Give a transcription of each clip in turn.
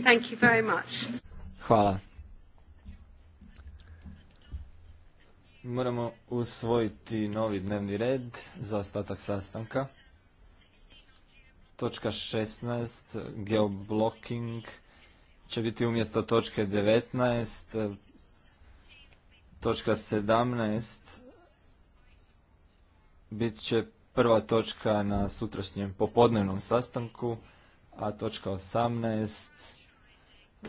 Thank you very much. Hvala. Moramo usvojiti novi dnevni red za ostatak sastanka. Točka 16, geoblocking, će biti umjesto točke 19. Točka 17 bit će prva točka na sutrašnjem popodnevnom sastanku, a točka 18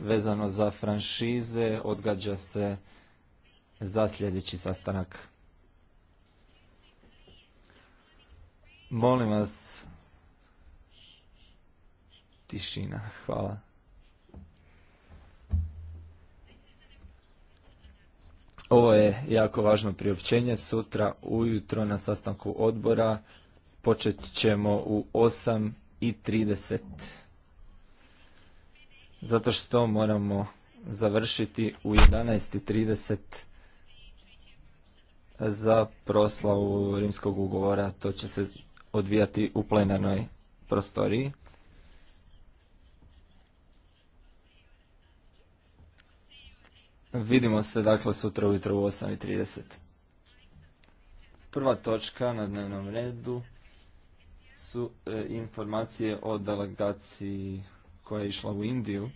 vezano za franšize odgađa se za sljedeći sastanak. Molim vas, tišina. Hvala. Ovo je jako važno priopćenje. Sutra ujutro na sastanku odbora počet ćemo u 8.30 zato što moramo završiti u 11.30 za proslavu rimskog ugovora. To će se odvijati u plenarnoj prostoriji. Vidimo se dakle sutra ujutro u 8.30. Prva točka na dnevnom redu su e, informacije o delegaciji koja je išla u Indiju.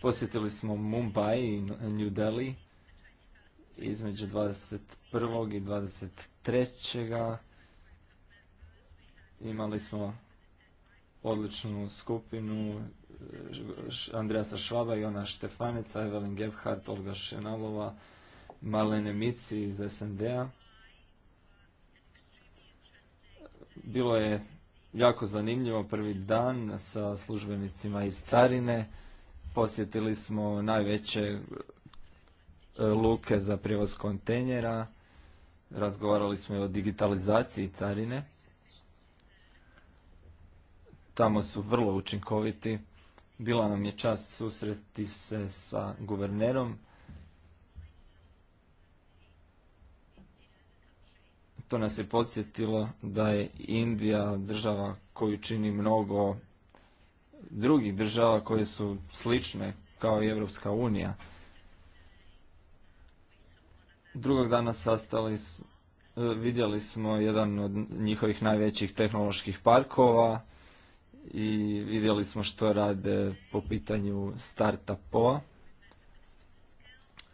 Posjetili smo Mumbai i New Delhi između 21. i 23. Imali smo odličnu skupinu Andreasa Švaba, Jona Štefanica, Evelyn Gebhardt, Olga Šenalova, Marlene Mici iz SND-a. Bilo je jako zanimljivo prvi dan sa službenicima iz Carine Posjetili smo najveće e, luke za prijevoz kontejnera, razgovarali smo i o digitalizaciji carine. Tamo su vrlo učinkoviti. Bila nam je čast susreti se sa guvernerom. To nas je podsjetilo da je Indija država koju čini mnogo drugih država koje su slične kao i Europska unija. Drugog dana sastali, e, vidjeli smo jedan od njihovih najvećih tehnoloških parkova i vidjeli smo što rade po pitanju startupova.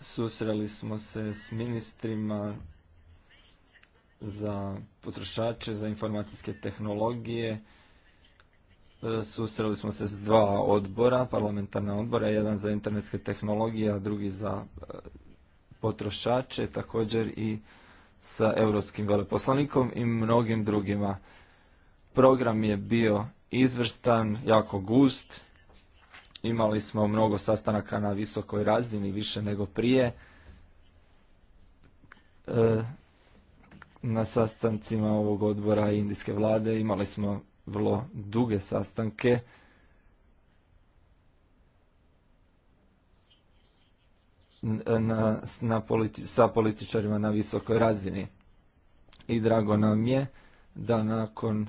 Susreli smo se s ministrima za potrošače, za informacijske tehnologije, Susreli smo se s dva odbora, parlamentarna odbora, jedan za internetske tehnologije, a drugi za e, potrošače, također i sa europskim veleposlanikom i mnogim drugima. Program je bio izvrstan, jako gust. Imali smo mnogo sastanaka na visokoj razini, više nego prije. E, na sastancima ovog odbora indijske vlade imali smo vrlo duge sastanke na, na sa političarima na visokoj razini. I drago nam je da nakon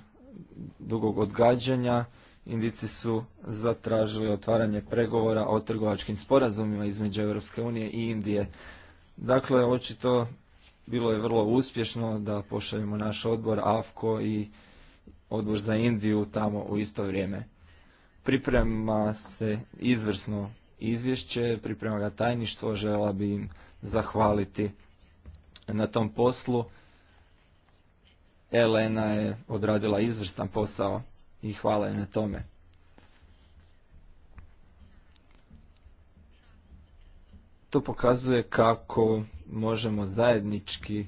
dugog odgađanja indici su zatražili otvaranje pregovora o trgovačkim sporazumima između Europske unije i Indije. Dakle, očito bilo je vrlo uspješno da pošaljemo naš odbor AFKO i odbor za Indiju tamo u isto vrijeme. Priprema se izvrsno izvješće, priprema ga tajništvo, žela bi im zahvaliti na tom poslu. Elena je odradila izvrstan posao i hvala je na tome. To pokazuje kako možemo zajednički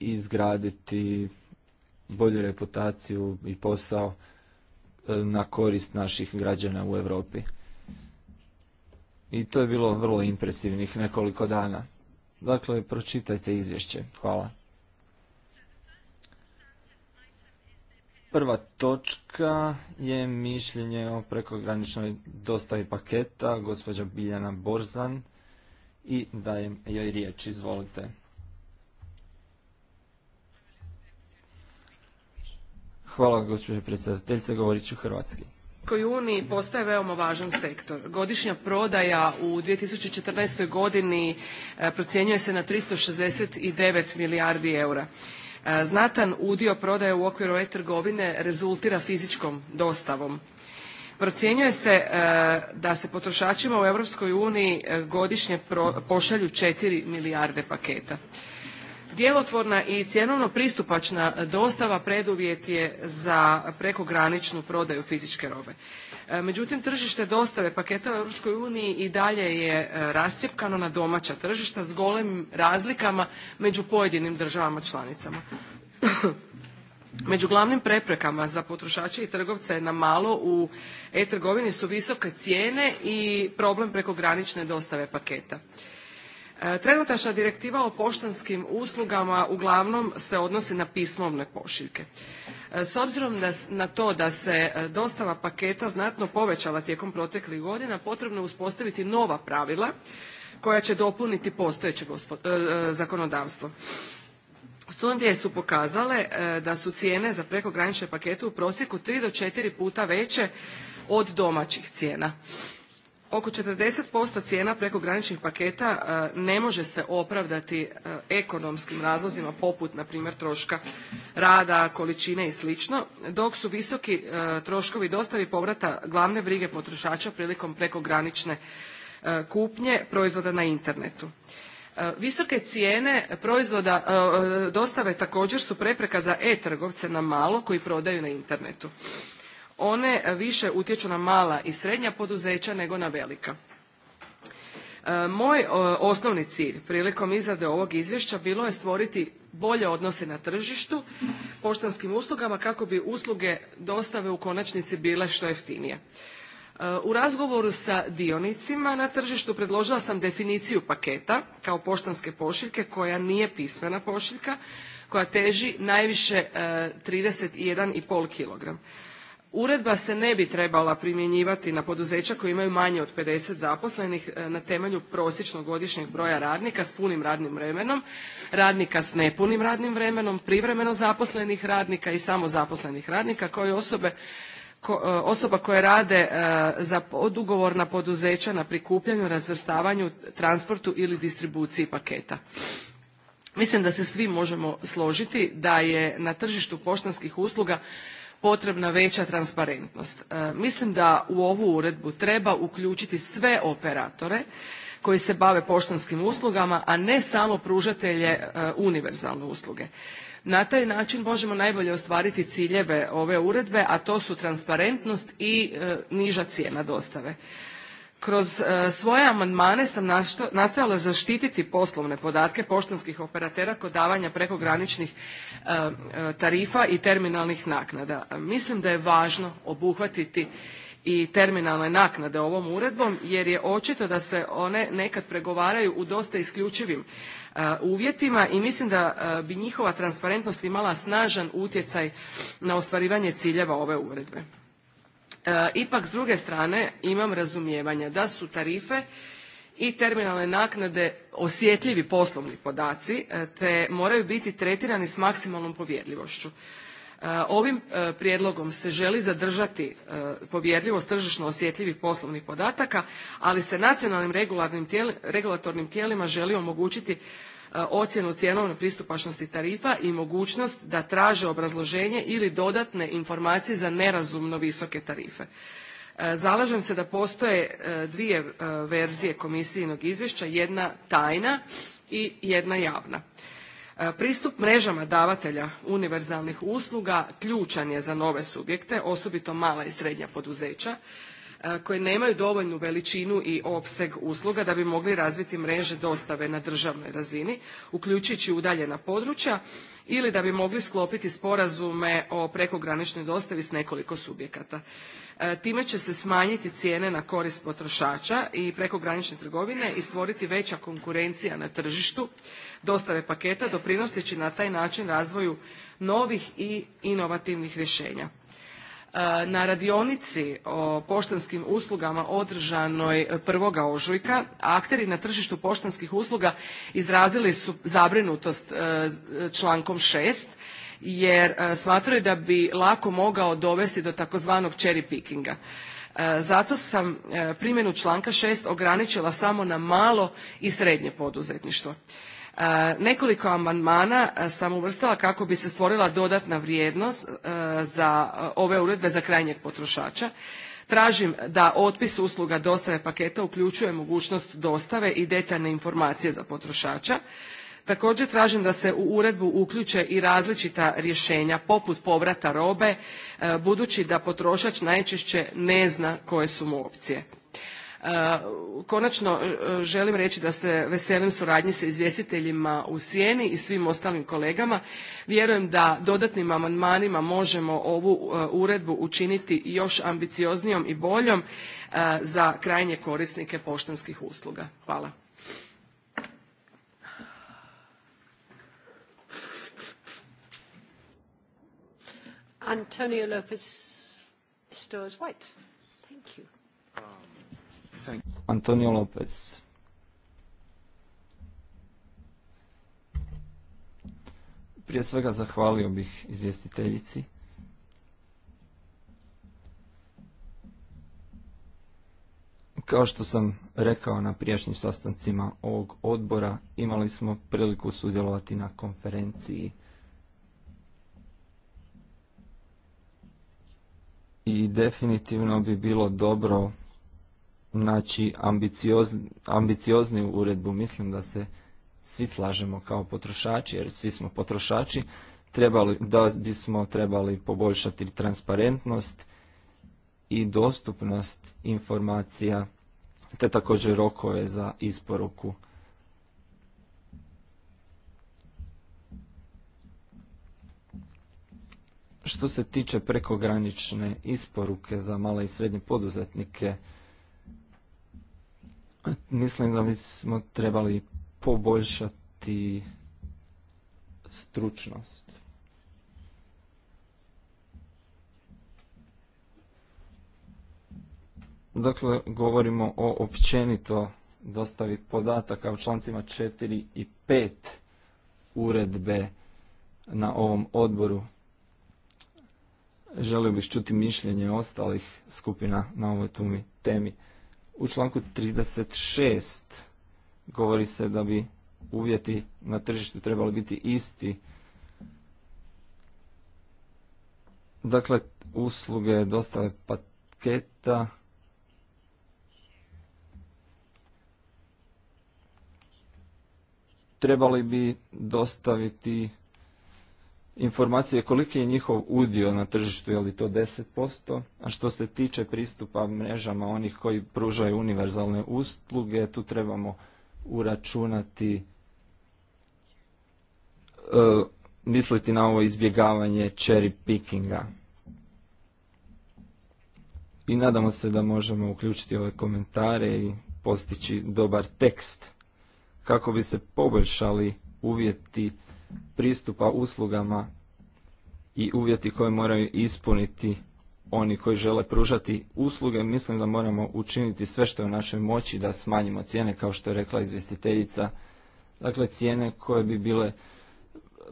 izgraditi bolju reputaciju i posao e, na korist naših građana u Europi. I to je bilo vrlo impresivnih nekoliko dana. Dakle, pročitajte izvješće. Hvala. Prva točka je mišljenje o prekograničnoj dostavi paketa, gospođa Biljana Borzan i dajem joj riječ, izvolite. Hvala gospođo predsjedateljice, govorit ću hrvatski. Europskoj uniji postaje veoma važan sektor. Godišnja prodaja u 2014. godini e, procjenjuje se na 369 milijardi eura. E, znatan udio prodaje u okviru e-trgovine rezultira fizičkom dostavom. Procjenjuje se e, da se potrošačima u Europskoj uniji godišnje pošalju 4 milijarde paketa. Djelotvorna i cjenovno pristupačna dostava preduvjet je za prekograničnu prodaju fizičke robe. E, međutim, tržište dostave paketa u Europskoj uniji i dalje je e, rascjepkano na domaća tržišta s golemim razlikama među pojedinim državama članicama. Među glavnim preprekama za potrošače i trgovce na malo u e-trgovini su visoke cijene i problem prekogranične dostave paketa. E, trenutačna direktiva o poštanskim uslugama uglavnom se odnosi na pismovne pošiljke. E, s obzirom na to da se e, dostava paketa znatno povećala tijekom proteklih godina, potrebno je uspostaviti nova pravila koja će dopuniti postojeće zakonodavstvo. Studije su pokazale da su cijene za prekogranične pakete u prosjeku 3 do 4 puta veće od domaćih cijena. Oko 40% cijena prekograničnih paketa e, ne može se opravdati e, ekonomskim razlozima poput na primjer troška rada, količine i sl. dok su visoki e, troškovi dostavi povrata glavne brige potrošača prilikom prekogranične kupnje proizvoda na internetu. Visoke cijene proizvoda dostave također su prepreka za e-trgovce na malo koji prodaju na internetu one više utječu na mala i srednja poduzeća nego na velika. E, moj e, osnovni cilj prilikom izrade ovog izvješća bilo je stvoriti bolje odnose na tržištu poštanskim uslugama kako bi usluge dostave u konačnici bile što jeftinije. E, u razgovoru sa dionicima na tržištu predložila sam definiciju paketa kao poštanske pošiljke koja nije pismena pošiljka koja teži najviše 31,5 kg. Uredba se ne bi trebala primjenjivati na poduzeća koji imaju manje od 50 zaposlenih e, na temelju prosječnog godišnjeg broja radnika s punim radnim vremenom, radnika s nepunim radnim vremenom, privremeno zaposlenih radnika i samozaposlenih radnika kao e, osoba koje rade e, za podugovorna poduzeća na prikupljanju, razvrstavanju, transportu ili distribuciji paketa. Mislim da se svi možemo složiti da je na tržištu poštanskih usluga potrebna veća transparentnost. E, mislim da u ovu uredbu treba uključiti sve operatore koji se bave poštanskim uslugama, a ne samo pružatelje e, univerzalne usluge. Na taj način možemo najbolje ostvariti ciljeve ove uredbe, a to su transparentnost i e, niža cijena dostave. Kroz e, svoje amandmane sam nastojala zaštititi poslovne podatke poštanskih operatera kod davanja prekograničnih e, e, tarifa i terminalnih naknada. Mislim da je važno obuhvatiti i terminalne naknade ovom uredbom jer je očito da se one nekad pregovaraju u dosta isključivim uvjetima i mislim da bi njihova transparentnost imala snažan utjecaj na ostvarivanje ciljeva ove uredbe. E, ipak s druge strane imam razumijevanja da su tarife i terminalne naknade osjetljivi poslovni podaci e, te moraju biti tretirani s maksimalnom povjerljivošću. E, ovim prijedlogom se želi zadržati povjerljivost tržišno osjetljivih poslovnih podataka, ali se nacionalnim regulatornim tijelima želi omogućiti E, ocjenu cjenovne pristupačnosti tarifa i mogućnost da traže obrazloženje ili dodatne informacije za nerazumno visoke tarife. E, zalažem se da postoje e, dvije verzije komisijinog izvješća, jedna tajna i jedna javna. Pristup mrežama davatelja univerzalnih usluga ključan je za nove subjekte, osobito mala i srednja poduzeća koje nemaju dovoljnu veličinu i opseg usluga da bi mogli razviti mreže dostave na državnoj razini uključujući udaljena područja ili da bi mogli sklopiti sporazume o prekograničnoj dostavi s nekoliko subjekata. E, time će se smanjiti cijene na korist potrošača i prekogranične trgovine i stvoriti veća konkurencija na tržištu dostave paketa doprinoseći na taj način razvoju novih i inovativnih rješenja. E, na radionici o poštanskim uslugama održanoj 1. ožujka akteri na tržištu poštanskih usluga izrazili su zabrinutost e, člankom 6 jer e, smatraju da bi lako mogao dovesti do takozvanog cherry pickinga. Zato sam primjenu članka 6 ograničila samo na malo i srednje poduzetništvo. E, nekoliko amandmana e, sam uvrstila kako bi se stvorila dodatna vrijednost e, za ove uredbe za krajnjeg potrošača tražim da otpis usluga dostave paketa uključuje mogućnost dostave i detaljne informacije za potrošača također tražim da se u uredbu uključe i različita rješenja poput povrata robe budući da potrošač najčešće ne zna koje su mu opcije Uh, konačno uh, želim reći da se veselim suradnji sa izvjestiteljima u sjeni i svim ostalim kolegama. Vjerujem da dodatnim amandmanima možemo ovu uh, uredbu učiniti još ambicioznijom i boljom za krajnje korisnike poštanskih usluga. Hvala. Antonio Lopez White. Antonio Lopez. Prije svega zahvalio bih izvjestiteljici. Kao što sam rekao na prijašnjim sastancima ovog odbora, imali smo priliku sudjelovati na konferenciji i definitivno bi bilo dobro Znači, ambiciozniju uredbu. Mislim da se svi slažemo kao potrošači, jer svi smo potrošači, trebali, da bismo trebali poboljšati transparentnost i dostupnost informacija, te također rokove za isporuku. Što se tiče prekogranične isporuke za male i srednje poduzetnike, Mislim da bismo trebali poboljšati stručnost. Dakle, govorimo o općenito dostavi podataka u člancima 4 i 5 uredbe na ovom odboru. Želio bih čuti mišljenje ostalih skupina na ovoj temi. U članku 36 govori se da bi uvjeti na tržištu trebali biti isti. Dakle, usluge dostave paketa trebali bi dostaviti informacije koliki je njihov udio na tržištu, je li to 10%, a što se tiče pristupa mrežama onih koji pružaju univerzalne usluge, tu trebamo uračunati, e, misliti na ovo izbjegavanje cherry pickinga. I nadamo se da možemo uključiti ove komentare i postići dobar tekst kako bi se poboljšali uvjeti pristupa uslugama i uvjeti koje moraju ispuniti oni koji žele pružati usluge, mislim da moramo učiniti sve što je u našoj moći da smanjimo cijene, kao što je rekla izvjestiteljica. Dakle, cijene koje bi bile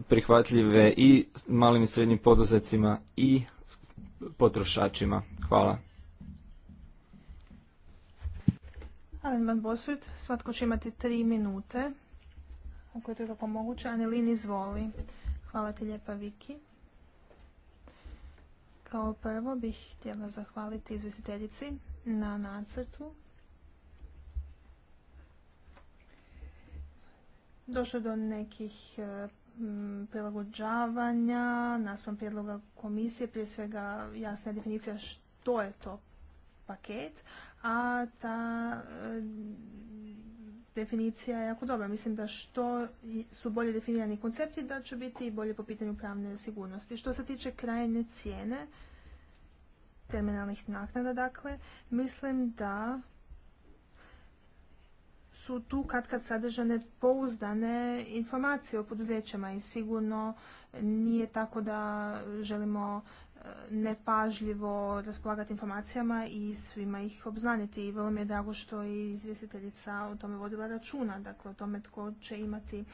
prihvatljive i malim i srednjim poduzetcima i potrošačima. Hvala. Van Bosut, svatko će imati tri minute ako je to kako moguće. Anelin, izvoli. Hvala ti lijepa, Viki. Kao prvo bih htjela zahvaliti izvjestiteljici na nacrtu. Došlo do nekih e, prilagođavanja naspram prijedloga komisije, prije svega jasna definicija što je to paket, a ta e, definicija je jako dobra. Mislim da što su bolje definirani koncepti, da će biti i bolje po pitanju pravne sigurnosti. Što se tiče krajne cijene, terminalnih naknada, dakle, mislim da su tu kad kad sadržane pouzdane informacije o poduzećama i sigurno nije tako da želimo nepažljivo raspolagati informacijama i svima ih obznaniti. I vrlo mi je drago što je izvjestiteljica o tome vodila računa, dakle o tome tko će imati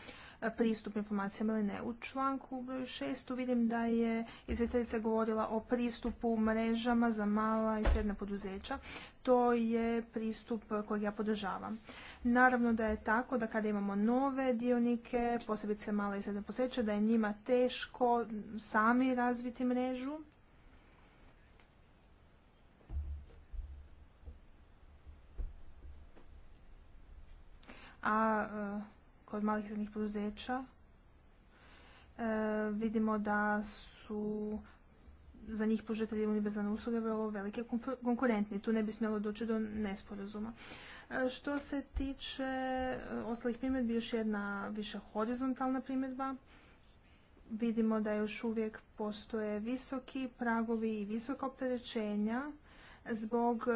e, pristup informacijama ili ne. U članku šestu vidim da je izvjestiteljica govorila o pristupu mrežama za mala i sredna poduzeća. To je pristup kojeg ja podržavam. Naravno da je tako da kada imamo nove dionike, posebice mala i sredna poduzeća, da je njima teško sami razviti mrežu, a e, kod malih i srednjih poduzeća e, vidimo da su za njih pružatelji univerzalne usluge vrlo velike konkurentni. Tu ne bi smjelo doći do nesporazuma. E, što se tiče ostalih primjedbi, još jedna više horizontalna primjedba. Vidimo da još uvijek postoje visoki pragovi i visoka opterećenja zbog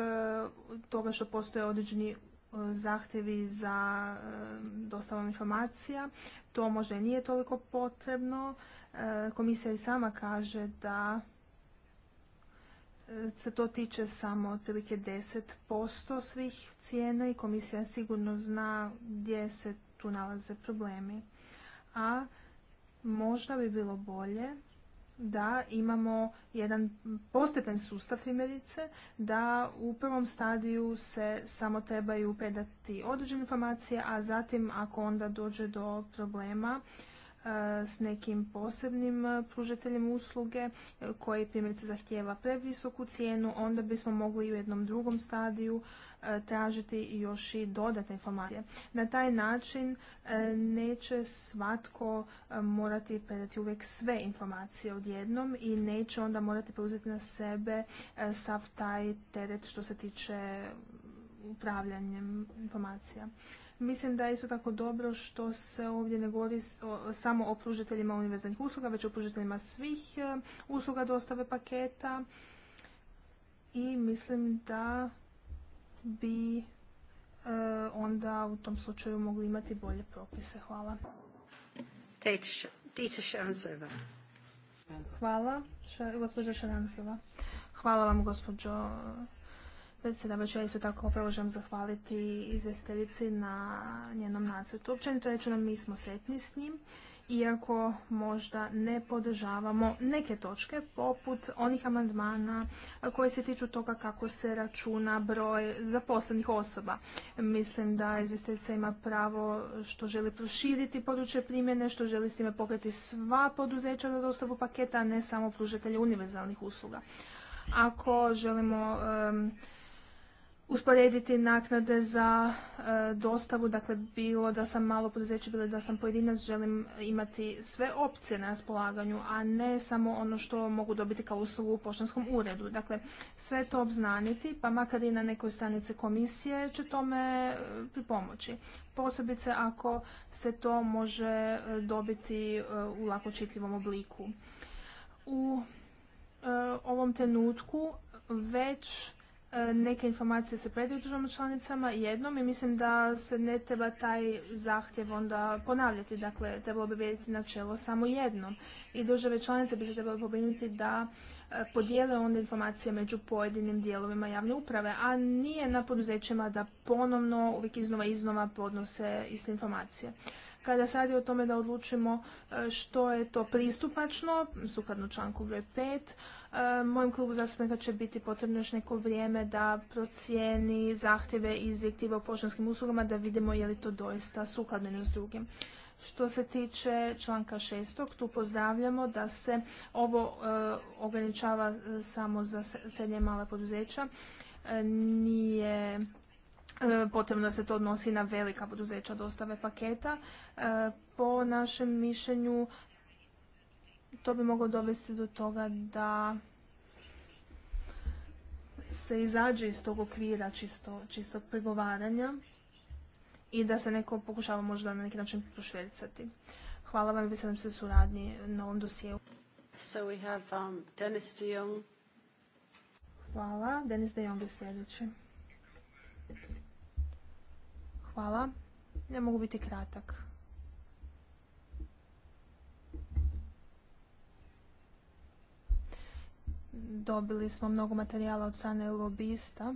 toga što postoje određeni zahtjevi za dostavom informacija. To možda nije toliko potrebno. E, komisija i sama kaže da e, se to tiče samo otprilike 10% svih cijena i komisija sigurno zna gdje se tu nalaze problemi. A možda bi bilo bolje da imamo jedan postepen sustav primjerice, da u prvom stadiju se samo trebaju predati određene informacije, a zatim ako onda dođe do problema E, s nekim posebnim e, pružateljem usluge e, koji primjerice zahtijeva previsoku cijenu, onda bismo mogli u jednom drugom stadiju tražiti još i dodatne informacije. Na taj način neće svatko morati predati uvijek sve informacije odjednom i neće onda morati preuzeti na sebe sav taj teret što se tiče upravljanjem informacija. Mislim da je isto tako dobro što se ovdje ne govori samo o pružiteljima univerzalnih usluga, već o pružiteljima svih e, usluga dostave paketa i mislim da bi e, onda u tom slučaju mogli imati bolje propise. Hvala. Hvala, gospođo Šaranzova. Hvala vam, gospođo ću ja isto tako upravo zahvaliti izvjestiteljici na njenom nacrtu. Općenito rečeno, mi smo sretni s njim, iako možda ne podržavamo neke točke, poput onih amandmana koje se tiču toga kako se računa broj zaposlenih osoba. Mislim da izvjestiteljica ima pravo što želi proširiti područje primjene, što želi s time pokreti sva poduzeća za dostavu paketa, a ne samo pružatelje univerzalnih usluga. Ako želimo usporediti naknade za e, dostavu, dakle bilo da sam malo poduzeće, bilo da sam pojedinac, želim imati sve opcije na raspolaganju, a ne samo ono što mogu dobiti kao uslugu u poštanskom uredu. Dakle, sve to obznaniti, pa makar i na nekoj stranici komisije će tome e, pripomoći. Posebice ako se to može e, dobiti u lako čitljivom obliku. U ovom trenutku već E, neke informacije se predaju državama članicama jednom i mislim da se ne treba taj zahtjev onda ponavljati. Dakle, trebalo bi vidjeti načelo samo jednom. I države članice bi se trebalo pobrinuti da e, podijele onda informacije među pojedinim dijelovima javne uprave, a nije na poduzećima da ponovno uvijek iznova iznova podnose iste informacije. Kada se radi o tome da odlučimo e, što je to pristupačno, sukladno članku broj 5, E, mojem klubu zastupnika će biti potrebno još neko vrijeme da procijeni zahtjeve iz direktive o poštanskim uslugama da vidimo je li to doista sukladno jedno s drugim. Što se tiče članka šestog, tu pozdravljamo da se ovo e, ograničava e, samo za srednje male poduzeća. nije potrebno da se to odnosi na velika poduzeća dostave paketa. Po našem mišljenju to bi moglo dovesti do toga da se izađe iz tog okvira čisto, čistog pregovaranja i da se neko pokušava možda na neki način prošvercati. Hvala vam i veselim se suradnji na ovom dosijelu. So we have, um, Dennis de Jong. Hvala. Dennis de je sljedeći. Hvala. Ne mogu biti kratak. dobili smo mnogo materijala od strane lobista.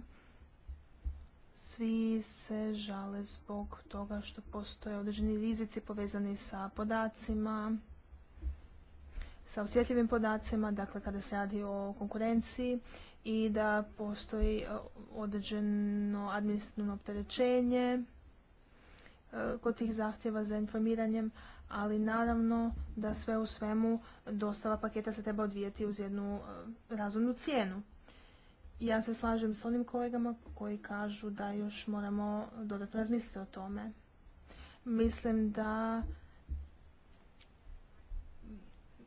Svi se žale zbog toga što postoje određeni rizici povezani sa podacima, sa osjetljivim podacima, dakle kada se radi o konkurenciji i da postoji e, određeno administrativno opterećenje e, kod tih zahtjeva za informiranjem, ali naravno da sve u svemu dostava paketa se treba odvijeti uz jednu e, razumnu cijenu. Ja se slažem s onim kolegama koji kažu da još moramo dodatno razmisliti o tome. Mislim da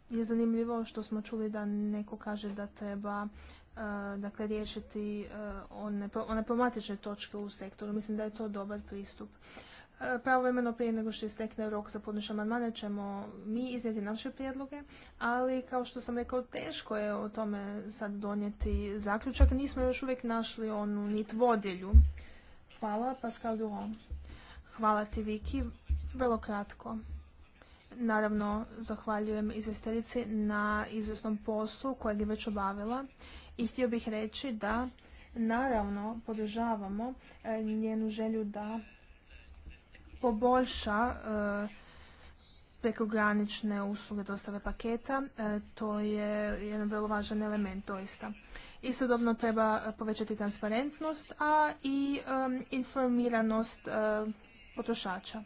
je zanimljivo što smo čuli da neko kaže da treba e, dakle, riješiti e, one, one problematične točke u sektoru. Mislim da je to dobar pristup pravovremeno prije nego što istekne rok za podnošenje amandmana ćemo mi iznijeti naše prijedloge, ali kao što sam rekao, teško je o tome sad donijeti zaključak. Nismo još uvijek našli onu nit vodilju. Hvala, Pascal Duron. Hvala ti, Viki. Vrlo kratko. Naravno, zahvaljujem izvesteljici na izvjesnom poslu kojeg je već obavila i htio bih reći da naravno podržavamo eh, njenu želju da poboljša e, prekogranične usluge dostave paketa. E, to je jedan vrlo važan element doista. Istodobno treba povećati transparentnost, a i informiranost e, potrošača.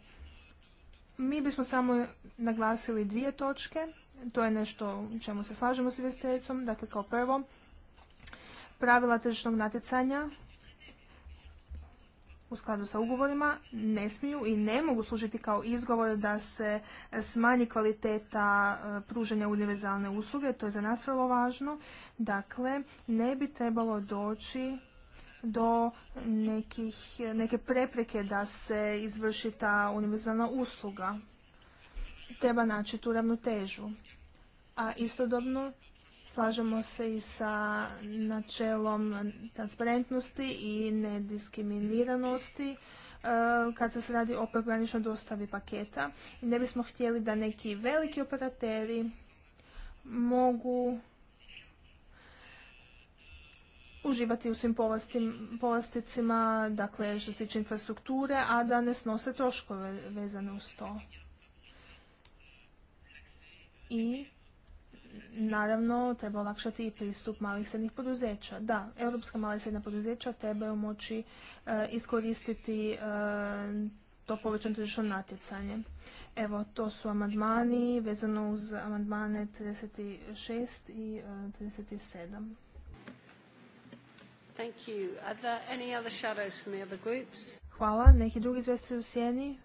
Mi bismo samo naglasili dvije točke. To je nešto u čemu se slažemo s investicijom. Dakle, kao prvo, pravila tržišnog natjecanja u skladu sa ugovorima ne smiju i ne mogu služiti kao izgovor da se smanji kvaliteta e, pružanja univerzalne usluge. To je za nas vrlo važno. Dakle, ne bi trebalo doći do nekih, neke prepreke da se izvrši ta univerzalna usluga. Treba naći tu ravnotežu. A istodobno Slažemo se i sa načelom transparentnosti i nediskriminiranosti e, kada se radi o prekograničnoj dostavi paketa. ne bismo htjeli da neki veliki operateri mogu uživati u svim povlasticima, dakle što se tiče infrastrukture, a da ne snose troškove vezane uz to. I naravno treba olakšati i pristup malih srednjih poduzeća. Da, europska mala i srednja poduzeća trebaju moći e, iskoristiti e, to povećano tržišno natjecanje. Evo, to su amandmani vezano uz amandmane 36 i 37. E, Thank you. Are there any other shadows from the other groups? Hvala. Neki drugi izvjestitelji u sjeni?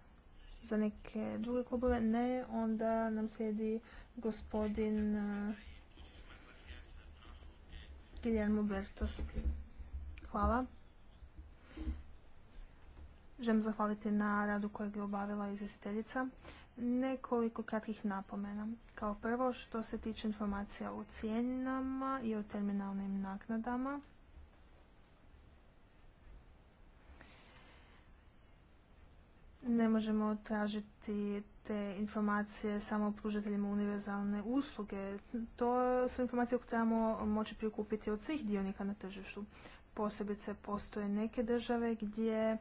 za neke druge klubove? Ne, onda nam slijedi gospodin eh, Guillermo Bertos. Hvala. Želim zahvaliti na radu kojeg je obavila izvjestiteljica. Nekoliko kratkih napomena. Kao prvo, što se tiče informacija o cijenama i o terminalnim naknadama, ne možemo tražiti te informacije samo pružateljima univerzalne usluge. To su informacije koje trebamo moći prikupiti od svih dionika na tržištu. Posebice postoje neke države gdje e,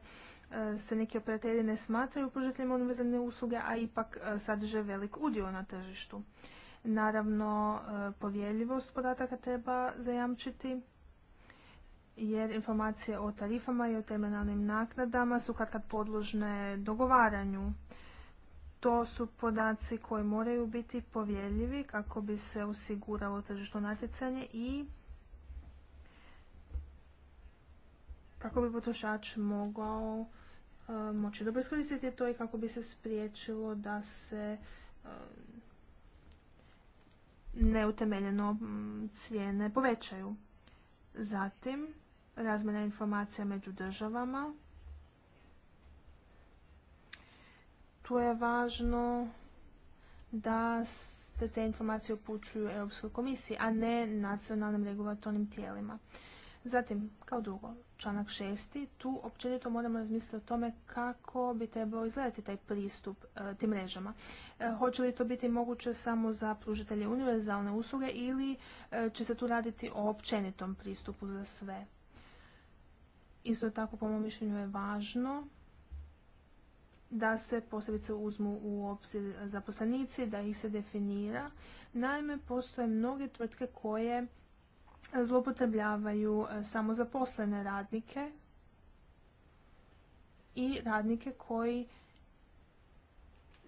se neki operateri ne smatraju pružateljima univerzalne usluge, a ipak e, sadrže velik udio na tržištu. Naravno, e, povjeljivost podataka treba zajamčiti jer informacije o tarifama i o terminalnim naknadama su kad kad podložne dogovaranju. To su podaci koji moraju biti povjerljivi kako bi se osiguralo tržišno natjecanje i kako bi potrošač mogao e, moći dobro iskoristiti to i kako bi se spriječilo da se e, neutemeljeno cijene povećaju. Zatim, razmjena informacija među državama. Tu je važno da se te informacije upućuju Europskoj komisiji, a ne nacionalnim regulatornim tijelima. Zatim, kao drugo, članak šesti, tu općenito moramo razmisliti o tome kako bi trebao izgledati taj pristup e, tim mrežama. E, hoće li to biti moguće samo za pružitelje univerzalne usluge ili e, će se tu raditi o općenitom pristupu za sve? Isto tako, po mom mišljenju je važno da se posebice uzmu u obzir zaposlenici, da ih se definira. Naime, postoje mnoge tvrtke koje zlopotrebljavaju e, zaposlene radnike i radnike koji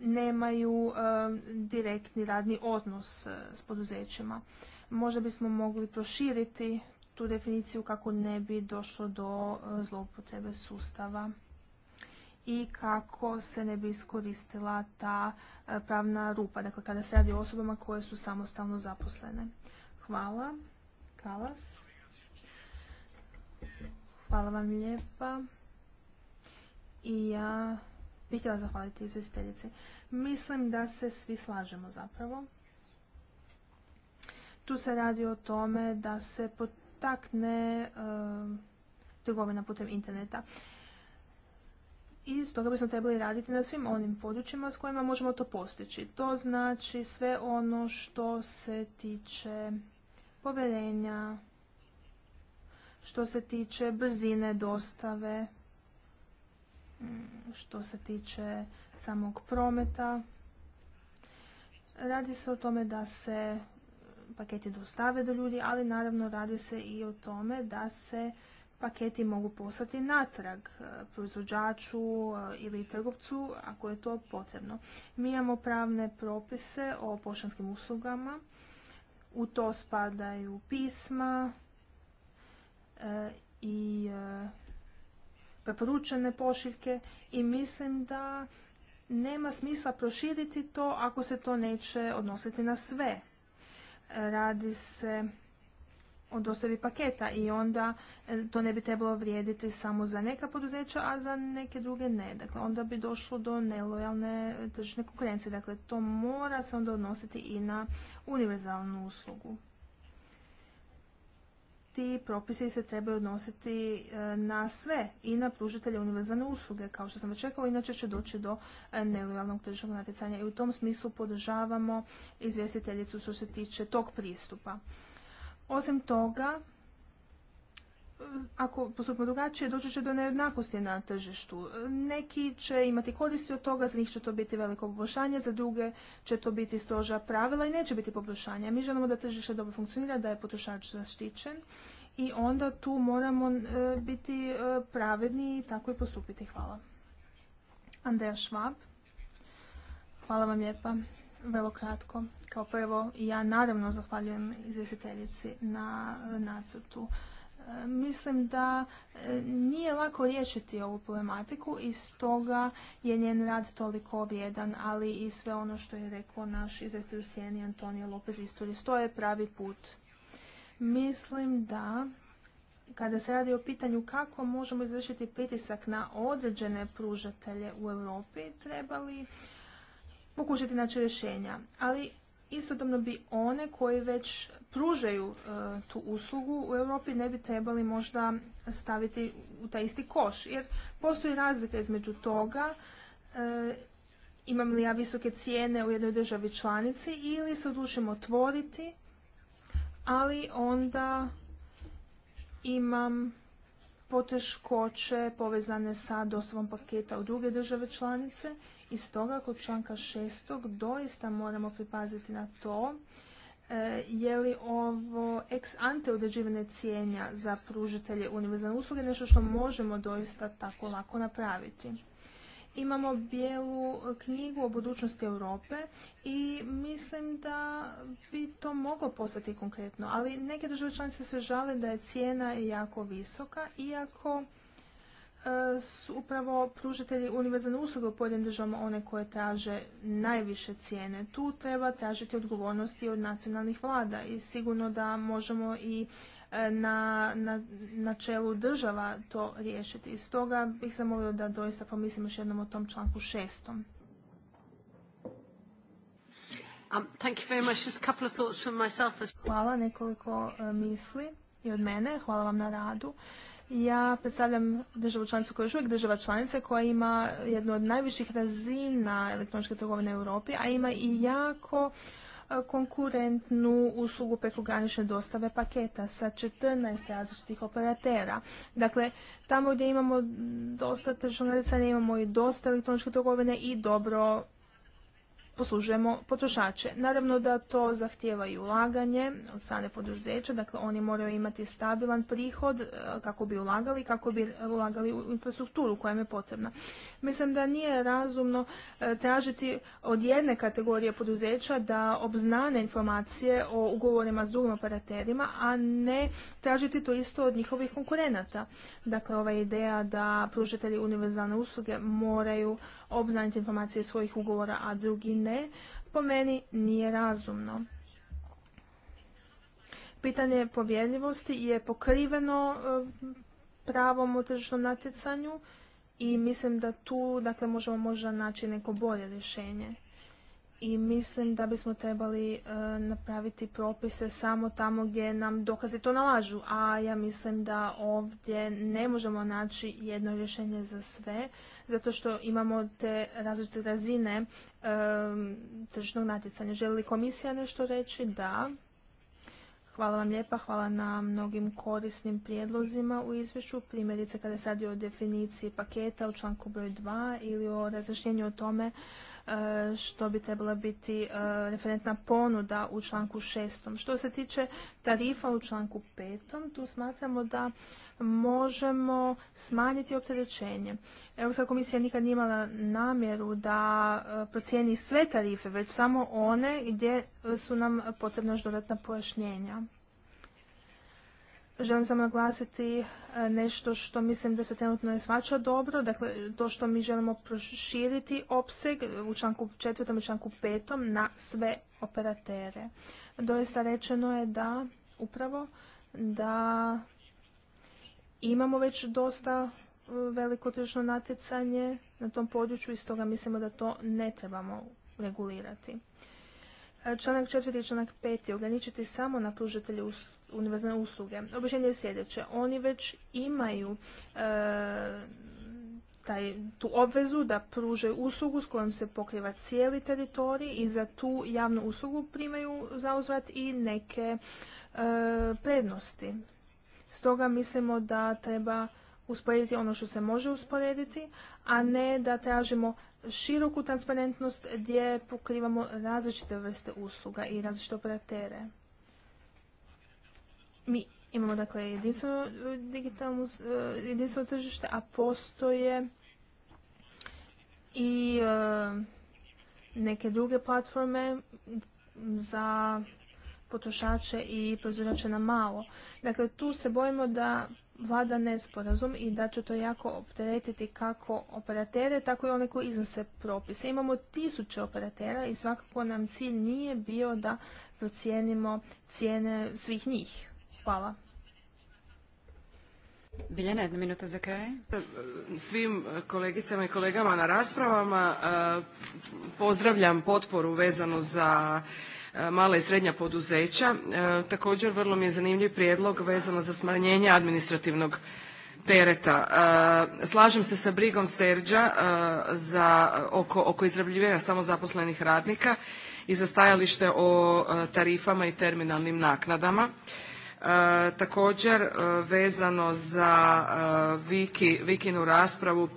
nemaju e, direktni radni odnos e, s poduzećima. Možda bismo mogli proširiti tu definiciju kako ne bi došlo do e, zloupotrebe sustava i kako se ne bi iskoristila ta e, pravna rupa, dakle kada se radi o osobama koje su samostalno zaposlene. Hvala. Kalas. Hvala vam lijepa. I ja bih htjela zahvaliti izvjestiteljici. Mislim da se svi slažemo zapravo. Tu se radi o tome da se pod takne ehm, trgovina putem interneta. I stoga bismo trebali raditi na svim onim područjima s kojima možemo to postići. To znači sve ono što se tiče poverenja, što se tiče brzine dostave, mm, što se tiče samog prometa. Radi se o tome da se paketi dostave do ljudi, ali naravno radi se i o tome da se paketi mogu poslati natrag e, proizvođaču e, ili trgovcu ako je to potrebno. Mi imamo pravne propise o poštanskim uslugama. U to spadaju pisma e, i preporučene pošiljke i mislim da nema smisla proširiti to ako se to neće odnositi na sve radi se o dostavi paketa i onda e, to ne bi trebalo vrijediti samo za neka poduzeća, a za neke druge ne. Dakle, onda bi došlo do nelojalne tržišne konkurencije. Dakle, to mora se onda odnositi i na univerzalnu uslugu ti propisi se trebaju odnositi e, na sve i na pružitelje univerzalne usluge, kao što sam već inače će doći do e, nelojalnog tržišnog natjecanja i u tom smislu podržavamo izvjestiteljicu što se tiče tog pristupa. Osim toga, ako postupimo drugačije, doći će do nejednakosti na tržištu. Neki će imati koristi od toga, za njih će to biti veliko poboljšanje, za druge će to biti stroža pravila i neće biti poboljšanja. Mi želimo da tržište dobro funkcionira, da je potrošač zaštićen i onda tu moramo e, biti e, pravedni i tako i postupiti. Hvala. Andreja Švab. Hvala vam lijepa. Vrlo kratko. Kao prvo, ja naravno zahvaljujem izvjestiteljici na nacrtu mislim da e, nije lako riješiti ovu problematiku i stoga je njen rad toliko objedan, ali i sve ono što je rekao naš izvesti u sjeni Antonio Lopez Isturis. To je pravi put. Mislim da kada se radi o pitanju kako možemo izvršiti pritisak na određene pružatelje u Europi, trebali pokušati naći rješenja. Ali istodobno bi one koji već pružaju e, tu uslugu u Europi ne bi trebali možda staviti u taj isti koš. Jer postoji razlika između toga e, imam li ja visoke cijene u jednoj državi članici ili se odlučim otvoriti, ali onda imam poteškoće povezane sa dostavom paketa u druge države članice i stoga kod članka šestog doista moramo pripaziti na to e, je li ovo ex ante određivanje cijenja za pružitelje univerzalne usluge nešto što možemo doista tako lako napraviti imamo bijelu knjigu o budućnosti Europe i mislim da bi to moglo postati konkretno, ali neke države članice se žale da je cijena jako visoka, iako E, su upravo pružatelji univerzalne usluge u pojedinim državama one koje traže najviše cijene. Tu treba tražiti odgovornosti od nacionalnih vlada i sigurno da možemo i e, na, na, na čelu država to riješiti. I stoga bih zamolio da doista pomislim još jednom o tom članku šestom. Hvala, nekoliko e, misli i od mene. Hvala vam na radu. Ja predstavljam državu članicu koja je još uvijek država članica koja ima jednu od najviših razina elektroničke trgovine u Europi, a ima i jako e, konkurentnu uslugu prekogranične dostave paketa sa 14 različitih operatera. Dakle, tamo gdje imamo dosta tržnog imamo i dosta elektroničke trgovine i dobro poslužujemo potrošače. Naravno da to zahtijeva i ulaganje od strane poduzeća, dakle oni moraju imati stabilan prihod e, kako bi ulagali, kako bi ulagali u infrastrukturu koja im je potrebna. Mislim da nije razumno e, tražiti od jedne kategorije poduzeća da obznane informacije o ugovorima s drugim operaterima, a ne tražiti to isto od njihovih konkurenata. Dakle, ova ideja da pružatelji univerzalne usluge moraju obznaniti informacije svojih ugovora, a drugi ne, po meni nije razumno. Pitanje povjerljivosti je pokriveno eh, pravom o tržišnom natjecanju i mislim da tu dakle, možemo možda naći neko bolje rješenje i mislim da bismo trebali e, napraviti propise samo tamo gdje nam dokaze to nalažu, a ja mislim da ovdje ne možemo naći jedno rješenje za sve, zato što imamo te različite razine e, tržišnog natjecanja. Želi li komisija nešto reći? Da. Hvala vam lijepa, hvala na mnogim korisnim prijedlozima u izvješću, primjerice kada se radi o definiciji paketa u članku broj 2 ili o razjašnjenju o tome E, što bi trebala biti e, referentna ponuda u članku 6. Što se tiče tarifa u članku 5. tu smatramo da možemo smanjiti opterećenje. Europska komisija nikad nije imala namjeru da e, procijeni sve tarife, već samo one gdje su nam potrebna još dodatna pojašnjenja želim samo naglasiti e, nešto što mislim da se trenutno ne svača dobro, dakle to što mi želimo proširiti opseg u članku četvrtom i članku petom na sve operatere. Doista rečeno je da upravo da imamo već dosta e, veliko tržno natjecanje na tom području i stoga mislimo da to ne trebamo regulirati. E, članak četvrti i članak peti ograničiti samo na pružatelje us, univerzalne usluge. Objašnjenje je sljedeće. Oni već imaju e, taj, tu obvezu da pruže uslugu s kojom se pokriva cijeli teritorij i za tu javnu uslugu primaju zauzvrat i neke e, prednosti. Stoga mislimo da treba usporediti ono što se može usporediti, a ne da tražimo široku transparentnost gdje pokrivamo različite vrste usluga i različite operatere. Mi imamo dakle jedinstveno e, digitalno e, jedinstveno tržište, a postoje i e, neke druge platforme za potrošače i proizvođače na malo. Dakle, tu se bojimo da vlada nesporazum i da će to jako opteretiti kako operatere, tako i one koji iznose propise. Imamo tisuće operatera i svakako nam cilj nije bio da procijenimo cijene svih njih. Hvala. Biljana, jedna minuta za kraj. Svim kolegicama i kolegama na raspravama eh, pozdravljam potporu vezanu za E, mala i srednja poduzeća. E, također vrlo mi je zanimljiv prijedlog vezano za smanjenje administrativnog tereta. E, slažem se sa brigom Serđa za, oko, oko izrabljivanja samozaposlenih radnika i za stajalište o tarifama i terminalnim naknadama. također vezano za Viki, Vikinu raspravu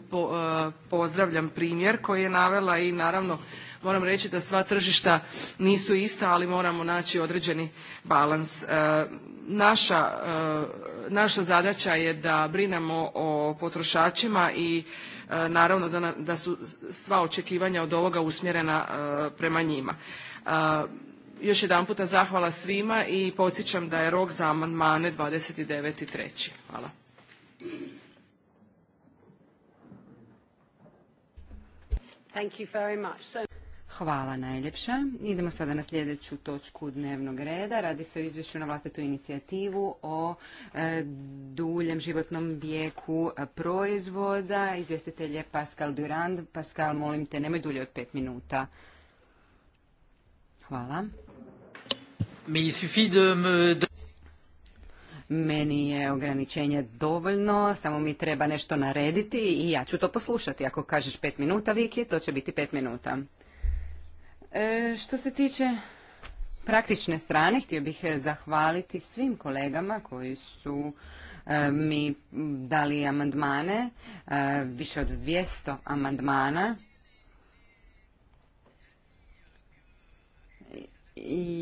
pozdravljam primjer koji je navela i naravno Moram reći da sva tržišta nisu ista, ali moramo naći određeni balans. E, naša, e, naša zadaća je da brinemo o potrošačima i e, naravno da, da su sva očekivanja od ovoga usmjerena prema njima. Još jedan puta zahvala svima i podsjećam da je rok za amandmane 29.3. Hvala. Thank you very much. Hvala najljepša. Idemo sada na sljedeću točku dnevnog reda. Radi se o izvješću na vlastitu inicijativu o e, duljem životnom vijeku proizvoda. Izvjestitelj je Pascal Durand. Pascal, molim te, nemoj dulje od pet minuta. Hvala. Meni je ograničenje dovoljno, samo mi treba nešto narediti i ja ću to poslušati. Ako kažeš pet minuta, Viki, to će biti pet minuta. E, što se tiče praktične strane, htio bih e, zahvaliti svim kolegama koji su e, mi dali amandmane, više od 200 amandmana.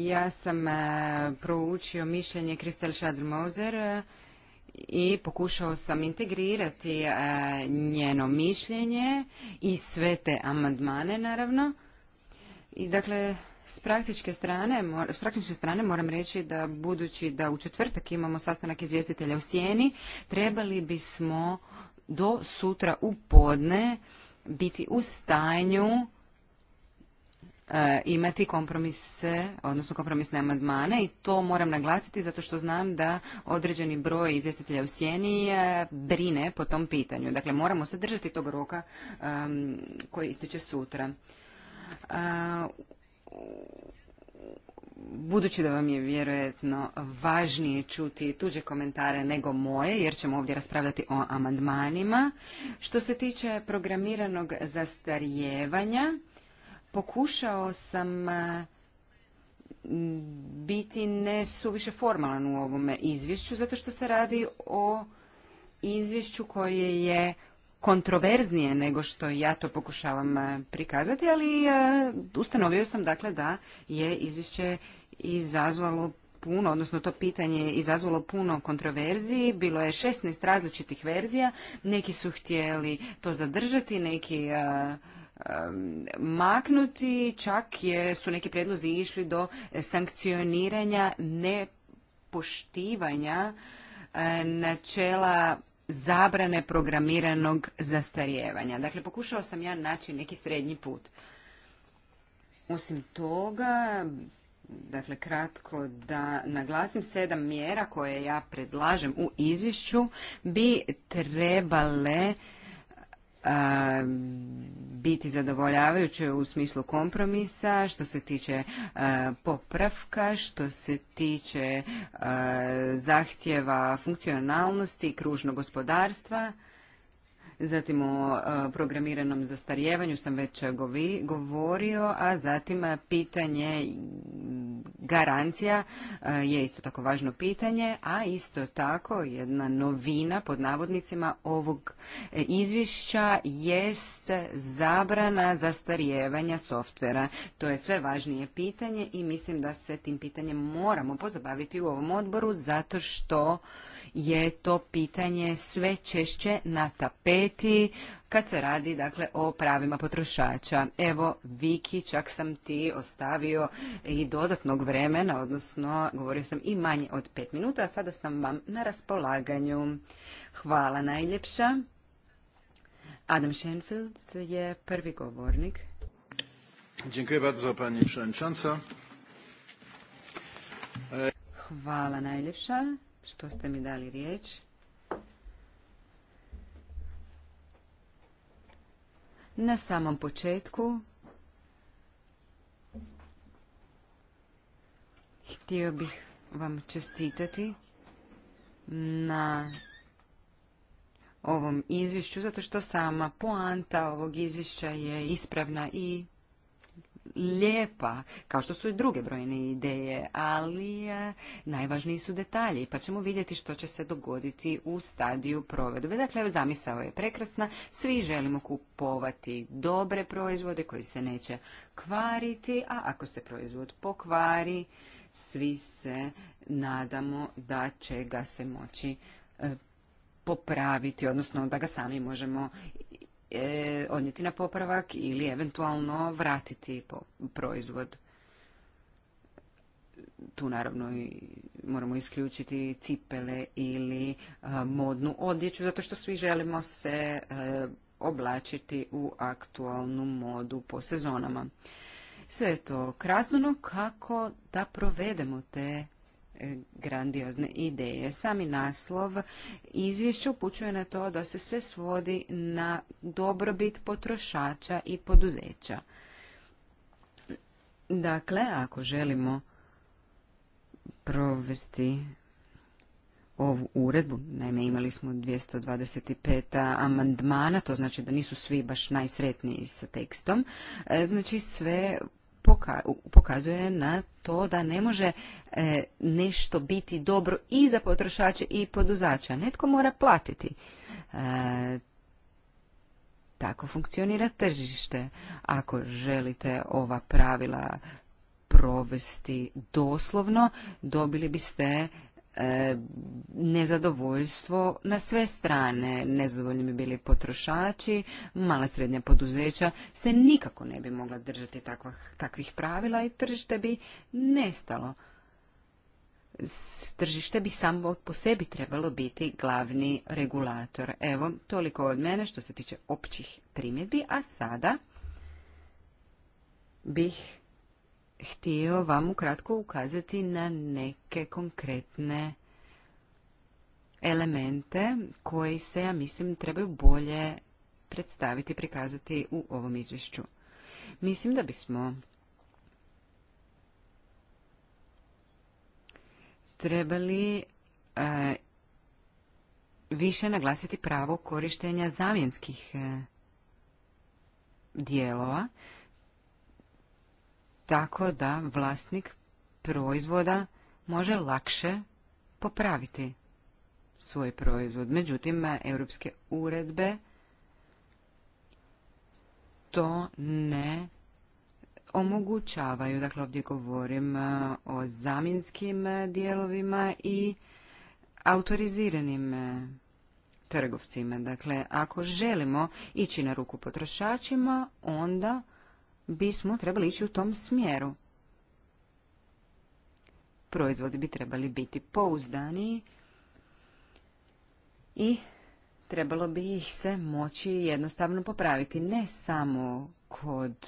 Ja sam proučio mišljenje Kristel Schadr-Moser i pokušao sam integrirati njeno mišljenje i sve te amandmane naravno. I dakle, s praktičke strane, s praktičke strane moram reći da budući da u četvrtak imamo sastanak izvjestitelja u Sjeni, trebali bismo do sutra u podne biti u stanju e, imati kompromise, odnosno kompromisne amandmane i to moram naglasiti zato što znam da određeni broj izvjestitelja u sjeni e, brine po tom pitanju. Dakle, moramo se držati tog roka koji ističe sutra. Budući da vam je vjerojatno važnije čuti tuđe komentare nego moje, jer ćemo ovdje raspravljati o amandmanima. Što se tiče programiranog zastarijevanja, pokušao sam biti ne suviše formalan u ovome izvješću, zato što se radi o izvješću koje je kontroverznije nego što ja to pokušavam e, prikazati, ali e, ustanovio sam dakle da je izvješće izazvalo puno, odnosno to pitanje je izazvalo puno kontroverziji. Bilo je 16 različitih verzija. Neki su htjeli to zadržati, neki e, maknuti. Čak je, su neki prijedlozi išli do sankcioniranja nepoštivanja načela zabrane programiranog zastarijevanja. Dakle, pokušao sam ja naći neki srednji put. Osim toga, dakle kratko da naglasim sedam mjera koje ja predlažem u izvješću bi trebale biti zadovoljavajuće u smislu kompromisa, što se tiče popravka, što se tiče zahtjeva funkcionalnosti i kružnog gospodarstva zatim o e, programiranom zastarjevanju sam već govorio, a zatim e, pitanje garancija e, je isto tako važno pitanje, a isto tako jedna novina pod navodnicima ovog izvješća jest zabrana zastarjevanja softvera. To je sve važnije pitanje i mislim da se tim pitanjem moramo pozabaviti u ovom odboru zato što je to pitanje sve češće na tapeti kad se radi dakle o pravima potrošača. Evo, Viki, čak sam ti ostavio i dodatnog vremena, odnosno govorio sam i manje od pet minuta, a sada sam vam na raspolaganju. Hvala najljepša. Adam Schenfeld je prvi govornik. Dziękuję bardzo pani przewodnicząca. Hvala najljepša što ste mi dali riječ. Na samom početku htio bih vam čestitati na ovom izvješću, zato što sama poanta ovog izvješća je ispravna i lijepa, kao što su i druge brojne ideje, ali e, najvažniji su detalji, pa ćemo vidjeti što će se dogoditi u stadiju provedbe. Dakle, zamisao je prekrasna, svi želimo kupovati dobre proizvode koji se neće kvariti, a ako se proizvod pokvari, svi se nadamo da će ga se moći e, popraviti, odnosno da ga sami možemo E, odnijeti na popravak ili eventualno vratiti proizvod. Tu naravno moramo isključiti cipele ili e, modnu odjeću, zato što svi želimo se e, oblačiti u aktualnu modu po sezonama. Sve je to krasno, kako da provedemo te grandiozne ideje. Sami naslov izvješća upućuje na to da se sve svodi na dobrobit potrošača i poduzeća. Dakle, ako želimo provesti ovu uredbu. Naime, imali smo 225 amandmana, to znači da nisu svi baš najsretniji sa tekstom. E, znači, sve pokazuje na to da ne može e, nešto biti dobro i za potrošače i poduzača. Netko mora platiti. E, tako funkcionira tržište. Ako želite ova pravila provesti doslovno, dobili biste E, nezadovoljstvo na sve strane. Nezadovoljni bi bili potrošači, mala srednja poduzeća se nikako ne bi mogla držati takvih, takvih pravila i tržište bi nestalo. Tržište bi samo po sebi trebalo biti glavni regulator. Evo, toliko od mene što se tiče općih primjedbi, a sada bih htio vam ukratko ukazati na neke konkretne elemente koji se, ja mislim, trebaju bolje predstaviti prikazati u ovom izvješću. Mislim da bismo trebali e, više naglasiti pravo korištenja zamjenskih e, dijelova tako da vlasnik proizvoda može lakše popraviti svoj proizvod. Međutim, europske uredbe to ne omogućavaju. Dakle, ovdje govorim o zamjenskim dijelovima i autoriziranim trgovcima. Dakle, ako želimo ići na ruku potrošačima, onda bismo trebali ići u tom smjeru. Proizvodi bi trebali biti pouzdani i trebalo bi ih se moći jednostavno popraviti, ne samo kod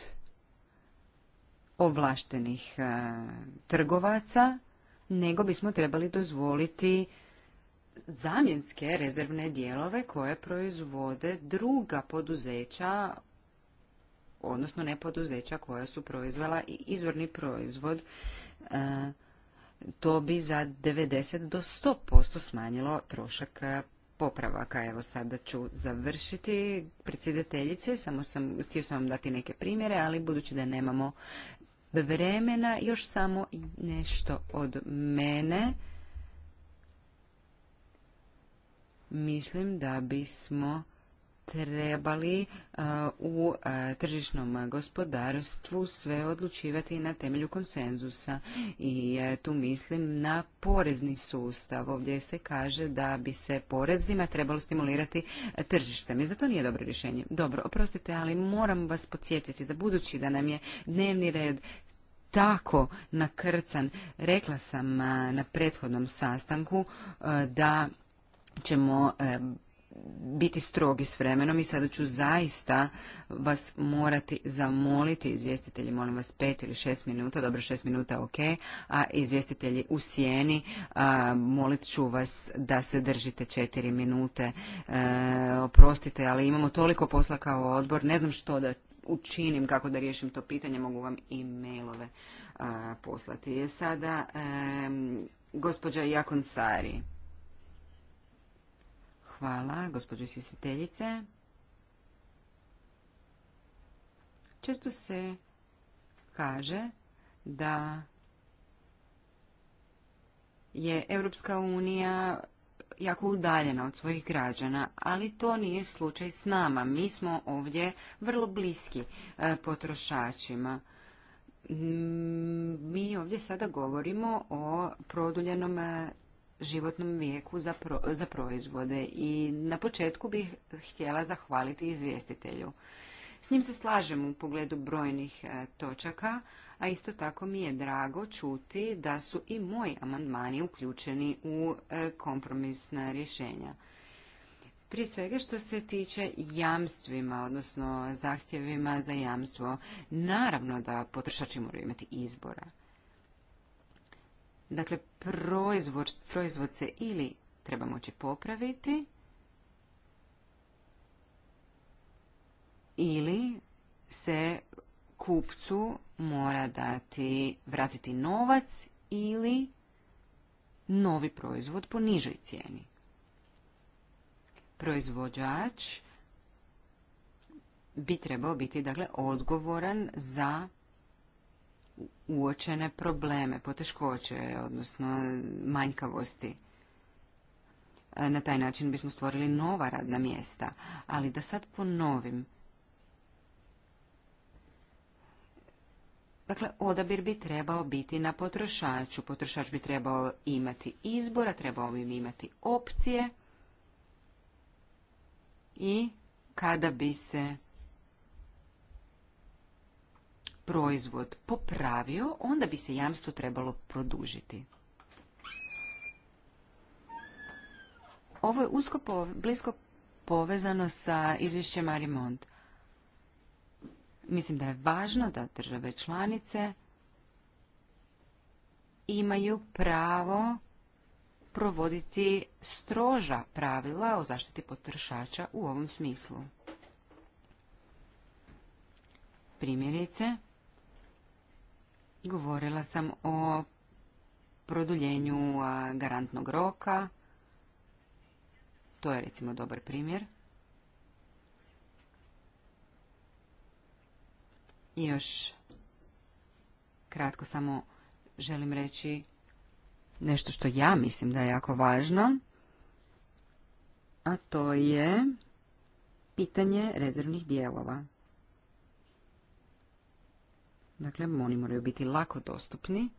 ovlaštenih e, trgovaca, nego bismo trebali dozvoliti zamjenske rezervne dijelove koje proizvode druga poduzeća odnosno ne poduzeća koja su proizvela i izvorni proizvod, e, to bi za 90 do 100% smanjilo trošak e, popravaka. Evo sada ću završiti predsjedateljice, samo sam, htio sam vam dati neke primjere, ali budući da nemamo vremena, još samo nešto od mene. Mislim da bismo trebali e, u e, tržišnom gospodarstvu sve odlučivati na temelju konsenzusa i e, tu mislim na porezni sustav. Ovdje se kaže da bi se porezima trebalo stimulirati tržište. Mislim da to nije dobro rješenje. Dobro, oprostite, ali moram vas podsjetiti da budući da nam je dnevni red tako nakrcan, rekla sam na prethodnom sastanku da ćemo biti strogi s vremenom i sada ću zaista vas morati zamoliti, izvjestitelji, molim vas, pet ili šest minuta, dobro, šest minuta, ok, a izvjestitelji u sjeni, molit ću vas da se držite četiri minute, e, oprostite, ali imamo toliko posla kao odbor, ne znam što da učinim, kako da riješim to pitanje, mogu vam i mailove poslati. poslati. Sada, gospođa Jakon Sari. Hvala, gospođo sisiteljice. Često se kaže da je Europska unija jako udaljena od svojih građana, ali to nije slučaj s nama. Mi smo ovdje vrlo bliski e, potrošačima. Mi ovdje sada govorimo o produljenom e, životnom vijeku za, za proizvode. I na početku bih htjela zahvaliti izvjestitelju. S njim se slažem u pogledu brojnih e, točaka, a isto tako mi je drago čuti da su i moji amandmani uključeni u e, kompromisna rješenja. Prije svega što se tiče jamstvima, odnosno zahtjevima za jamstvo, naravno da potrošači moraju imati izbora. Dakle, proizvod, se ili treba moći popraviti, ili se kupcu mora dati, vratiti novac ili novi proizvod po nižoj cijeni. Proizvođač bi trebao biti dakle odgovoran za uočene probleme, poteškoće, odnosno manjkavosti. E, na taj način bismo stvorili nova radna mjesta. Ali da sad ponovim. Dakle, odabir bi trebao biti na potrošaču. Potrošač bi trebao imati izbora, trebao bi imati opcije. I kada bi se proizvod popravio, onda bi se jamstvo trebalo produžiti. Ovo je usko blisko povezano sa izvješćem Arimont. Mislim da je važno da države članice imaju pravo provoditi stroža pravila o zaštiti potrošača u ovom smislu. Primjerice, Govorila sam o produljenju garantnog roka. To je recimo dobar primjer. I još kratko samo želim reći nešto što ja mislim da je jako važno, a to je pitanje rezervnih dijelova. Dakle, oni moraju biti lako dostupni.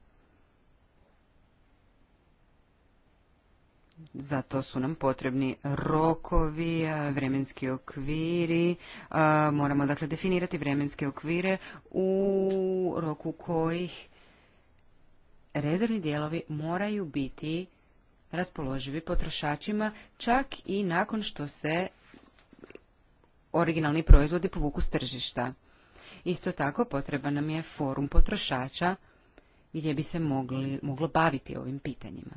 Zato su nam potrebni rokovi, vremenski okviri. Moramo dakle definirati vremenske okvire u roku kojih rezervni dijelovi moraju biti raspoloživi potrošačima čak i nakon što se originalni proizvodi povuku s tržišta. Isto tako potreba nam je forum potrošača gdje bi se mogli, moglo baviti ovim pitanjima.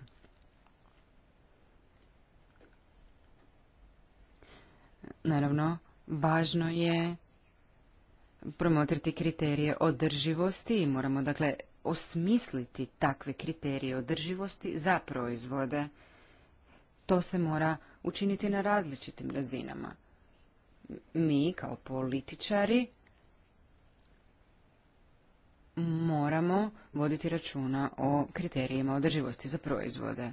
Naravno, važno je promotriti kriterije održivosti i moramo dakle osmisliti takve kriterije održivosti za proizvode. To se mora učiniti na različitim razinama. Mi kao političari moramo voditi računa o kriterijima održivosti za proizvode,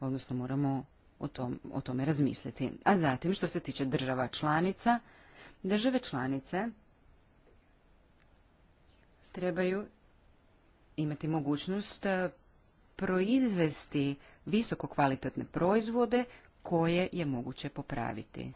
odnosno moramo o, tom, o tome razmisliti. A zatim, što se tiče država članica, države članice trebaju imati mogućnost e, proizvesti visoko kvalitetne proizvode koje je moguće popraviti.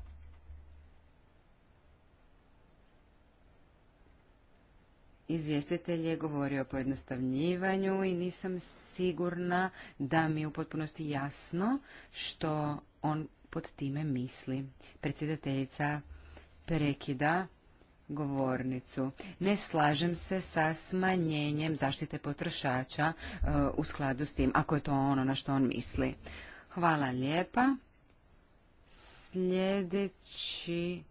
Izvjestitelj je govorio o pojednostavnjivanju i nisam sigurna da mi je u potpunosti jasno što on pod time misli. Predsjedateljica prekida govornicu. Ne slažem se sa smanjenjem zaštite potrošača e, u skladu s tim, ako je to ono na što on misli. Hvala lijepa. Sljedeći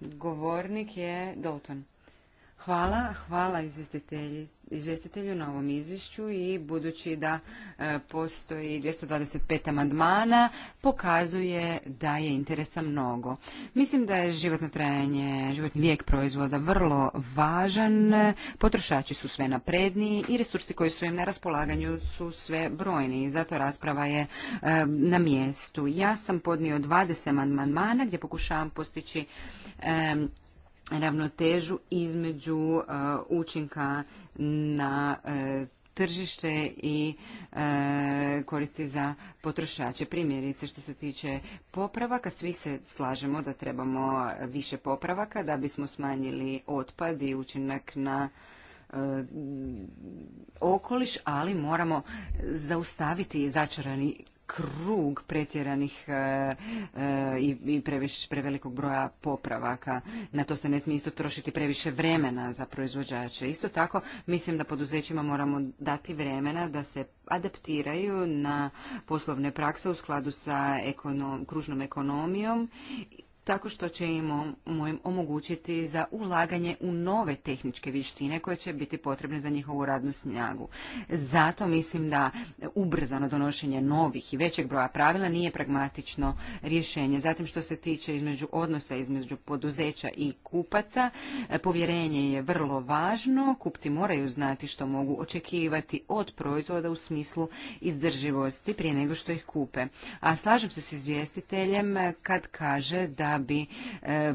govornik je Dalton. Hvala, hvala izvjestitelju na ovom izvješću i budući da e, postoji 225 amandmana, pokazuje da je interesa mnogo. Mislim da je životno trajanje, životni vijek proizvoda vrlo važan, potrošači su sve napredniji i resursi koji su im na raspolaganju su sve brojni i zato rasprava je e, na mjestu. Ja sam podnio 20 amandmana gdje pokušavam postići e, ravnotežu između e, učinka na e, tržište i e, koristi za potrošače. Primjerice što se tiče popravaka, svi se slažemo da trebamo više popravaka da bismo smanjili otpad i učinak na okoliš, ali moramo zaustaviti začarani krug pretjeranih e, e, i, previš, prevelikog broja popravaka. Na to se ne smije isto trošiti previše vremena za proizvođače. Isto tako mislim da poduzećima moramo dati vremena da se adaptiraju na poslovne prakse u skladu sa kružnom ekonomijom tako što će im omogućiti za ulaganje u nove tehničke vištine koje će biti potrebne za njihovu radnu snagu. Zato mislim da ubrzano donošenje novih i većeg broja pravila nije pragmatično rješenje. Zatim što se tiče između odnosa između poduzeća i kupaca, povjerenje je vrlo važno. Kupci moraju znati što mogu očekivati od proizvoda u smislu izdrživosti prije nego što ih kupe. A slažem se s izvjestiteljem kad kaže da bi e,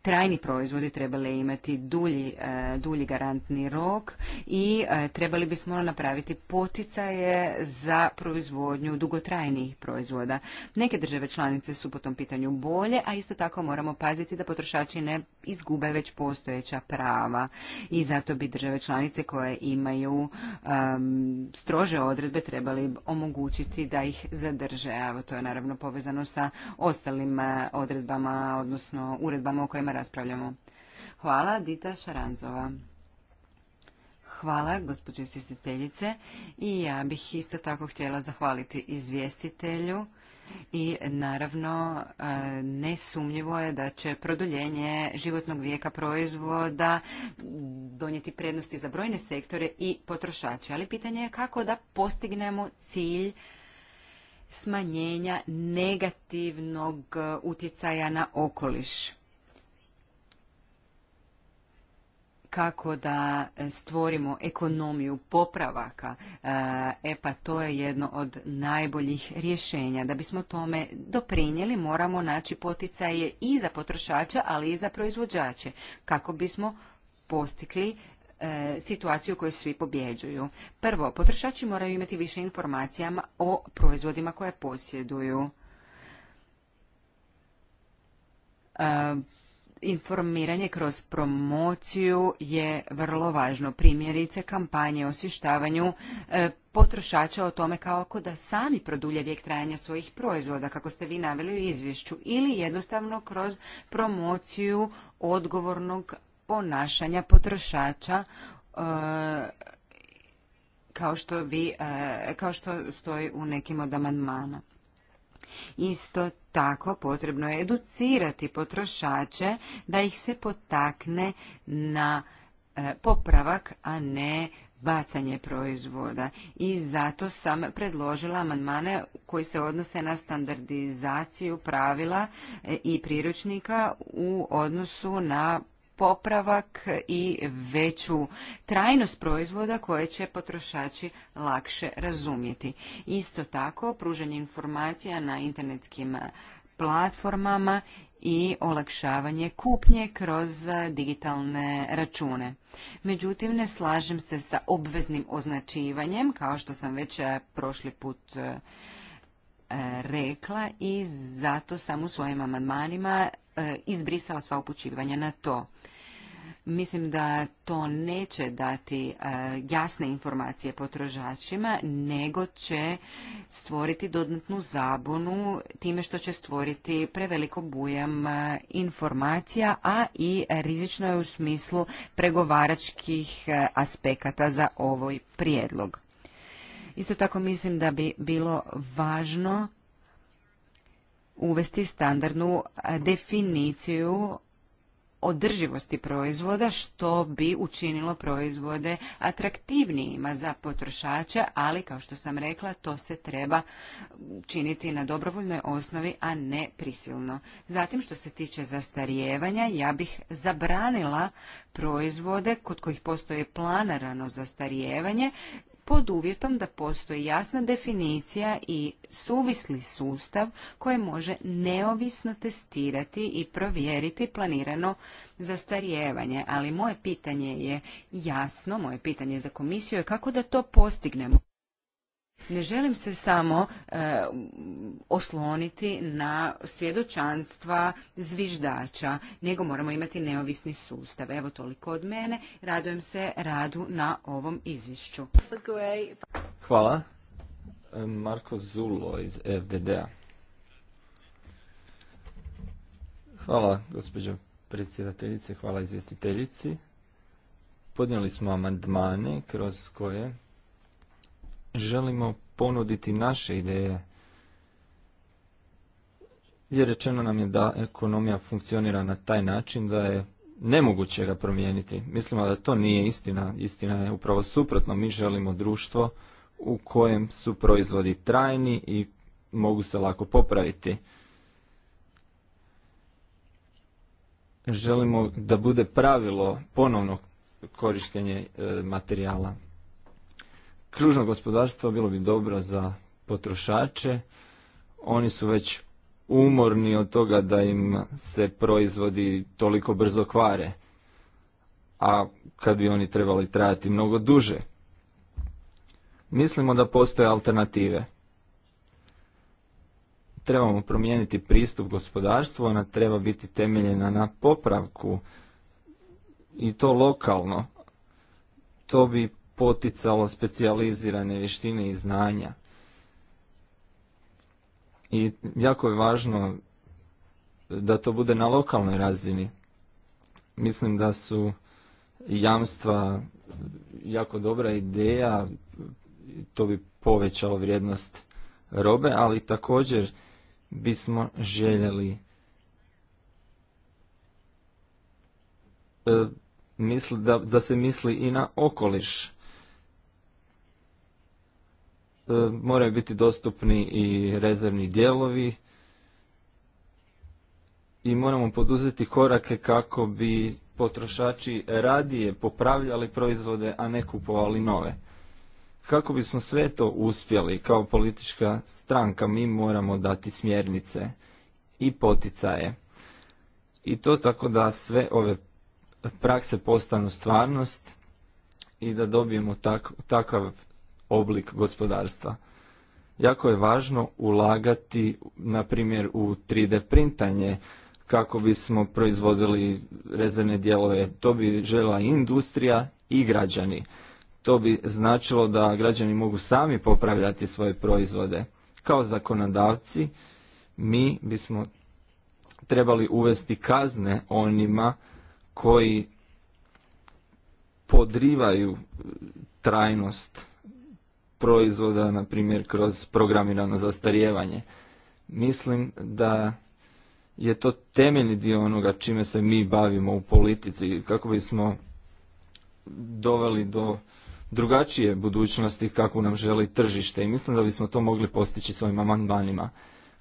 trajni proizvodi trebali imati dulji, e, dulji garantni rok i e, trebali bismo napraviti poticaje za proizvodnju dugotrajnih proizvoda. Neke države članice su po tom pitanju bolje, a isto tako moramo paziti da potrošači ne izgube već postojeća prava i zato bi države članice koje imaju um, strože odredbe trebali omogućiti da ih zadrže. Evo, to je naravno povezano sa ostalim uh, odredbama, odnosno uredbama o kojima raspravljamo. Hvala, Dita Šaranzova. Hvala, gospođo izvjestiteljice. I ja bih isto tako htjela zahvaliti izvjestitelju i naravno e, nesumnjivo je da će produljenje životnog vijeka proizvoda donijeti prednosti za brojne sektore i potrošače. Ali pitanje je kako da postignemo cilj smanjenja negativnog utjecaja na okoliš. kako da e, stvorimo ekonomiju popravaka, e, e pa to je jedno od najboljih rješenja. Da bismo tome doprinijeli moramo naći poticaje i za potrošača, ali i za proizvođače, kako bismo postikli e, situaciju koju svi pobjeđuju. Prvo, potrošači moraju imati više informacija o proizvodima koje posjeduju informiranje kroz promociju je vrlo važno. Primjerice kampanje o osvještavanju e, potrošača o tome kako da sami produlje vijek trajanja svojih proizvoda, kako ste vi naveli u izvješću, ili jednostavno kroz promociju odgovornog ponašanja potrošača e, kao što, vi, e, kao što stoji u nekim od amandmana. Isto tako potrebno je educirati potrošače da ih se potakne na e, popravak, a ne bacanje proizvoda i zato sam predložila amandmane koji se odnose na standardizaciju pravila e, i priručnika u odnosu na popravak i veću trajnost proizvoda koje će potrošači lakše razumjeti. Isto tako, pružanje informacija na internetskim platformama i olakšavanje kupnje kroz digitalne račune. Međutim, ne slažem se sa obveznim označivanjem, kao što sam već e, prošli put e, rekla i zato sam u svojim amandmanima e, izbrisala sva upućivanja na to. Mislim da to neće dati e, jasne informacije potrošačima, nego će stvoriti dodatnu zabunu time što će stvoriti preveliko bujam e, informacija, a i rizično je u smislu pregovaračkih e, aspekata za ovaj prijedlog. Isto tako mislim da bi bilo važno uvesti standardnu definiciju održivosti proizvoda što bi učinilo proizvode atraktivnijima za potrošača, ali kao što sam rekla to se treba činiti na dobrovoljnoj osnovi, a ne prisilno. Zatim što se tiče zastarijevanja, ja bih zabranila proizvode kod kojih postoje planarano zastarijevanje pod uvjetom da postoji jasna definicija i suvisli sustav koji može neovisno testirati i provjeriti planirano zastarijevanje. Ali moje pitanje je jasno, moje pitanje za komisiju je kako da to postignemo. Ne želim se samo e, osloniti na svjedočanstva zviždača, nego moramo imati neovisni sustav. Evo toliko od mene. Radujem se radu na ovom izvješću. Hvala. E, Marko Zulo iz FDD-a. Hvala, gospođo predsjedateljice, hvala izvjestiteljici. Podnijeli smo amandmane kroz koje želimo ponuditi naše ideje jer rečeno nam je da ekonomija funkcionira na taj način da je nemoguće ga promijeniti. Mislimo da to nije istina. Istina je upravo suprotno. Mi želimo društvo u kojem su proizvodi trajni i mogu se lako popraviti. Želimo da bude pravilo ponovno korištenje e, materijala kružno gospodarstvo bilo bi dobro za potrošače. Oni su već umorni od toga da im se proizvodi toliko brzo kvare, a kad bi oni trebali trajati mnogo duže. Mislimo da postoje alternative. Trebamo promijeniti pristup gospodarstvu, ona treba biti temeljena na popravku i to lokalno. To bi poticalo specijalizirane vještine i znanja. I jako je važno da to bude na lokalnoj razini. Mislim da su jamstva jako dobra ideja, to bi povećalo vrijednost robe, ali također bismo željeli e, da, da se misli i na okoliš E, moraju biti dostupni i rezervni dijelovi i moramo poduzeti korake kako bi potrošači radije popravljali proizvode, a ne kupovali nove. Kako bismo sve to uspjeli kao politička stranka, mi moramo dati smjernice i poticaje. I to tako da sve ove prakse postanu stvarnost i da dobijemo takav oblik gospodarstva. Jako je važno ulagati, na primjer, u 3D printanje, kako bismo proizvodili rezervne dijelove. To bi žela i industrija i građani. To bi značilo da građani mogu sami popravljati svoje proizvode. Kao zakonodavci mi bismo trebali uvesti kazne onima koji podrivaju trajnost proizvoda, na primjer kroz programirano zastarijevanje. Mislim da je to temeljni dio onoga čime se mi bavimo u politici, kako bismo doveli do drugačije budućnosti kako nam želi tržište i mislim da bismo to mogli postići svojim amandmanima.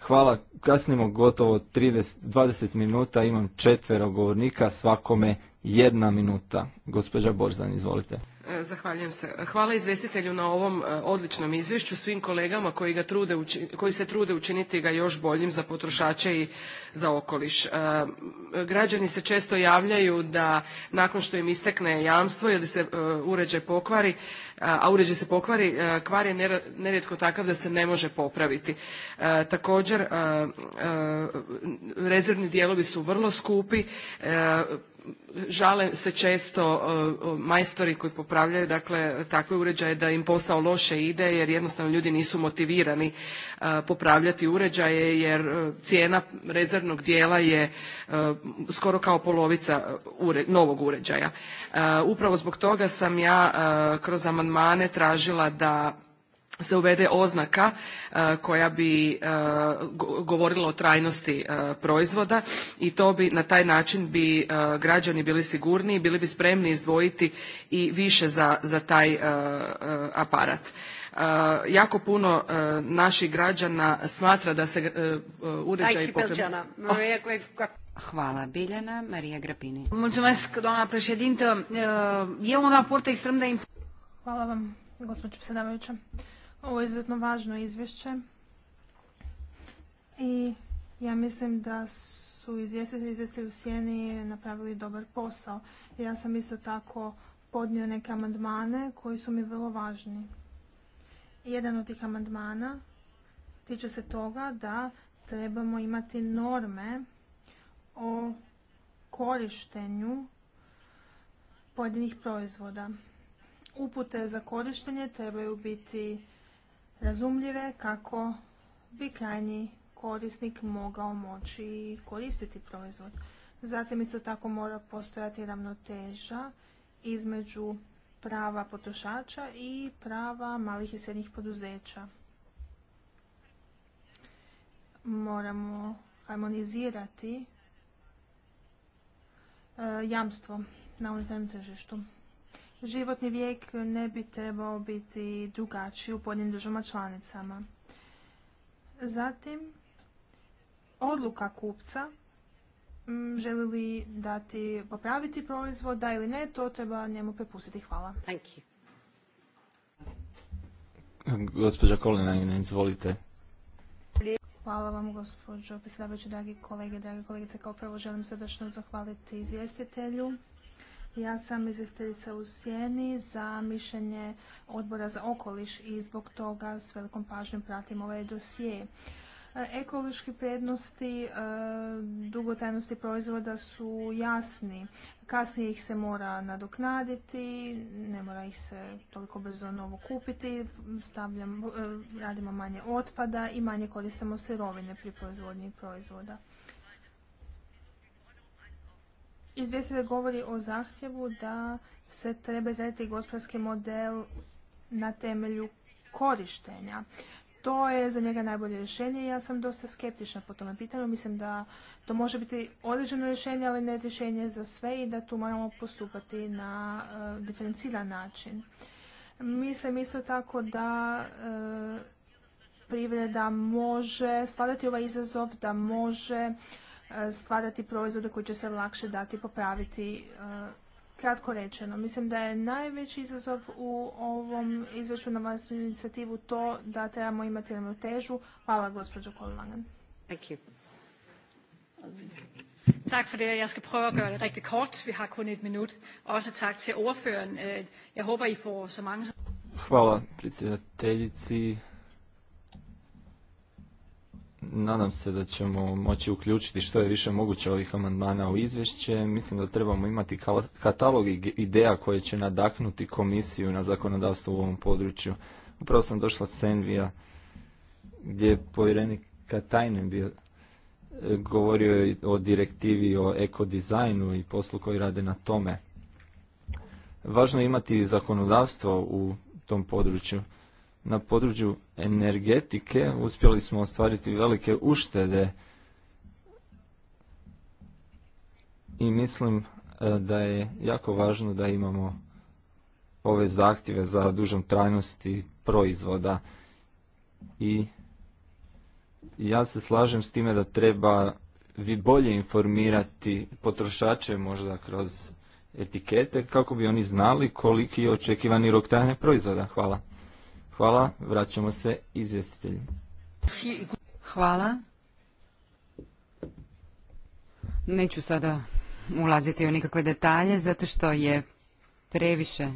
Hvala, kasnimo gotovo 30, 20 minuta, imam četvero govornika, svakome jedna minuta. Gospođa Borzan, izvolite. E, zahvaljujem se. Hvala izvjestitelju na ovom e, odličnom izvješću, svim kolegama koji, ga trude, koji se trude učiniti ga još boljim za potrošače i za okoliš. E, građani se često javljaju da nakon što im istekne jamstvo ili se uređaj pokvari, a uređaj se pokvari, kvar je nerijetko takav da se ne može popraviti. Također, rezervni dijelovi su vrlo skupi, žale se često e, majstori koji popravljaju dakle takve uređaje da im posao loše ide jer jednostavno ljudi nisu motivirani e, popravljati uređaje jer e, cijena rezervnog dijela je skoro kao polovica novog uređaja. Upravo zbog toga sam ja kroz amandmane tražila da se uvede oznaka e, koja bi e, govorila o trajnosti e, proizvoda i to bi na taj način bi građani bili sigurniji, bili bi spremni izdvojiti i više za, taj aparat. Jako puno naših građana smatra da se uređaj oh. Hvala Biljana, Marija Grapini. Hvala vam, ovo je izuzetno važno izvješće i ja mislim da su izvjestitelji izvjeste u Sjeni napravili dobar posao. Ja sam isto tako podnio neke amandmane koji su mi vrlo važni. Jedan od tih amandmana tiče se toga da trebamo imati norme o korištenju pojedinih proizvoda. Upute za korištenje trebaju biti razumljive kako bi krajnji korisnik mogao moći koristiti proizvod. Zatim isto tako mora postojati ravnoteža između prava potrošača i prava malih i srednjih poduzeća. Moramo harmonizirati e, jamstvo na unutarnjem tržištu životni vijek ne bi trebao biti drugačiji u pojedinim državama članicama. Zatim, odluka kupca želi li dati popraviti proizvod, da ili ne, to treba njemu prepustiti. Hvala. Thank you. Gospođa Kolina, izvolite. Hvala vam, gospođo predsjedavajući, dragi kolege, dragi kolegice. Kao prvo želim srdačno zahvaliti izvjestitelju ja sam izvjestiteljica u Sjeni za mišljenje odbora za okoliš i zbog toga s velikom pažnjom pratim ovaj dosije. Ekološki prednosti e, dugotajnosti proizvoda su jasni. Kasnije ih se mora nadoknaditi, ne mora ih se toliko brzo novo kupiti, e, radimo manje otpada i manje koristimo sirovine pri proizvodnji proizvoda. Izvjestitelj govori o zahtjevu da se treba izraditi gospodarski model na temelju korištenja. To je za njega najbolje rješenje i ja sam dosta skeptična po tome pitanju. Mislim da to može biti određeno rješenje, ali ne rješenje za sve i da tu moramo postupati na e, diferenciran način. Mislim isto tako da e, privreda može stvarati ovaj izazov, da može stvarati proizvode koji će se lakše dati popraviti. E, kratko rečeno, mislim da je najveći izazov u ovom izvješću na vlastnu inicijativu to da trebamo imati ravnotežu. Hvala gospođo Kolmanen. Thank you. Tak for det. Jeg skal prøve at gøre det rigtig kort. Vi har kun et minut. Også tak til ordføreren. Øh, jeg håber, I får så mange... Hvala predsjedateljici. Nadam se da ćemo moći uključiti što je više moguće ovih amandmana u izvješće. Mislim da trebamo imati katalog ideja koje će nadaknuti komisiju na zakonodavstvo u ovom području. Upravo sam došla s Envija gdje je povjerenik Katajnen bio e, govorio o direktivi o ekodizajnu i poslu koji rade na tome. Važno je imati zakonodavstvo u tom području na području energetike uspjeli smo ostvariti velike uštede i mislim e, da je jako važno da imamo ove zahtjeve za dužom trajnosti proizvoda i ja se slažem s time da treba vi bolje informirati potrošače možda kroz etikete kako bi oni znali koliki je očekivani rok trajanja proizvoda. Hvala. Hvala, vraćamo se izvjestitelju. Hvala. Neću sada ulaziti u nikakve detalje, zato što je previše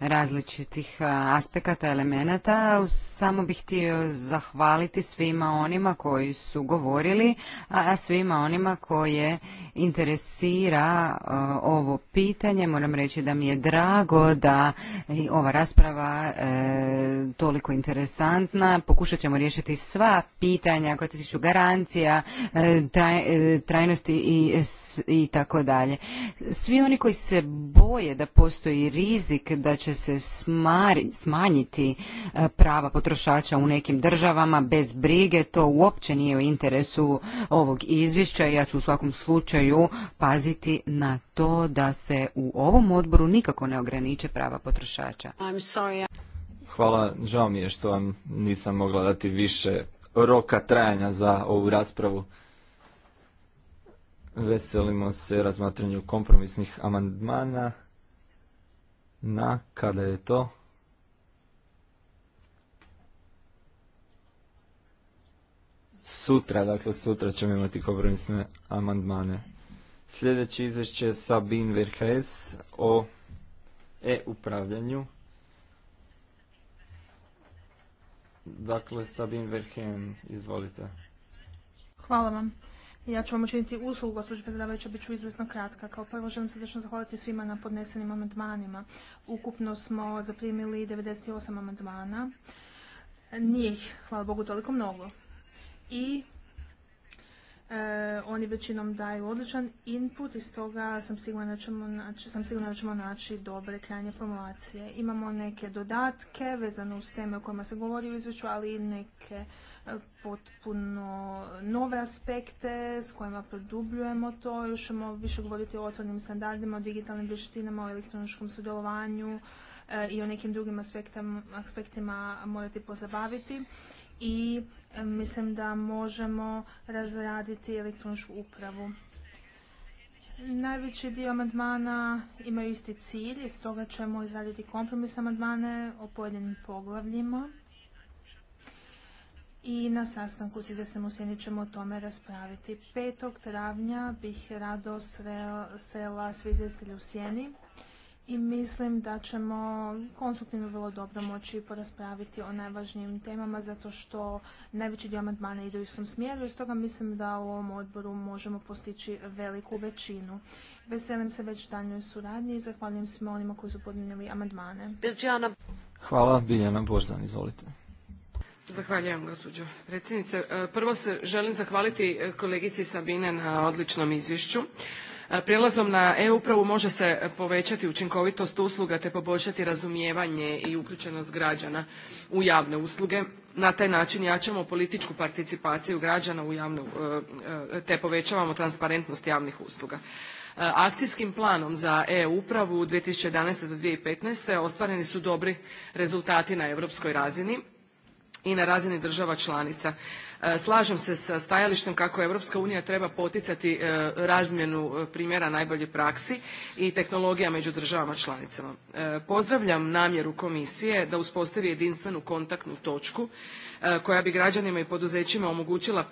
različitih aspekata, elemenata. Samo bih htio zahvaliti svima onima koji su govorili, a svima onima koje interesira ovo pitanje. Moram reći da mi je drago da ova rasprava e, toliko interesantna. Pokušat ćemo riješiti sva pitanja koja tiču garancija, e, e, trajnosti i, i tako dalje. Svi oni koji se boje da postoji rizik da će će se smanjiti e, prava potrošača u nekim državama bez brige, to uopće nije u interesu ovog izvješća. Ja ću u svakom slučaju paziti na to da se u ovom odboru nikako ne ograniče prava potrošača. Hvala, žao mi je što vam nisam mogla dati više roka trajanja za ovu raspravu. Veselimo se razmatranju kompromisnih amandmana na kada je to sutra, dakle sutra ćemo imati kompromisne amandmane. Sljedeći izvješće je Sabin Verhees o e-upravljanju. Dakle, Sabin Verheen, izvolite. Hvala vam. Ja ću vam učiniti uslugu, gospođo predsjedavajuća, bit ću izuzetno kratka. Kao prvo želim srdečno zahvaliti svima na podnesenim amandmanima. Ukupno smo zaprimili 98 amandmana. Nije ih, hvala Bogu, toliko mnogo. I e, oni većinom daju odličan input i stoga sam sigurna sam sigurna da ćemo naći dobre krajnje formulacije. Imamo neke dodatke vezano uz teme o kojima se govori u izvješću, ali i neke potpuno nove aspekte s kojima produbljujemo to. Još ćemo više govoriti o otvornim standardima, o digitalnim vještinama, o elektroničkom sudjelovanju eh, i o nekim drugim aspektima, aspektima morati pozabaviti. I eh, mislim da možemo razraditi elektroničku upravu. Najveći dio amandmana imaju isti cilj i stoga ćemo izraditi kompromis amandmane o pojedinim poglavljima i na sastanku s izvjesnim sjeni ćemo o tome raspraviti. 5. travnja bih rado srela svi izvestelji u sjeni i mislim da ćemo konstruktivno vrlo dobro moći poraspraviti o najvažnijim temama zato što najveći dio amandmana ide u istom smjeru i stoga mislim da u ovom odboru možemo postići veliku većinu. Veselim se već daljnjoj suradnji i zahvaljujem svima onima koji su podnijeli amandmane. Hvala, Biljana Borzan, izvolite. Zahvaljujem, gospođo predsjednice. E, prvo se želim zahvaliti e, kolegici Sabine na odličnom izvješću. E, prijelazom na e-upravu može se povećati učinkovitost usluga te poboljšati razumijevanje i uključenost građana u javne usluge. Na taj način jačamo političku participaciju građana u javnu, te povećavamo transparentnost javnih usluga. Akcijskim planom za e-upravu 2011. do 2015. ostvareni su dobri rezultati na europskoj razini i na razini država članica. E, slažem se sa stajalištem kako Europska unija treba poticati e, razmjenu e, primjera najbolje praksi i tehnologija među državama članicama. Pozdravljam namjeru komisije da uspostavi jedinstvenu kontaktnu točku koja bi građanima i poduzećima omogućila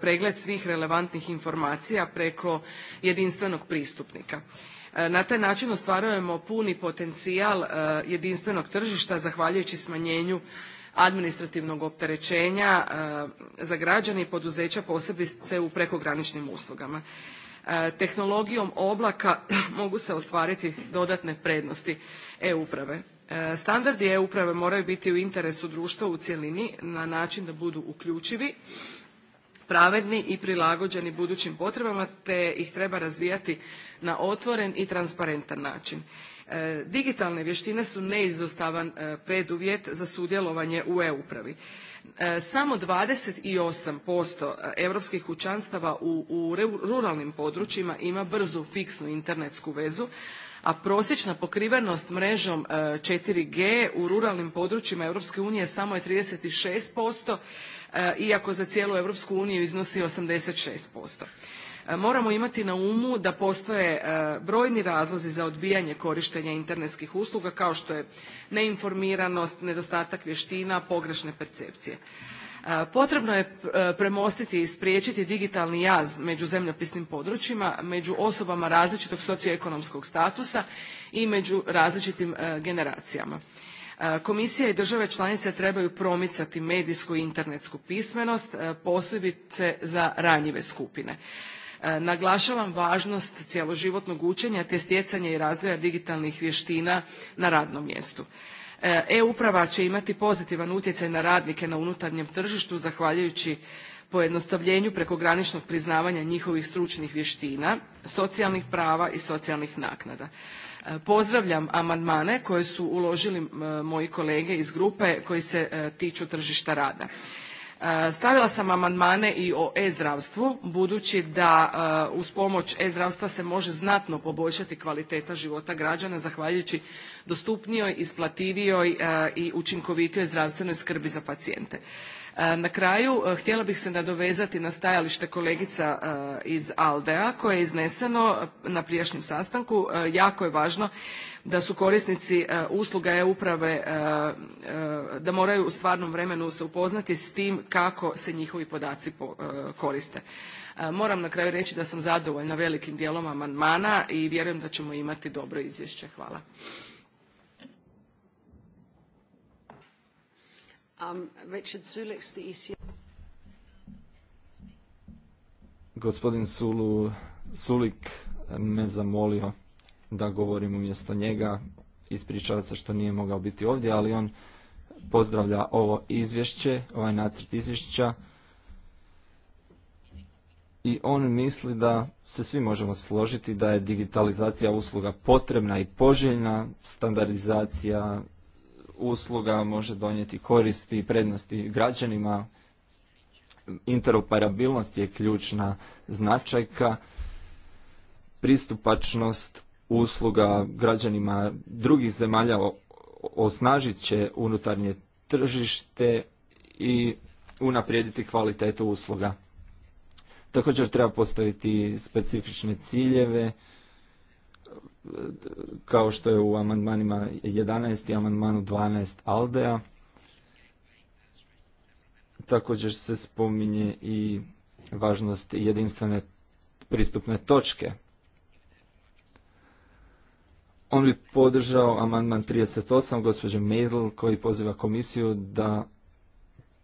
pregled svih relevantnih informacija preko jedinstvenog pristupnika. Na taj način ostvarujemo puni potencijal jedinstvenog tržišta zahvaljujući smanjenju administrativnog opterećenja e, za građane i poduzeća posebice u prekograničnim uslugama. E, tehnologijom oblaka mogu se ostvariti dodatne prednosti e-uprave. E, standardi e-uprave moraju biti u interesu društva u cjelini na način da budu uključivi, pravedni i prilagođeni budućim potrebama te ih treba razvijati na otvoren i transparentan način. E, digitalne vještine su neizostavan e, preduvjet za sudjelovanje u e-upravi. E, samo 28% europskih kućanstava u, ruralnim područjima ima brzu fiksnu internetsku vezu, a prosječna pokrivenost mrežom 4G u ruralnim područjima Europske unije samo je 36%, iako za cijelu Europsku uniju iznosi 86%. E, moramo imati na umu da postoje e, brojni razlozi za odbijanje korištenja internetskih usluga kao što je neinformiranost nedostatak vještina pogrešne percepcije e, potrebno je premostiti i spriječiti digitalni jaz među zemljopisnim područjima među osobama različitog socioekonomskog statusa i među različitim generacijama komisija i države članice trebaju promicati medijsku i internetsku pismenost posebice za ranjive skupine Naglašavam važnost cjeloživotnog učenja te stjecanja i razvoja digitalnih vještina na radnom mjestu. E, e-uprava će imati pozitivan utjecaj na radnike na unutarnjem tržištu zahvaljujući pojednostavljenju prekograničnog priznavanja njihovih stručnih vještina, socijalnih prava i socijalnih naknada. E, pozdravljam amandmane koje su uložili moji kolege iz grupe koji se e, tiču tržišta rada. E, stavila sam amandmane i o e-zdravstvu, budući da e, uz pomoć e-zdravstva se može znatno poboljšati kvaliteta života građana zahvaljujući dostupnijoj, isplativijoj e, i učinkovitijoj zdravstvenoj skrbi za pacijente. Na kraju e, htjela bih se nadovezati na stajalište kolegica e, iz ALDE-a koje je izneseno na prijašnjem sastanku. E, jako je važno da su korisnici usluga e-uprave da moraju u stvarnom vremenu se upoznati s tim kako se njihovi podaci koriste. Moram na kraju reći da sam zadovoljna velikim dijelom amandmana i vjerujem da ćemo imati dobro izvješće. Hvala. Um, Richard e Gospodin Sulu, Sulik me zamolio da govorim umjesto njega. Ispričava se što nije mogao biti ovdje, ali on pozdravlja ovo izvješće, ovaj nacrt izvješća i on misli da se svi možemo složiti da je digitalizacija usluga potrebna i poželjna, standardizacija usluga može donijeti koristi i prednosti građanima. Interoperabilnost je ključna značajka, pristupačnost usluga građanima drugih zemalja osnažit će unutarnje tržište i unaprijediti kvalitetu usluga. Također treba postaviti specifične ciljeve kao što je u amandmanima 11 i amandmanu 12 Aldea. Također se spominje i važnost jedinstvene pristupne točke. On bi podržao amandman 38 gospođe Meidl koji poziva komisiju da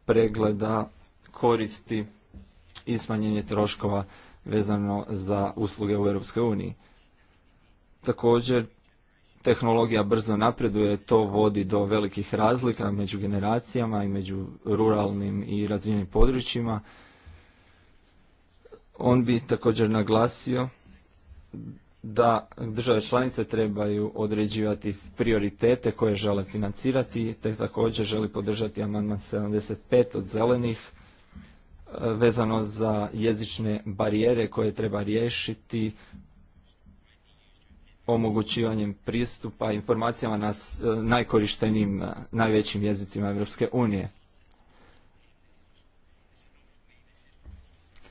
pregleda koristi i smanjenje troškova vezano za usluge u eu uniji. Također, tehnologija brzo napreduje, to vodi do velikih razlika među generacijama i među ruralnim i razvijenim područjima. On bi također naglasio da države članice trebaju određivati prioritete koje žele financirati, te također želi podržati amandman 75 od zelenih e, vezano za jezične barijere koje treba riješiti omogućivanjem pristupa informacijama na e, najkorištenijim, e, najvećim jezicima Europske unije.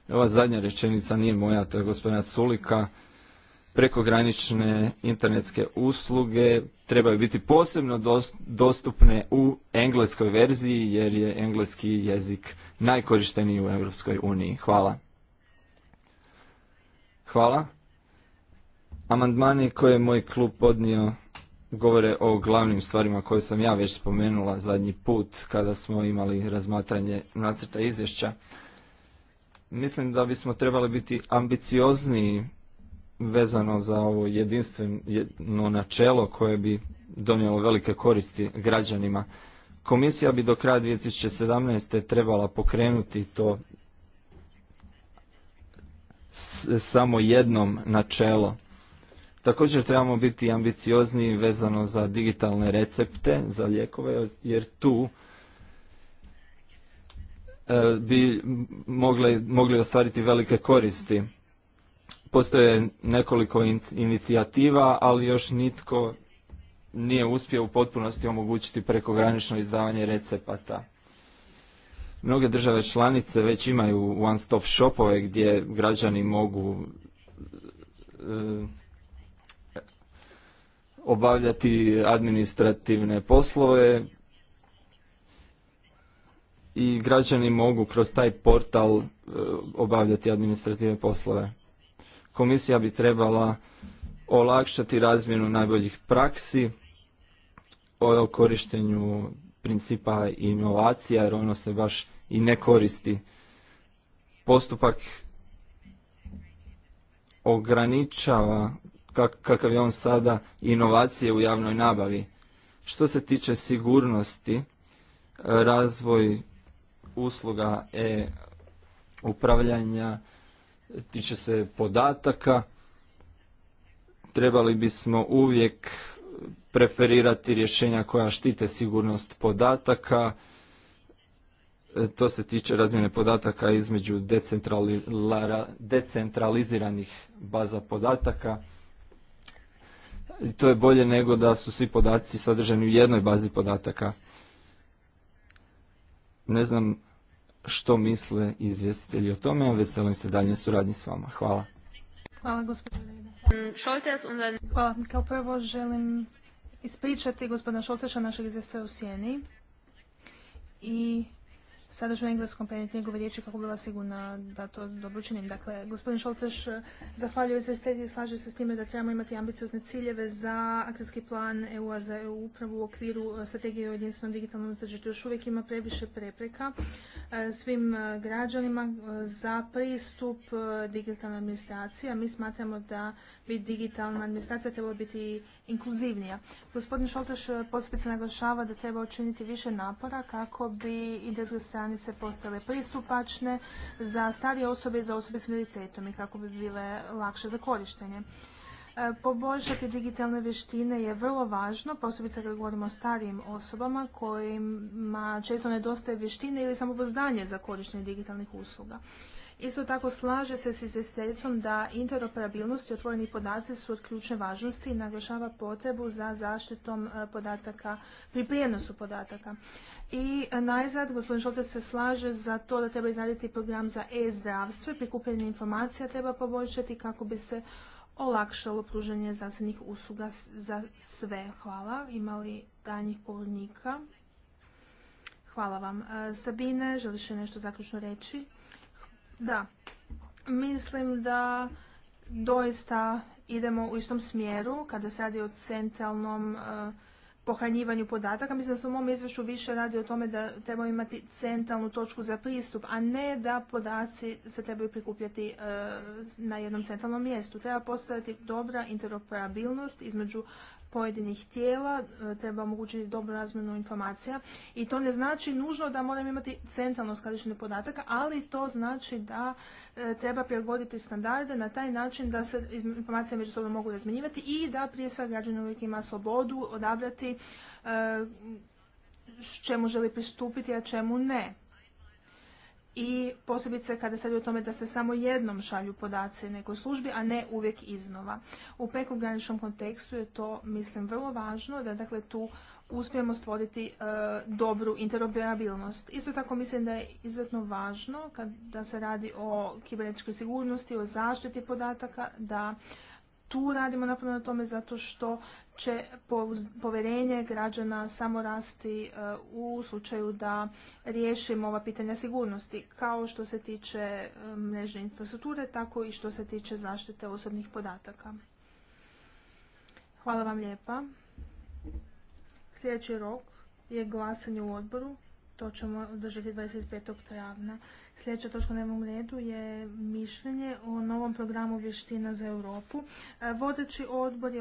Ova zadnja rečenica nije moja, to je gospodina Sulika. Prekogranične internetske usluge trebaju biti posebno dostupne u engleskoj verziji, jer je engleski jezik najkorišteniji u Europskoj uniji. Hvala. Hvala. Amandmani koje je moj klub podnio govore o glavnim stvarima koje sam ja već spomenula zadnji put kada smo imali razmatranje nacrta izvješća. Mislim da bismo trebali biti ambiciozniji vezano za ovo jedinstveno načelo koje bi donijelo velike koristi građanima. Komisija bi do kraja 2017. trebala pokrenuti to samo jednom načelo Također trebamo biti ambiciozni vezano za digitalne recepte za lijekove, jer tu e, bi mogli, mogli ostvariti velike koristi. Postoje nekoliko inicijativa, ali još nitko nije uspio u potpunosti omogućiti prekogranično izdavanje recepata. Mnoge države članice već imaju one-stop shopove gdje građani mogu e, obavljati administrativne poslove i građani mogu kroz taj portal e, obavljati administrativne poslove. Komisija bi trebala olakšati razmjenu najboljih praksi o korištenju principa inovacija jer ono se baš i ne koristi. Postupak ograničava kak, kakav je on sada inovacije u javnoj nabavi. Što se tiče sigurnosti, e, razvoj usluga e upravljanja tiče se podataka. Trebali bismo uvijek preferirati rješenja koja štite sigurnost podataka. E, to se tiče razmjene podataka između decentraliziranih baza podataka i to je bolje nego da su svi podaci sadržani u jednoj bazi podataka. Ne znam što misle izvjestitelji o tome, a veselim se daljnjoj suradnji s vama. Hvala. Hvala gospodine. Mm, Hvala. Kao prvo želim ispričati gospodina Šolteša, našeg izvjestitelja u Sjeni. I sadržaj u engleskom prenijeti njegove riječi kako bila sigurna da to dobro činim. Dakle, gospodin Šoltaš eh, zahvaljuje izvestelji i slaže se s time da trebamo imati ambiciozne ciljeve za akcijski plan EU-a za EU upravu u okviru eh, strategije o jedinstvenom digitalnom tržištu. Još uvijek ima previše prepreka eh, svim građanima za pristup digitalnoj administraciji, a mi smatramo da biti digitalna administracija treba biti inkluzivnija. Gospodin Šoltaš eh, posebice naglašava da treba učiniti više napora kako bi internetske stranice postale pristupačne za starije osobe i za osobe s invaliditetom i kako bi bile lakše za korištenje. Eh, poboljšati digitalne vještine je vrlo važno, posebice kada govorimo o starijim osobama kojima često nedostaje vještine ili samopoznanje za korištenje digitalnih usluga. Isto tako slaže se s izvjestiteljicom da interoperabilnost i otvoreni podaci su od ključne važnosti i naglašava potrebu za zaštitom e, podataka pri prijenosu podataka. I e, najzad, gospodin Šolta se slaže za to da treba izraditi program za e-zdravstvo i prikupljenje informacija treba poboljšati kako bi se olakšalo pružanje zdravstvenih usluga za sve. Hvala. Imali danjih govornika? Hvala vam. E, Sabine, želiš li nešto zaključno reći? Da, mislim da doista idemo u istom smjeru kada se radi o centralnom e, pohranjivanju podataka. Mislim da se u mom izvješću više radi o tome da trebamo imati centralnu točku za pristup, a ne da podaci se trebaju prikupljati e, na jednom centralnom mjestu. Treba postojati dobra interoperabilnost između pojedinih tijela, e, treba omogućiti dobru razmjenu informacija i to ne znači nužno da moramo imati centralno skladištenje podataka, ali to znači da e, treba prilagoditi standarde na taj način da se informacije međusobno mogu razmjenjivati i da prije svega građanin uvijek ima slobodu odabrati e, čemu želi pristupiti, a čemu ne i posebice kada se radi o tome da se samo jednom šalju podaci nekoj službi, a ne uvijek iznova. U prekograničnom kontekstu je to, mislim, vrlo važno da dakle tu uspijemo stvoriti e, dobru interoperabilnost. Isto tako mislim da je izuzetno važno kada se radi o kibernetičkoj sigurnosti, o zaštiti podataka, da tu radimo napravo na tome zato što će povjerenje građana samo rasti uh, u slučaju da riješimo ova pitanja sigurnosti, kao što se tiče um, mrežne infrastrukture, tako i što se tiče zaštite osobnih podataka. Hvala vam lijepa. Sljedeći rok je glasanje u odboru to ćemo održati 25. travna. Sljedeća točka na dnevnom redu je mišljenje o novom programu vještina za Europu. E, vodeći odbor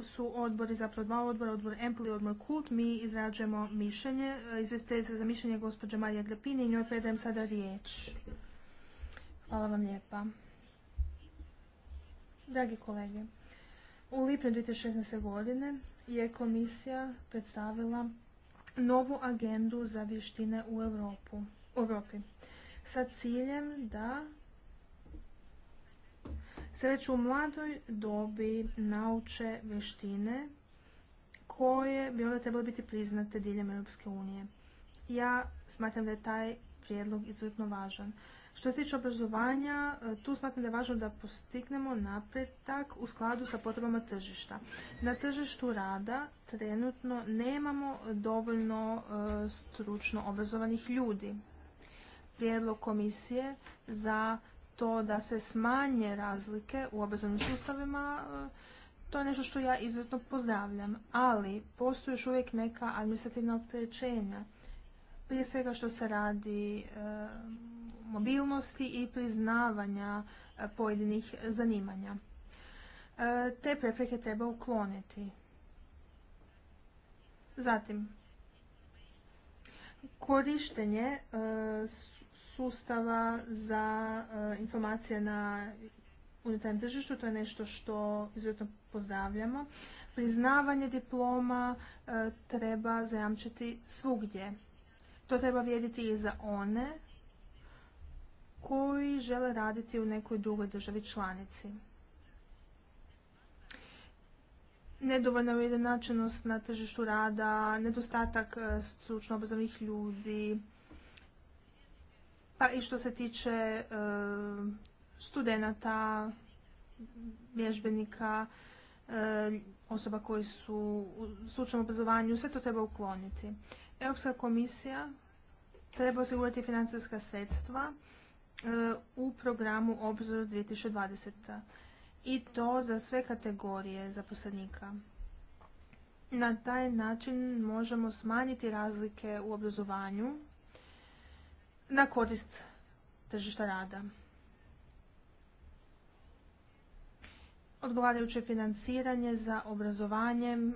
su odbori, zapravo dva odbora, odbor Empoli i odbor KULT. Mi izrađujemo mišljenje. E, Izvestite za mišljenje gospođa Marija grpin i njoj predajem sada riječ. Hvala vam lijepa. Dragi kolege, u lipnju 2016. godine je komisija predstavila novu agendu za vještine u Europu, Europi sa ciljem da se već u mladoj dobi nauče vještine koje bi onda trebalo biti priznate diljem Europske unije. Ja smatram da je taj prijedlog izuzetno važan. Što se tiče obrazovanja, tu smatram da je važno da postignemo napretak u skladu sa potrebama tržišta. Na tržištu rada trenutno nemamo dovoljno e, stručno obrazovanih ljudi. Prijedlog komisije za to da se smanje razlike u obrazovnim sustavima, e, to je nešto što ja izuzetno pozdravljam, ali postoji još uvijek neka administrativna opterećenja. Prije svega što se radi e, mobilnosti i priznavanja pojedinih zanimanja. Te prepreke treba ukloniti. Zatim, korištenje e, sustava za e, informacije na unutarnjem tržištu, to je nešto što izuzetno pozdravljamo. Priznavanje diploma e, treba zajamčiti svugdje. To treba vrijediti i za one koji žele raditi u nekoj drugoj državi članici. nedovoljna ujedinačenost na tržištu rada, nedostatak e, stručno obrazovnih ljudi, pa i što se tiče studenta, studenata, vježbenika, e, osoba koji su u stručnom obrazovanju, sve to treba ukloniti. Europska komisija treba osigurati financijska sredstva e, u programu Obzor 2020 i to za sve kategorije zaposlenika. Na taj način možemo smanjiti razlike u obrazovanju na korist tržišta rada. Odgovarajuće financiranje za obrazovanje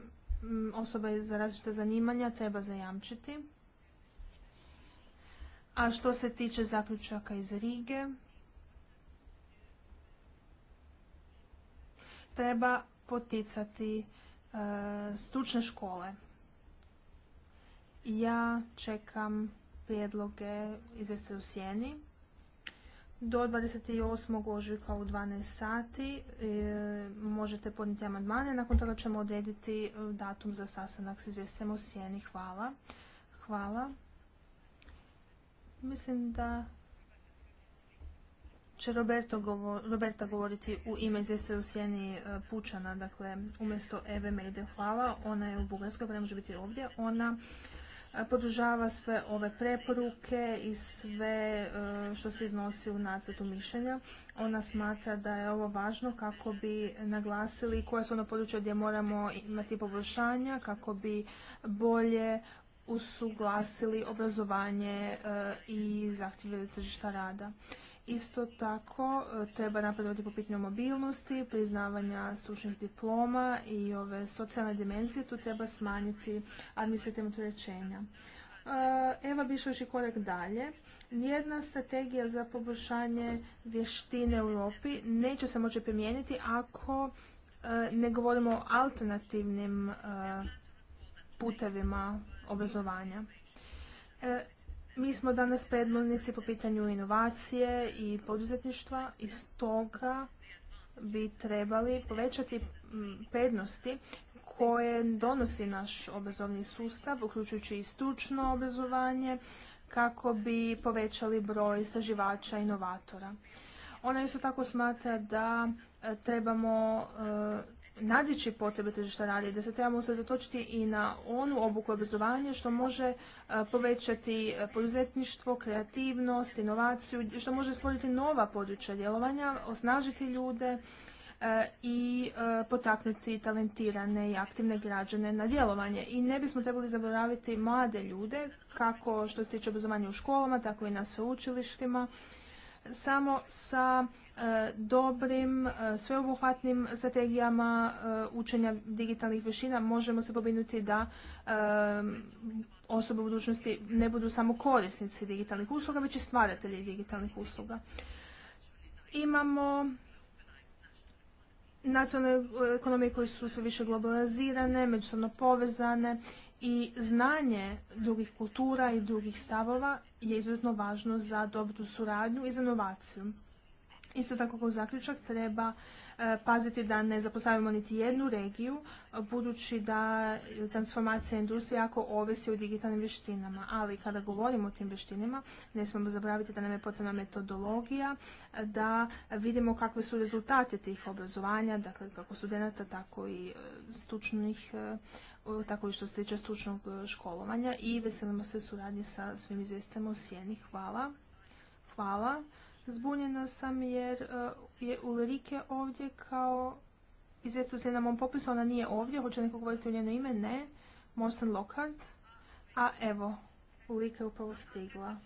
osoba za različita zanimanja treba zajamčiti. A što se tiče zaključaka iz Rige, treba poticati e, stručne škole. Ja čekam prijedloge izveste u sjeni. Do 28. ožujka u 12 sati e, možete podnijeti amandmane. Nakon toga ćemo odrediti e, datum za sastanak s izvjestem u sjeni. Hvala. Hvala. Mislim da će Roberto Roberta govoriti u ime izvjeste u sjeni e, Pučana, dakle umjesto Eve Mejde Hvala, ona je u Bugarskoj, pa ne može biti ovdje, ona e, podržava sve ove preporuke i sve e, što se iznosi u nacrtu mišljenja. Ona smatra da je ovo važno kako bi naglasili koja su ona područja gdje moramo imati poboljšanja, kako bi bolje usuglasili obrazovanje i zahtjeve tržišta rada. Isto tako e, treba napredovati po pitanju mobilnosti, priznavanja stručnih diploma i ove socijalne dimenzije, tu treba smanjiti administrativno trećenja. E, Eva bi još i korak dalje. Nijedna strategija za poboljšanje vještine u Europi neće se moći primijeniti ako e, ne govorimo o alternativnim putevima obrazovanja. Mi smo danas predvodnici po pitanju inovacije i poduzetništva i stoga bi trebali povećati prednosti koje donosi naš obrazovni sustav, uključujući i stručno obrazovanje, kako bi povećali broj istraživača inovatora. Ona isto tako smatra da e, trebamo e, nadići potrebe tržišta rada i da se trebamo usredotočiti i na onu obuku obrazovanja što može e, povećati e, poduzetništvo, kreativnost, inovaciju, što može stvoriti nova područja djelovanja, osnažiti ljude e, i potaknuti talentirane i aktivne građane na djelovanje. I ne bismo trebali zaboraviti mlade ljude, kako što se tiče obrazovanja u školama, tako i na sveučilištima, samo sa E, dobrim, e, sveobuhvatnim strategijama e, učenja digitalnih vještina možemo se pobinuti da osobe u budućnosti ne budu samo korisnici digitalnih usluga, već i stvaratelji digitalnih usluga. Imamo nacionalne ekonomije koje su sve više globalizirane, međusobno povezane i znanje drugih kultura i drugih stavova je izuzetno važno za dobru suradnju i za inovaciju. Isto tako kao zaključak treba e, paziti da ne zapostavimo niti jednu regiju, budući da transformacija industrije jako ovisi o digitalnim vještinama. Ali kada govorimo o tim vještinama, ne smemo zaboraviti da nam je potrebna metodologija, da vidimo kakve su rezultate tih obrazovanja, dakle kako studenata, tako i e, stručnih e, tako i što se tiče stručnog školovanja i veselimo se suradnji sa svim izvjestima u Sjeni. Hvala. Hvala. Zbunjena sam jer e, je Ulrike ovdje kao se na mom popisu, ona nije ovdje, hoće neko govoriti u njeno ime? Ne. Morsen Lockhart. A evo, Ulrike je upravo stigla.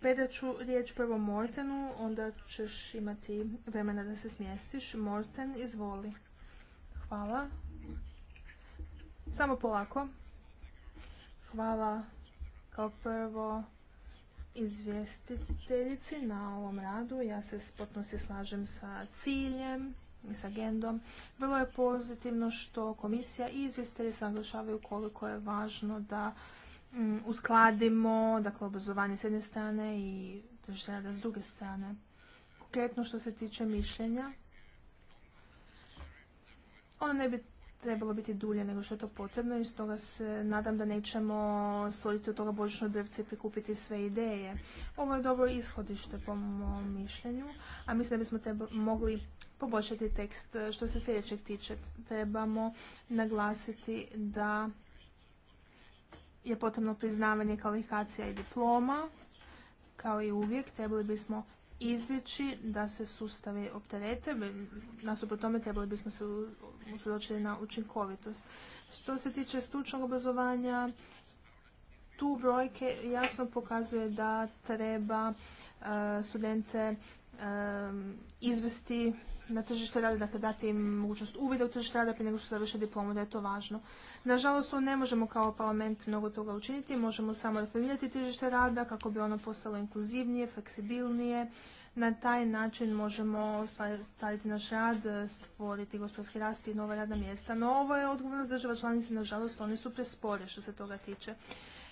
Predat ću riječ prvo Mortenu, onda ćeš imati vremena da se smjestiš. Morten, izvoli. Hvala. Samo polako. Hvala kao prvo izvjestiteljici na ovom radu. Ja se spotno se slažem sa ciljem i sa agendom. Vrlo je pozitivno što komisija i izvjestitelji se koliko je važno da mm, uskladimo dakle, obrazovanje s jedne strane i tržište rada s druge strane. Konkretno što se tiče mišljenja, ono ne bi trebalo biti dulje nego što je to potrebno i stoga se nadam da nećemo stvoriti od toga božično drvce i prikupiti sve ideje. Ovo je dobro ishodište po mom mišljenju, a mislim da bismo mogli poboljšati tekst što se sljedećeg tiče. Trebamo naglasiti da je potrebno priznavanje kvalifikacija i diploma, kao i uvijek trebali bismo izbjeći da se sustave opterete. Nasuprot tome trebali bismo se doći na učinkovitost. Što se tiče stručnog obrazovanja, tu brojke jasno pokazuje da treba e, studente e, izvesti na tržište rada, dakle dati im mogućnost uvida u tržište rada prije nego što završe diplomu, da je to važno. Nažalost, ne možemo kao parlament mnogo toga učiniti, možemo samo reformirati tržište rada kako bi ono postalo inkluzivnije, fleksibilnije, na taj način možemo staviti naš rad, e, stvoriti gospodarski rast i nova radna mjesta. No ovo je odgovornost država članica, nažalost oni su prespore što se toga tiče.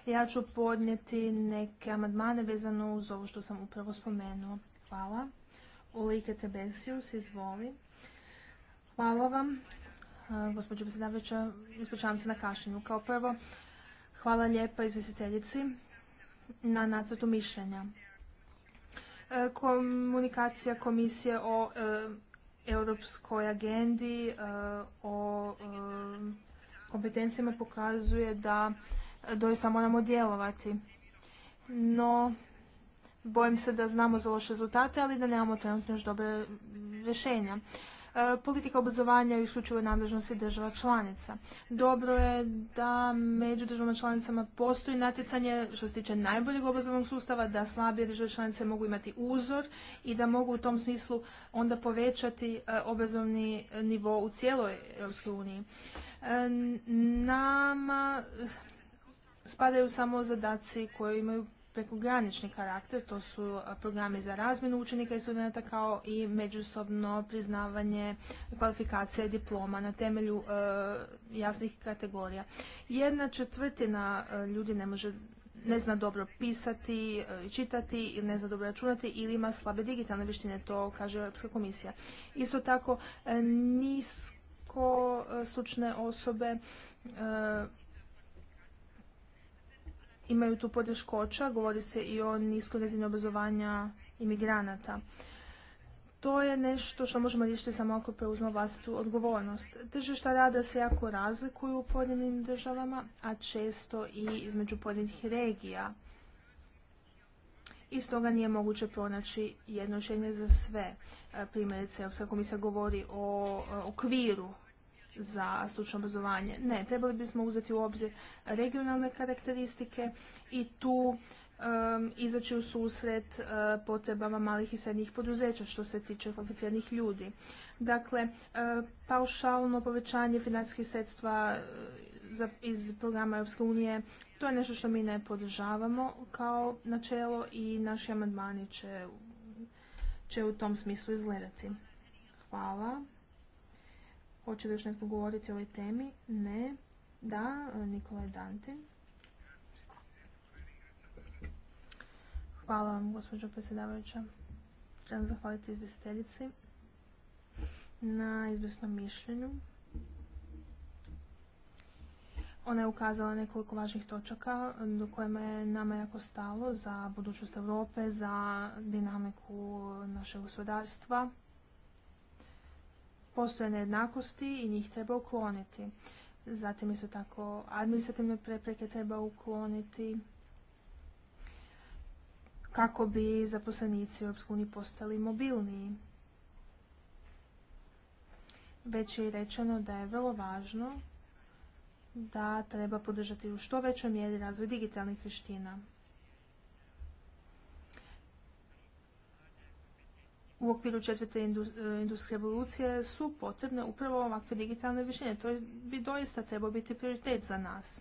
Ja ću podnijeti neke amandmane vezano uz ovo što sam upravo spomenuo. Hvala. Ulike Tebesius, izvoli. Hvala vam, e, gospođo predsjedavajuća, ispričavam se na kašnjenju. Kao prvo, hvala lijepa izvjestiteljici na nacrtu mišljenja. E, komunikacija komisije o e, europskoj agendi, e, o kompetencijama pokazuje da doista moramo djelovati. No, bojim se da znamo za loše rezultate, ali da nemamo trenutno još dobre rješenja. E, politika obrazovanja i isključivoj nadležnosti država članica. Dobro je da među državama članicama postoji natjecanje što se tiče najboljeg obrazovnog sustava, da slabije države članice mogu imati uzor i da mogu u tom smislu onda povećati e, obrazovni nivo u cijeloj Europskoj uniji. E, nama spadaju samo zadaci koje imaju prekogranični karakter, to su programi za razmjenu učenika i studenta kao i međusobno priznavanje kvalifikacija i diploma na temelju e, jasnih kategorija. Jedna četvrtina e, ljudi ne može ne zna dobro pisati, e, čitati ili ne zna dobro računati ili ima slabe digitalne vještine, to kaže Europska komisija. Isto tako nisko stručne osobe imaju tu poteškoća, govori se i o niskoj razini obrazovanja imigranata. To je nešto što možemo riješiti samo ako preuzmo vlastitu odgovornost. Tržišta rada se jako razlikuju u pojedinim državama, a često i između pojedinih regija. I stoga nije moguće pronaći jedno za sve. E, primjerice, mi se govori o e, okviru za stručno obrazovanje. Ne, trebali bismo uzeti u obzir regionalne karakteristike i tu um, izaći u susret uh, potrebama malih i srednjih poduzeća što se tiče kvalificiranih ljudi. Dakle, uh, paušalno povećanje financijskih sredstva uh, iz programa Europske unije, to je nešto što mi ne podržavamo kao načelo i naši amandmani će u tom smislu izgledati. Hvala. Hoće li još neko govoriti o ovoj temi? Ne. Da, Nikolaj Dantin. Hvala vam, gospođo predsjedavajuća. Želim zahvaliti izvjestiteljici na izvjesnom mišljenju. Ona je ukazala nekoliko važnih točaka do kojima je nama jako stalo za budućnost Europe, za dinamiku našeg gospodarstva postoje nejednakosti i njih treba ukloniti. Zatim isto tako administrativne prepreke treba ukloniti kako bi zaposlenici u EU postali mobilniji. Već je i rečeno da je vrlo važno da treba podržati u što većoj mjeri razvoj digitalnih vještina. u okviru četvrte e, industrijske revolucije su potrebne upravo ovakve digitalne vještine. To bi doista trebao biti prioritet za nas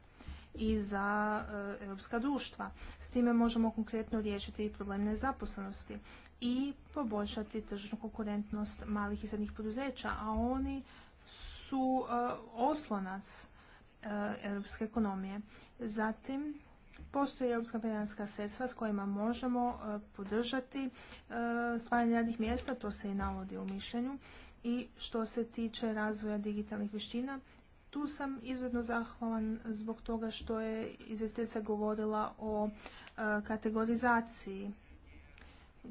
i za e, europska društva. S time možemo konkretno riješiti i problem nezaposlenosti i poboljšati tržnu konkurentnost malih i srednjih poduzeća, a oni su e, oslonac europske ekonomije. Zatim, Postoje europska financijska sredstva s kojima možemo e, podržati e, stvaranje radnih mjesta, to se i navodi u mišljenju. I što se tiče razvoja digitalnih vještina, tu sam izuzetno zahvalan zbog toga što je izvestiteljica govorila o e, kategorizaciji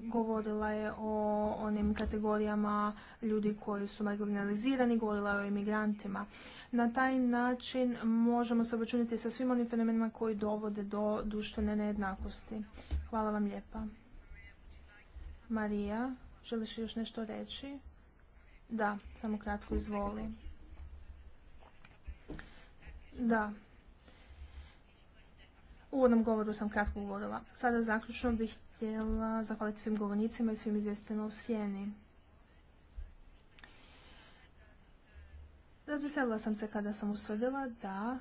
govorila je o onim kategorijama ljudi koji su marginalizirani, govorila je o imigrantima. Na taj način možemo se obračuniti sa svim onim fenomenima koji dovode do društvene nejednakosti. Hvala vam lijepa. Marija, želiš još nešto reći? Da, samo kratko izvoli. Da, uvodnom govoru sam kratko govorila. Sada zaključno bih htjela zahvaliti svim govornicima i svim izvjestiteljima u sjeni. Razveselila sam se kada sam usvrdila da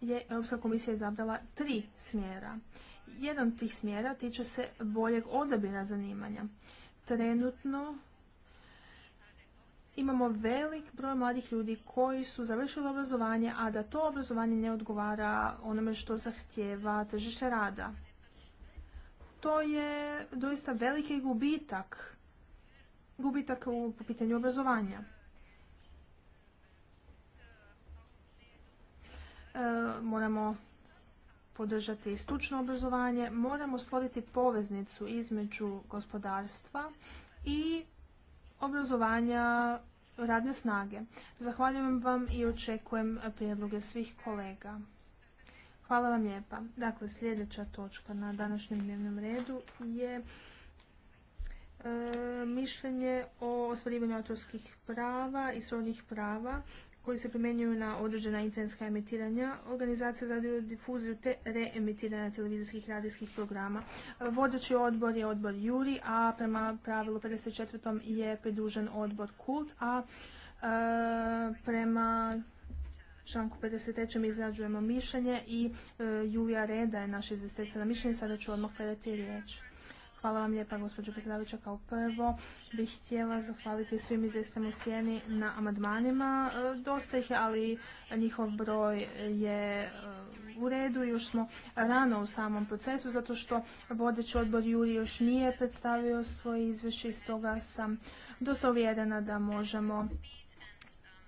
je Europska komisija izabrala tri smjera. Jedan od tih smjera tiče se boljeg odabira zanimanja. Trenutno imamo velik broj mladih ljudi koji su završili obrazovanje, a da to obrazovanje ne odgovara onome što zahtjeva tržište rada. To je doista veliki gubitak, gubitak u, pitanju obrazovanja. E, moramo podržati stručno obrazovanje, moramo stvoriti poveznicu između gospodarstva i obrazovanja radne snage. Zahvaljujem vam i očekujem prijedloge svih kolega. Hvala vam lijepa. Dakle, sljedeća točka na današnjem dnevnom redu je e, mišljenje o ostvarivanju autorskih prava i srodnih prava koji se primjenjuju na određena internetska emitiranja, organizacija za difuziju te reemitiranja televizijskih radijskih programa. Vodeći odbor je odbor Juri, a prema pravilu 54. je pridužen odbor Kult, a e, prema članku 53. izrađujemo mišljenje i e, Julija Reda je naša izvjestiteljica na mišljenje. Sada ću odmah predati riječ. Hvala vam lijepa, gospođo predsjedavajuća. Kao prvo bih htjela zahvaliti svim izvjestem u sjeni na amandmanima. E, dosta ih je, ali njihov broj je e, u redu. Još smo rano u samom procesu, zato što vodeći odbor Juri još nije predstavio svoje izvješće i stoga sam dosta uvjerena da možemo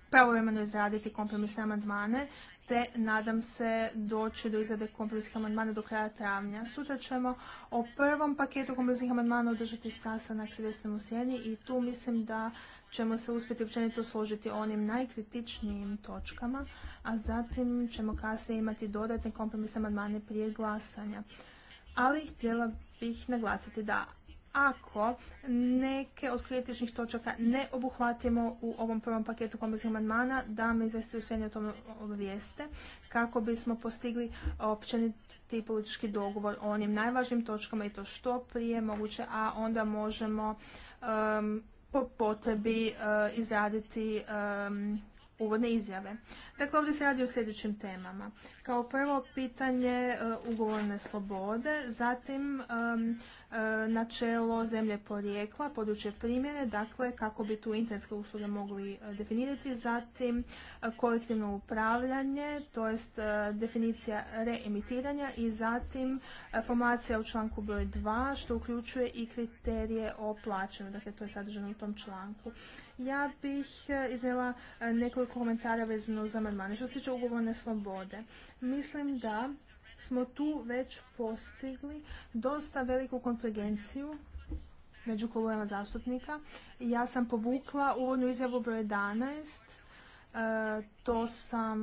pravovremeno izraditi kompromisne amandmane te nadam se doći do izrade kompromisnih amandmana do kraja travnja. Sutra ćemo o prvom paketu kompromisnih amandmana održati sastanak s desnom u sjeni i tu mislim da ćemo se uspjeti općenito složiti onim najkritičnijim točkama, a zatim ćemo kasnije imati dodatne kompromisne amandmane prije glasanja. Ali htjela bih naglasiti da ako neke od kritičnih točaka ne obuhvatimo u ovom prvom paketu komorskih amandmana, da mi izvesti u sve o tome obvijeste kako bismo postigli općeniti politički dogovor o onim najvažnijim točkama i to što prije moguće, a onda možemo um, po potrebi uh, izraditi um, uvodne izjave. Dakle, ovdje se radi o sljedećim temama. Kao prvo, pitanje e, ugovorne slobode, zatim e, e, načelo zemlje porijekla, područje primjene, dakle kako bi tu internetske usluge mogli definirati, zatim kolektivno upravljanje, to jest definicija reemitiranja i zatim formacija u članku broj 2 što uključuje i kriterije o plaćanju, dakle to je sadržano u tom članku. Ja bih e, iznijela e, nekoliko komentara vezano za amandmane. Što se tiče ugovorne slobode, mislim da smo tu već postigli dosta veliku konfligenciju među klubovima zastupnika. Ja sam povukla uvodnu izjavu broj 11. E, to sam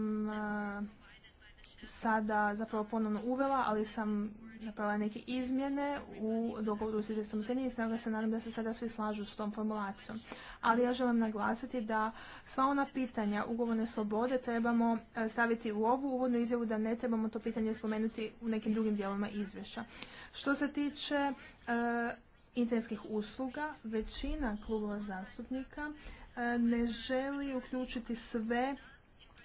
sada zapravo ponovno uvela, ali sam napravila neke izmjene u dogovoru s izvjestom se i snaga se nadam da se sada svi slažu s tom formulacijom. Ali ja želim naglasiti da sva ona pitanja ugovorne slobode trebamo e, staviti u ovu uvodnu izjavu da ne trebamo to pitanje spomenuti u nekim drugim dijelovima izvješća. Što se tiče e, internetskih usluga, većina klubova zastupnika e, ne želi uključiti sve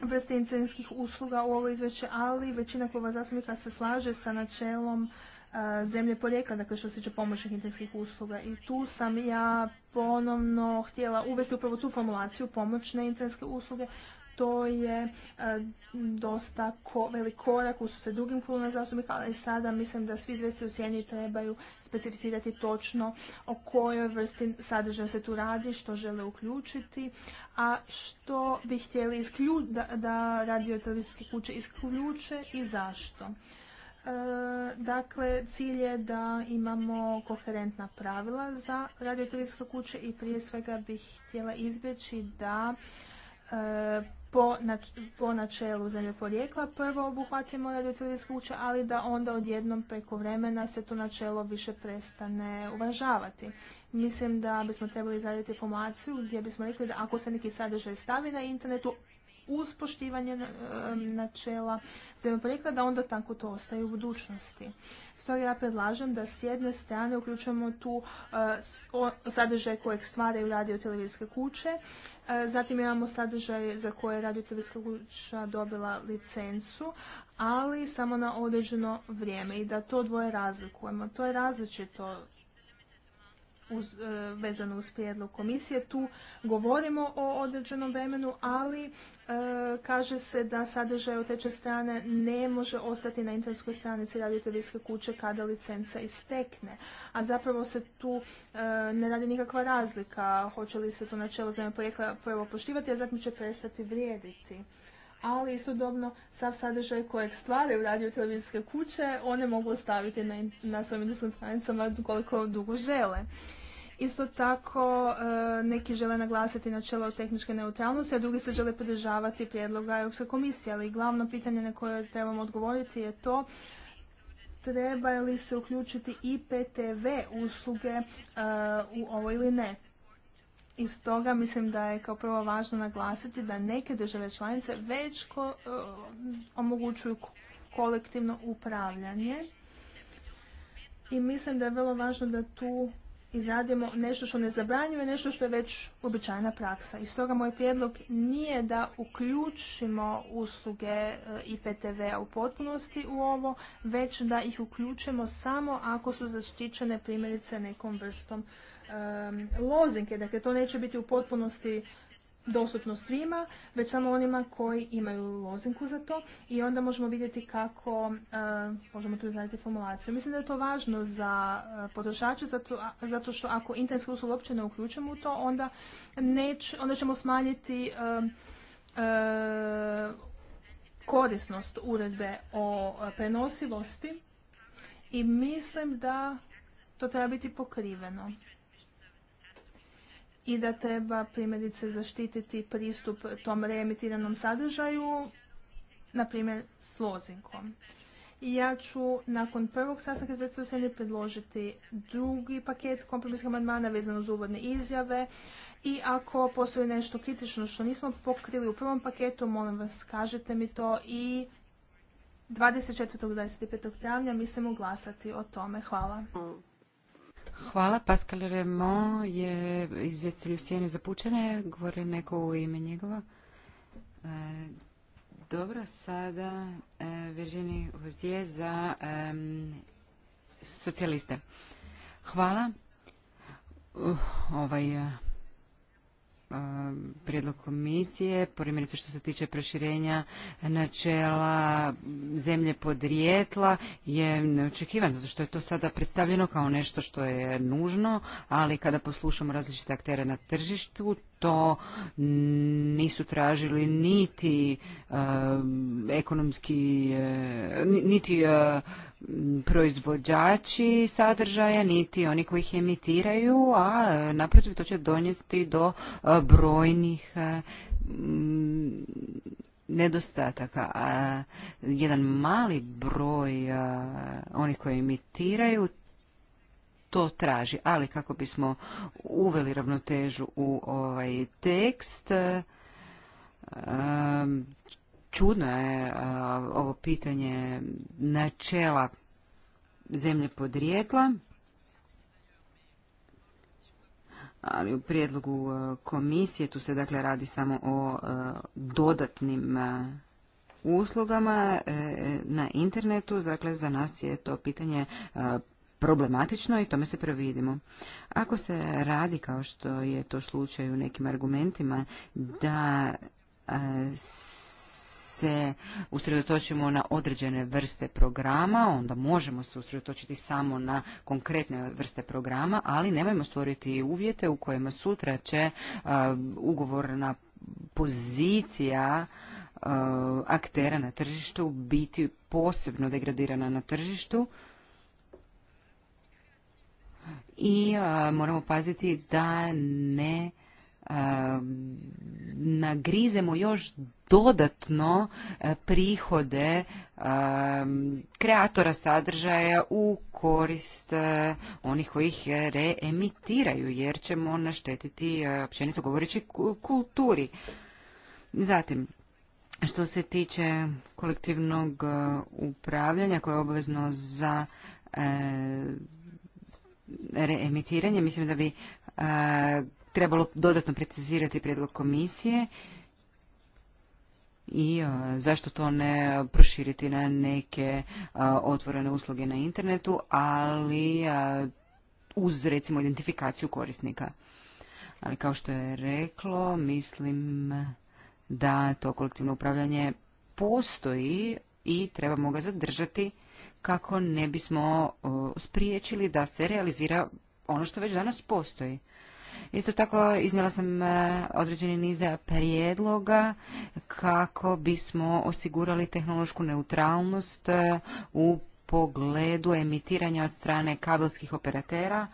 vrste incidentskih usluga u ovo izveće, ali većina kluba zastupnika se slaže sa načelom e, zemlje porijekla, dakle što se tiče pomoćnih internetskih usluga. I tu sam ja ponovno htjela uvesti upravo tu formulaciju pomoćne internetske usluge to je e, dosta velik korak u se drugim klubima zastupnika, ali sada mislim da svi izvesti u sjeni trebaju specificirati točno o kojoj vrsti sadržaja se tu radi, što žele uključiti, a što bi htjeli da, radio televizijske kuće isključe i zašto. E, dakle, cilj je da imamo koherentna pravila za televizijske kuće i prije svega bih htjela izbjeći da E, po, po načelu zemlje porijekla prvo obuhvatimo radiotelevizijske kuće, ali da onda odjednom preko vremena se to načelo više prestane uvažavati. Mislim da bismo trebali izraditi formulaciju gdje bismo rekli da ako se neki sadržaj stavi na internetu uz poštivanje e, načela porijekla, da onda tako to ostaje u budućnosti. Stoga ja predlažem da s jedne strane uključujemo tu e, sadržaj kojeg stvaraju radio televizijske kuće, E, zatim imamo sadržaje za koje je kuća dobila licencu, ali samo na određeno vrijeme i da to dvoje razlikujemo. To je različito uz, e, vezano uz prijedlog komisije. Tu govorimo o određenom vremenu, ali e, kaže se da sadržaj od treće strane ne može ostati na internetskoj stranici radioteljske kuće kada licenca istekne. A zapravo se tu e, ne radi nikakva razlika. Hoće li se to načelo zemlje projekla prvo poštivati, a zatim će prestati vrijediti ali istodobno sav sadržaj kojeg stvaraju radio televizijske kuće, one mogu ostaviti na, na svojim internetskim stranicama koliko dugo žele. Isto tako e, neki žele naglasiti načelo tehničke neutralnosti, a drugi se žele podržavati prijedloga Europske komisije, ali glavno pitanje na koje trebamo odgovoriti je to treba li se uključiti i PTV usluge e, u ovo ili ne. I stoga mislim da je kao prvo važno naglasiti da neke države članice već e, omogućuju kolektivno upravljanje. I mislim da je vrlo važno da tu izradimo nešto što ne zabranjuje, nešto što je već običajna praksa. I stoga moj prijedlog nije da uključimo usluge e, IPTV-a u potpunosti u ovo, već da ih uključimo samo ako su zaštićene primjerice nekom vrstom e, lozinke. Dakle, to neće biti u potpunosti dostupno svima, već samo onima koji imaju lozinku za to i onda možemo vidjeti kako e, možemo tu izraditi formulaciju. Mislim da je to važno za e, potrošače zato, što ako internetske usluge uopće ne uključimo u to, onda, onda ćemo smanjiti e, korisnost uredbe o prenosivosti i mislim da to treba biti pokriveno i da treba primjerice zaštititi pristup tom reemitiranom sadržaju, na primjer s lozinkom. Ja ću nakon prvog sastanka predstavljanja predložiti drugi paket kompromisnih amandmana vezano uz uvodne izjave i ako postoji nešto kritično što nismo pokrili u prvom paketu, molim vas kažete mi to i 24. i 25. travnja mislimo glasati o tome. Hvala. Hvala. Pascal Raymond je izvjestitelj u sjeni zapučene. Govori neko u ime njegova. E, dobro, sada e, Virginie za e, socijaliste. Hvala. Uh, ovaj prijedlog komisije, primjerice što se tiče proširenja načela zemlje podrijetla je neočekivan, zato što je to sada predstavljeno kao nešto što je nužno, ali kada poslušamo različite aktere na tržištu, to nisu tražili niti ekonomski, e, niti e, proizvođači sadržaja, niti oni koji ih emitiraju, a naprotiv to će donijeti do e, brojnih e, nedostataka. jedan mali broj e, onih koji emitiraju to traži, ali kako bismo uveli ravnotežu u ovaj tekst, čudno je ovo pitanje načela zemlje podrijetla, ali u prijedlogu komisije tu se dakle radi samo o dodatnim uslugama e, e, na internetu, dakle za nas je to pitanje problematično i tome se previdimo. Ako se radi, kao što je to slučaj u nekim argumentima, da se usredotočimo na određene vrste programa, onda možemo se usredotočiti samo na konkretne vrste programa, ali nemojmo stvoriti uvjete u kojima sutra će e, ugovorna pozicija e, aktera na tržištu biti posebno degradirana na tržištu i e, moramo paziti da ne nagrizemo još dodatno e, prihode kreatora sadržaja u korist e, onih koji ih reemitiraju, jer ćemo naštetiti, e, općenito govoreći, kulturi. Zatim, što se tiče kolektivnog upravljanja koje je obvezno za reemitiranje, mislim da bi trebalo dodatno precizirati prijedlog komisije i e, zašto to ne proširiti na neke e, otvorene usluge na internetu, ali e, uz recimo identifikaciju korisnika. Ali kao što je reklo, mislim da to kolektivno upravljanje postoji i trebamo ga zadržati kako ne bismo spriječili da se realizira ono što već danas postoji. Isto tako iznijela sam e, određeni niza prijedloga kako bismo osigurali tehnološku neutralnost e, u pogledu emitiranja od strane kabelskih operatera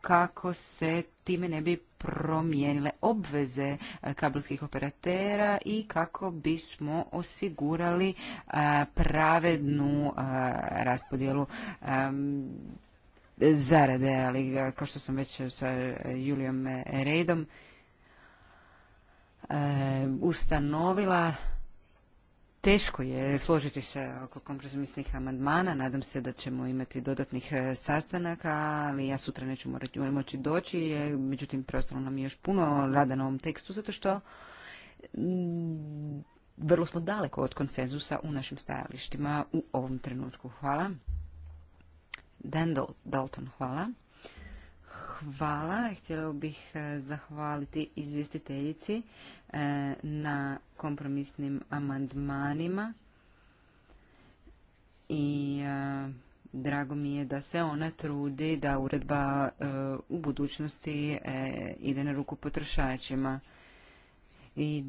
kako se time ne bi promijenile obveze e, kabelskih operatera i kako bismo osigurali pravednu raspodjelu zarade, ali e, kao što sam već e, sa Julijom e, Rejdom ustanovila, teško je složiti se oko kompromisnih amandmana. Nadam se da ćemo imati dodatnih sastanaka, ali ja sutra neću morati, moći doći. Međutim, preostalo nam je još puno rada na ovom tekstu, zato što vrlo smo daleko od konsenzusa u našim stajalištima u ovom trenutku. Hvala. Dan Dalton, hvala. Hvala, htjela bih e, zahvaliti izvjestiteljici e, na kompromisnim amandmanima i e, drago mi je da se ona trudi da uredba u budućnosti ide na ruku potrošačima i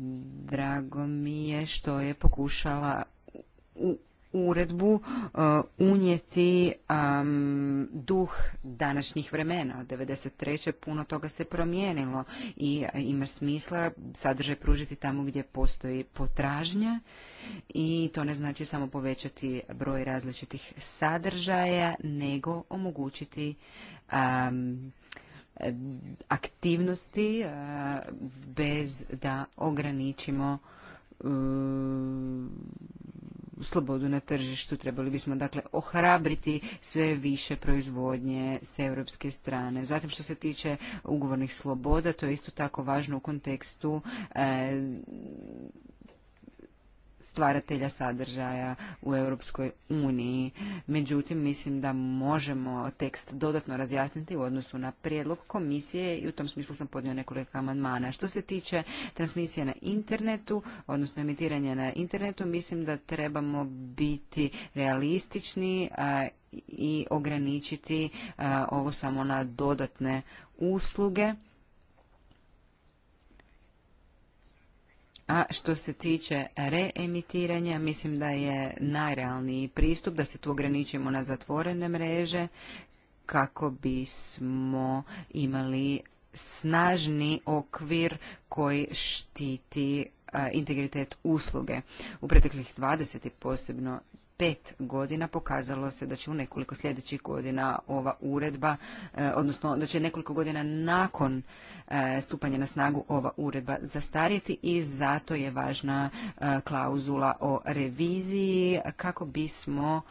drago mi je što je pokušala uredbu e, unijeti duh današnjih vremena. Od 1993. puno toga se promijenilo i e, ima smisla sadržaj pružiti tamo gdje postoji potražnja i to ne znači samo povećati broj različitih sadržaja, nego omogućiti aktivnosti e, bez da ograničimo slobodu na tržištu. Trebali bismo dakle ohrabriti sve više proizvodnje s europske strane. Zatim što se tiče ugovornih sloboda, to je isto tako važno u kontekstu eh, stvaratelja sadržaja u Europskoj uniji. Međutim, mislim da možemo tekst dodatno razjasniti u odnosu na prijedlog komisije i u tom smislu sam podnio nekoliko amandmana. Što se tiče transmisije na internetu, odnosno emitiranja na internetu, mislim da trebamo biti realistični i ograničiti ovo samo na dodatne usluge A što se tiče reemitiranja, mislim da je najrealniji pristup da se tu ograničimo na zatvorene mreže kako bismo imali snažni okvir koji štiti integritet usluge. U preteklih 20 posebno pet godina pokazalo se da će u nekoliko sljedećih godina ova uredba, e, odnosno da će nekoliko godina nakon e, stupanja na snagu ova uredba zastarjeti i zato je važna e, klauzula o reviziji kako bismo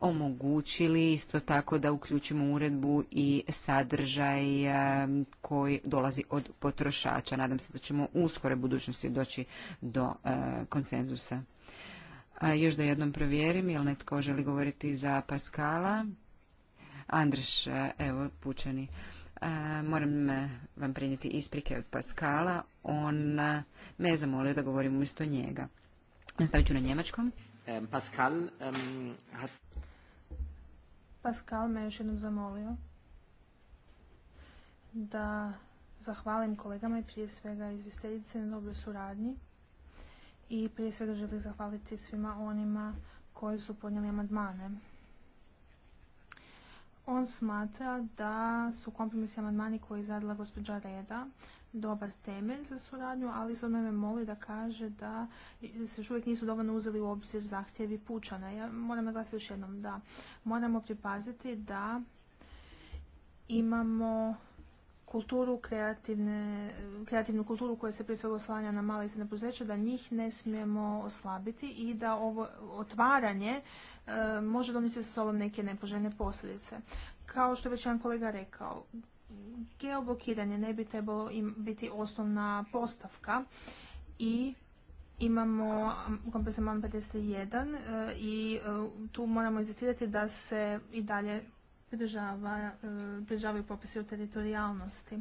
omogućili isto tako da uključimo uredbu i sadržaj koji dolazi od potrošača. Nadam se da ćemo uskore budućnosti doći do konsenzusa. A još da jednom provjerim, jel netko želi govoriti za Paskala? Andreš, e, evo, pučani. E, moram e, vam prenijeti isprike od Paskala. On me zamolio da govorim umjesto njega. Nastavit ću na njemačkom. Pascal, um, hat... me još jednom zamolio da zahvalim kolegama i prije svega izvjestiteljice na dobroj suradnji i prije svega želim zahvaliti svima onima koji su podnijeli amandmane. On smatra da su kompromisni amandmani koje je izradila gospođa Reda dobar temelj za suradnju, ali odmah me moli da kaže da se uvijek nisu dovoljno uzeli u obzir zahtjevi pučana. Ja moram naglasiti još jednom da moramo pripaziti da imamo kulturu, kreativne, kreativnu kulturu koja se prije svega oslanja na male i srednja da njih ne smijemo oslabiti i da ovo otvaranje e, može donijeti sa sobom neke nepoželjne posljedice. Kao što je već jedan kolega rekao, geoblokiranje ne bi trebalo biti osnovna postavka i imamo Man 51 e, i e, tu moramo izistirati da se i dalje E, pridržavaju popisi o teritorijalnosti.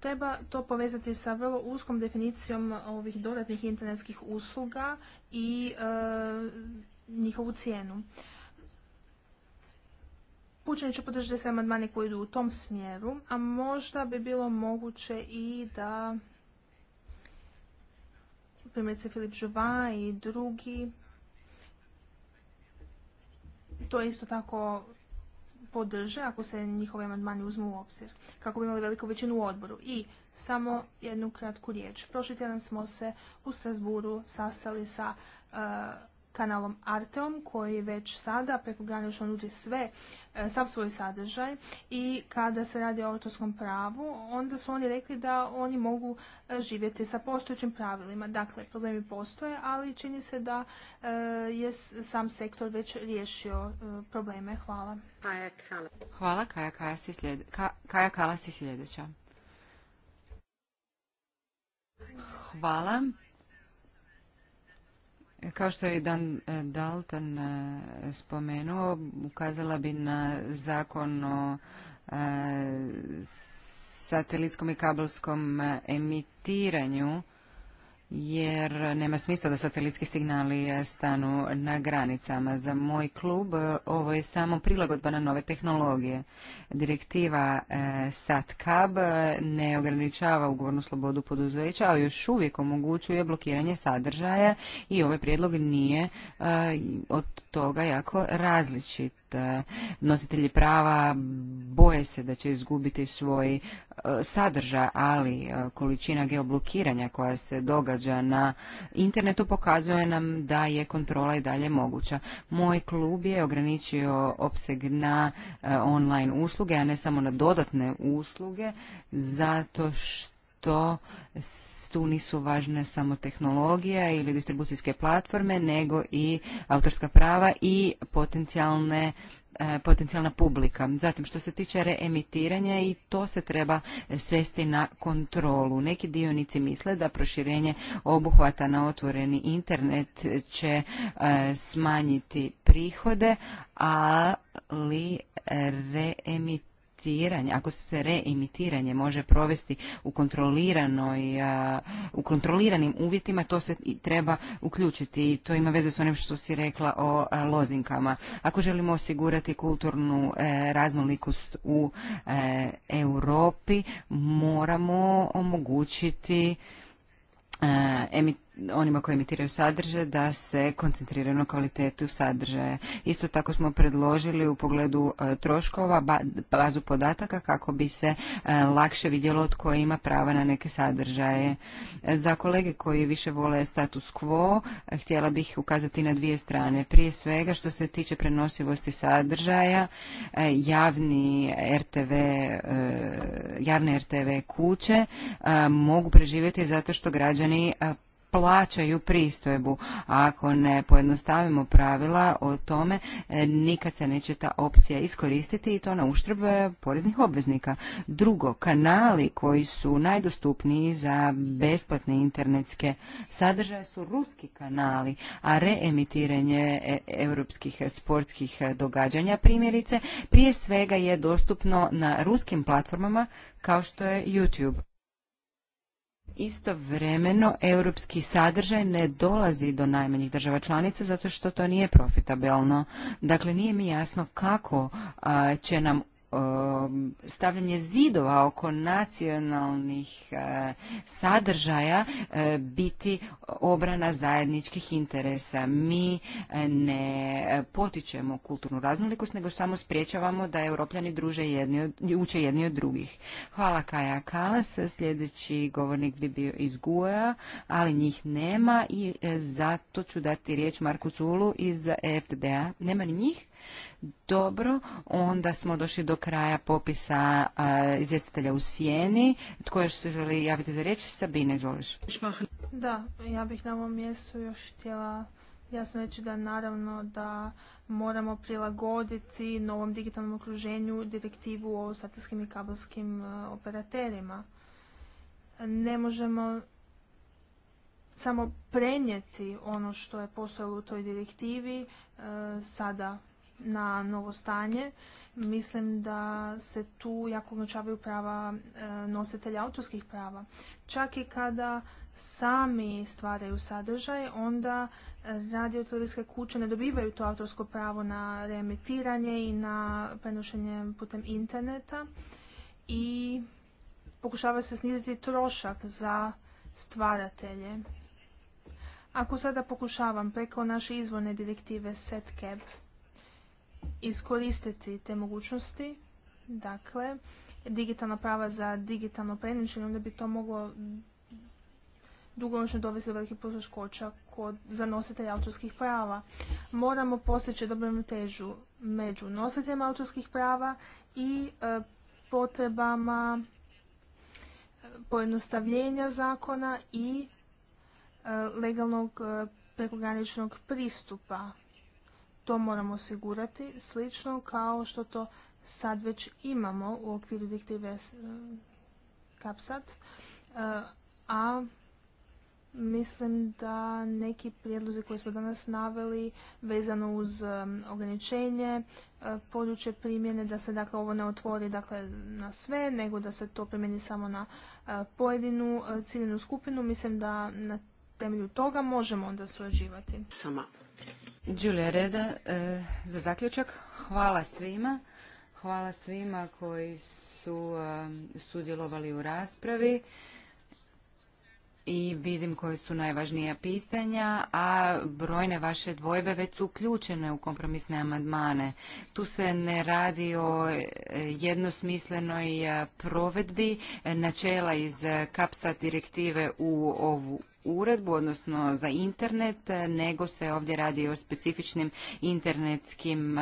Treba to povezati sa vrlo uskom definicijom ovih dodatnih internetskih usluga i e, njihovu cijenu. Pučani će podržati sve amandmane koji idu u tom smjeru, a možda bi bilo moguće i da primjerice Filip Žuva i drugi to isto tako podrže ako se njihove amandmani uzmu u obzir, kako bi imali veliku većinu u odboru. I samo jednu kratku riječ. Prošli tjedan smo se u Strasburu sastali sa eh, kanalom Arteom koji već sada granično nudi sve, e, sav svoj sadržaj i kada se radi o autorskom pravu, onda su oni rekli da oni mogu e, živjeti sa postojećim pravilima. Dakle, problemi postoje, ali čini se da e, je sam sektor već riješio probleme. Hvala. Hvala, Kaja Kalas i sljedeća. Hvala. Kao što je Dan e, Dalton e, spomenuo, ukazala bi na zakon o e, satelitskom i kabelskom emitiranju jer nema smisla da satelitski signali eh, stanu na granicama. Za moj klub eh, ovo je samo prilagodba na nove tehnologije. Direktiva eh, SATCAB ne ograničava ugovornu slobodu poduzeća, a još uvijek omogućuje blokiranje sadržaja i ovaj prijedlog nije od toga jako različit. E, nositelji prava boje se da će izgubiti svoj e, sadržaj, ali e, količina geoblokiranja koja se događa na internetu pokazuje nam da je kontrola i dalje moguća. Moj klub je ograničio opseg na online usluge, a ne samo na dodatne usluge, zato što tu nisu važne samo tehnologija ili distribucijske platforme, nego i autorska prava i potencijalne e, potencijalna publika. Zatim, što se tiče reemitiranja i to se treba svesti na kontrolu. Neki dionici misle da proširenje obuhvata na otvoreni internet će e, smanjiti prihode, ali reemitiranje ako se reimitiranje može provesti u kontroliranoj, u kontroliranim uvjetima, to se i treba uključiti i to ima veze s onim što si rekla o lozinkama. Ako želimo osigurati kulturnu e, raznolikost u e, Europi, moramo omogućiti e, emitiranje onima koji emitiraju sadržaj da se koncentriraju na kvalitetu sadržaja. Isto tako smo predložili u pogledu e, troškova bazu podataka kako bi se e, lakše vidjelo tko ima prava na neke sadržaje. E, za kolege koji više vole status quo, htjela bih ukazati na dvije strane. Prije svega što se tiče prenosivosti sadržaja, javni RTV, javne RTV kuće mogu preživjeti zato što građani plaćaju pristojbu. ako ne pojednostavimo pravila o tome, e, nikad se neće ta opcija iskoristiti i to na uštrb e, poreznih obveznika. Drugo, kanali koji su najdostupniji za besplatne internetske sadržaje su ruski kanali, a reemitiranje e, europskih sportskih događanja primjerice prije svega je dostupno na ruskim platformama kao što je YouTube istovremeno europski sadržaj ne dolazi do najmanjih država članica zato što to nije profitabilno. Dakle, nije mi jasno kako će nam Um, stavljanje zidova oko nacionalnih uh, sadržaja uh, biti obrana zajedničkih interesa. Mi uh, ne potičemo kulturnu raznolikost, nego samo spriječavamo da europljani druže jedni uče jedni od drugih. Hvala Kaja Kalas, sljedeći govornik bi bio iz guja ali njih nema i e, zato ću dati riječ Marku Culu iz Fda Nema ni njih? Dobro, onda smo došli do kraja popisa izvjestitelja u Sijeni. Tko još želi javiti za riječ? Sabine, izvoliš. Da, ja bih na ovom mjestu još htjela jasno reći da naravno da moramo prilagoditi novom digitalnom okruženju direktivu o satelskim i kabelskim e, operaterima. Ne možemo samo prenijeti ono što je postojalo u toj direktivi e, sada na novo stanje. Mislim da se tu jako ograničavaju prava e, nositelja autorskih prava. Čak i kada sami stvaraju sadržaj, onda radio kuće ne dobivaju to autorsko pravo na reemitiranje i na prenošenje putem interneta i pokušava se sniziti trošak za stvaratelje. Ako sada pokušavam preko naše izvorne direktive SetCap iskoristiti te mogućnosti, dakle, digitalna prava za digitalno prenošenje, onda bi to moglo dugoročno dovesti do velikih poteškoća kod za nositelja autorskih prava. Moramo postići dobru težu među nositeljima autorskih prava i e, potrebama e, pojednostavljenja zakona i e, legalnog prekograničnog pristupa to moramo osigurati slično kao što to sad već imamo u okviru diktive eh, kapsat, eh, a mislim da neki prijedlozi koje smo danas naveli vezano uz eh, ograničenje područje primjene, da se dakle ovo ne otvori dakle na sve, nego da se to primjeni samo na pojedinu ciljenu skupinu, mislim da na temelju toga možemo onda surađivati. Sama. Đulija Reda, e, za zaključak, hvala svima. Hvala svima koji su e, sudjelovali u raspravi i vidim koje su najvažnija pitanja, a brojne vaše dvojbe već su uključene u kompromisne amandmane. Tu se ne radi o e, jednosmislenoj provedbi načela iz kapsa direktive u ovu uredbu, odnosno za internet, nego se ovdje radi o specifičnim internetskim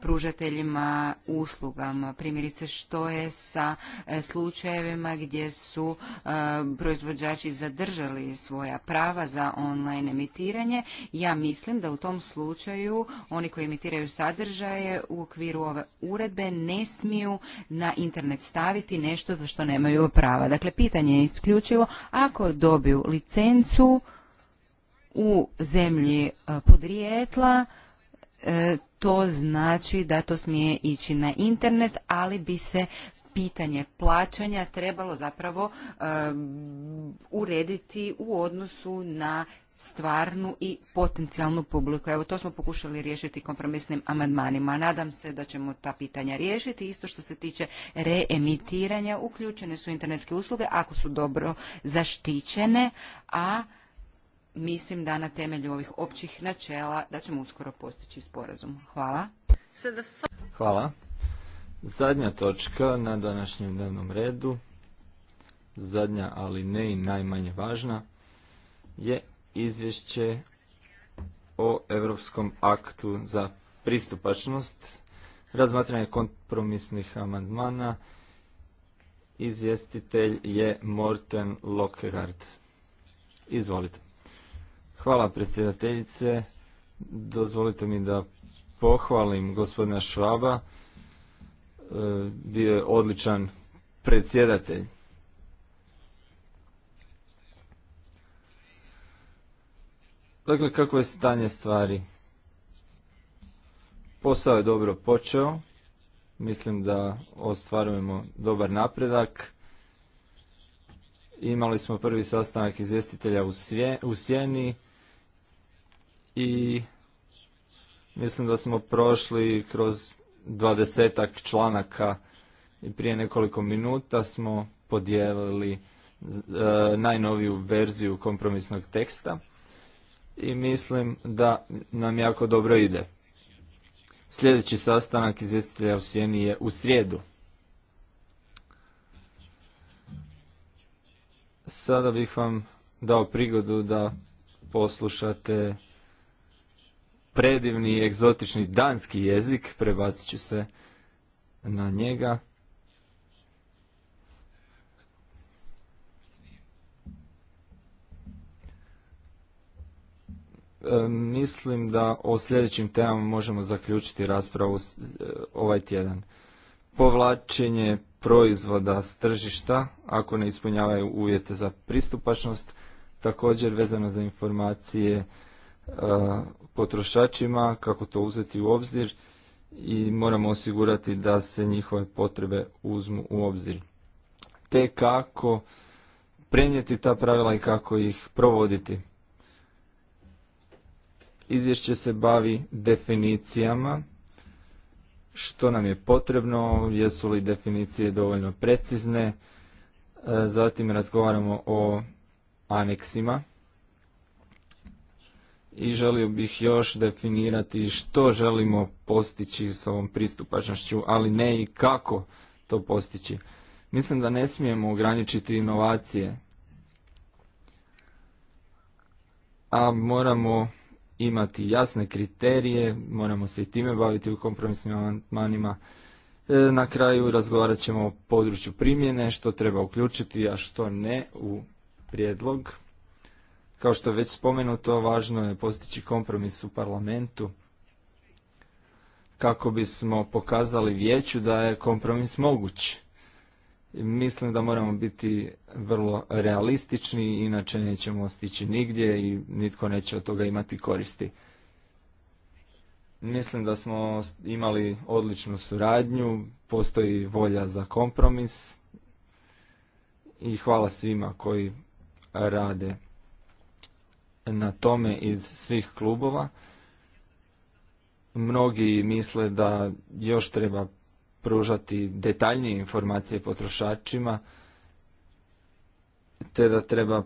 pružateljima uslugama. Primjerice što je sa e, slučajevima gdje su e, proizvođači zadržali svoja prava za online emitiranje. Ja mislim da u tom slučaju oni koji emitiraju sadržaje u okviru ove uredbe ne smiju na internet staviti nešto za što nemaju prava. Dakle, pitanje je isključivo ako dobiju licencu u zemlji e, podrijetla, E, to znači da to smije ići na internet, ali bi se pitanje plaćanja trebalo zapravo e, urediti u odnosu na stvarnu i potencijalnu publiku. Evo to smo pokušali riješiti kompromisnim amandmanima. Nadam se da ćemo ta pitanja riješiti. Isto što se tiče reemitiranja, uključene su internetske usluge ako su dobro zaštićene, a mislim da na temelju ovih općih načela da ćemo uskoro postići sporazum. Hvala. Hvala. Zadnja točka na današnjem dnevnom redu, zadnja ali ne i najmanje važna, je izvješće o Europskom aktu za pristupačnost, razmatranje kompromisnih amandmana, izvjestitelj je Morten Lockhart. Izvolite. Hvala predsjedateljice. Dozvolite mi da pohvalim gospodina Švaba. E, bio je odličan predsjedatelj. Dakle, kako je stanje stvari? Posao je dobro počeo. Mislim da ostvarujemo dobar napredak. Imali smo prvi sastanak izvjestitelja u Sjeni i mislim da smo prošli kroz dvadesetak članaka i prije nekoliko minuta smo podijelili e, najnoviju verziju kompromisnog teksta i mislim da nam jako dobro ide. Sljedeći sastanak izvjestitelja u Sjeni je u srijedu. Sada bih vam dao prigodu da poslušate predivni egzotični danski jezik, prebacit ću se na njega. E, mislim da o sljedećim temama možemo zaključiti raspravu e, ovaj tjedan. Povlačenje proizvoda s tržišta ako ne ispunjavaju uvjete za pristupačnost, također vezano za informacije e, potrošačima, kako to uzeti u obzir i moramo osigurati da se njihove potrebe uzmu u obzir. Te kako prenijeti ta pravila i kako ih provoditi. Izvješće se bavi definicijama, što nam je potrebno, jesu li definicije dovoljno precizne, e, zatim razgovaramo o aneksima, i želio bih još definirati što želimo postići s ovom pristupačnošću, ali ne i kako to postići. Mislim da ne smijemo ograničiti inovacije, a moramo imati jasne kriterije, moramo se i time baviti u kompromisnim manima. E, na kraju razgovarat ćemo o području primjene, što treba uključiti, a što ne u prijedlog. Kao što je već spomenuto, važno je postići kompromis u parlamentu kako bismo pokazali vijeću da je kompromis moguć. Mislim da moramo biti vrlo realistični, inače nećemo stići nigdje i nitko neće od toga imati koristi. Mislim da smo imali odličnu suradnju, postoji volja za kompromis i hvala svima koji rade na tome iz svih klubova. Mnogi misle da još treba pružati detaljnije informacije potrošačima, te da treba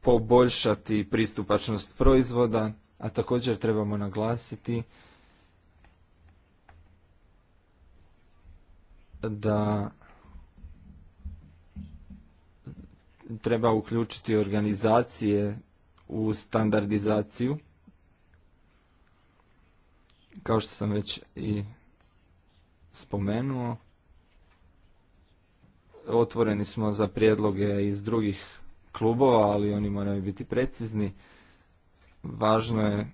poboljšati pristupačnost proizvoda, a također trebamo naglasiti da treba uključiti organizacije u standardizaciju. Kao što sam već i spomenuo, otvoreni smo za prijedloge iz drugih klubova, ali oni moraju biti precizni. Važno je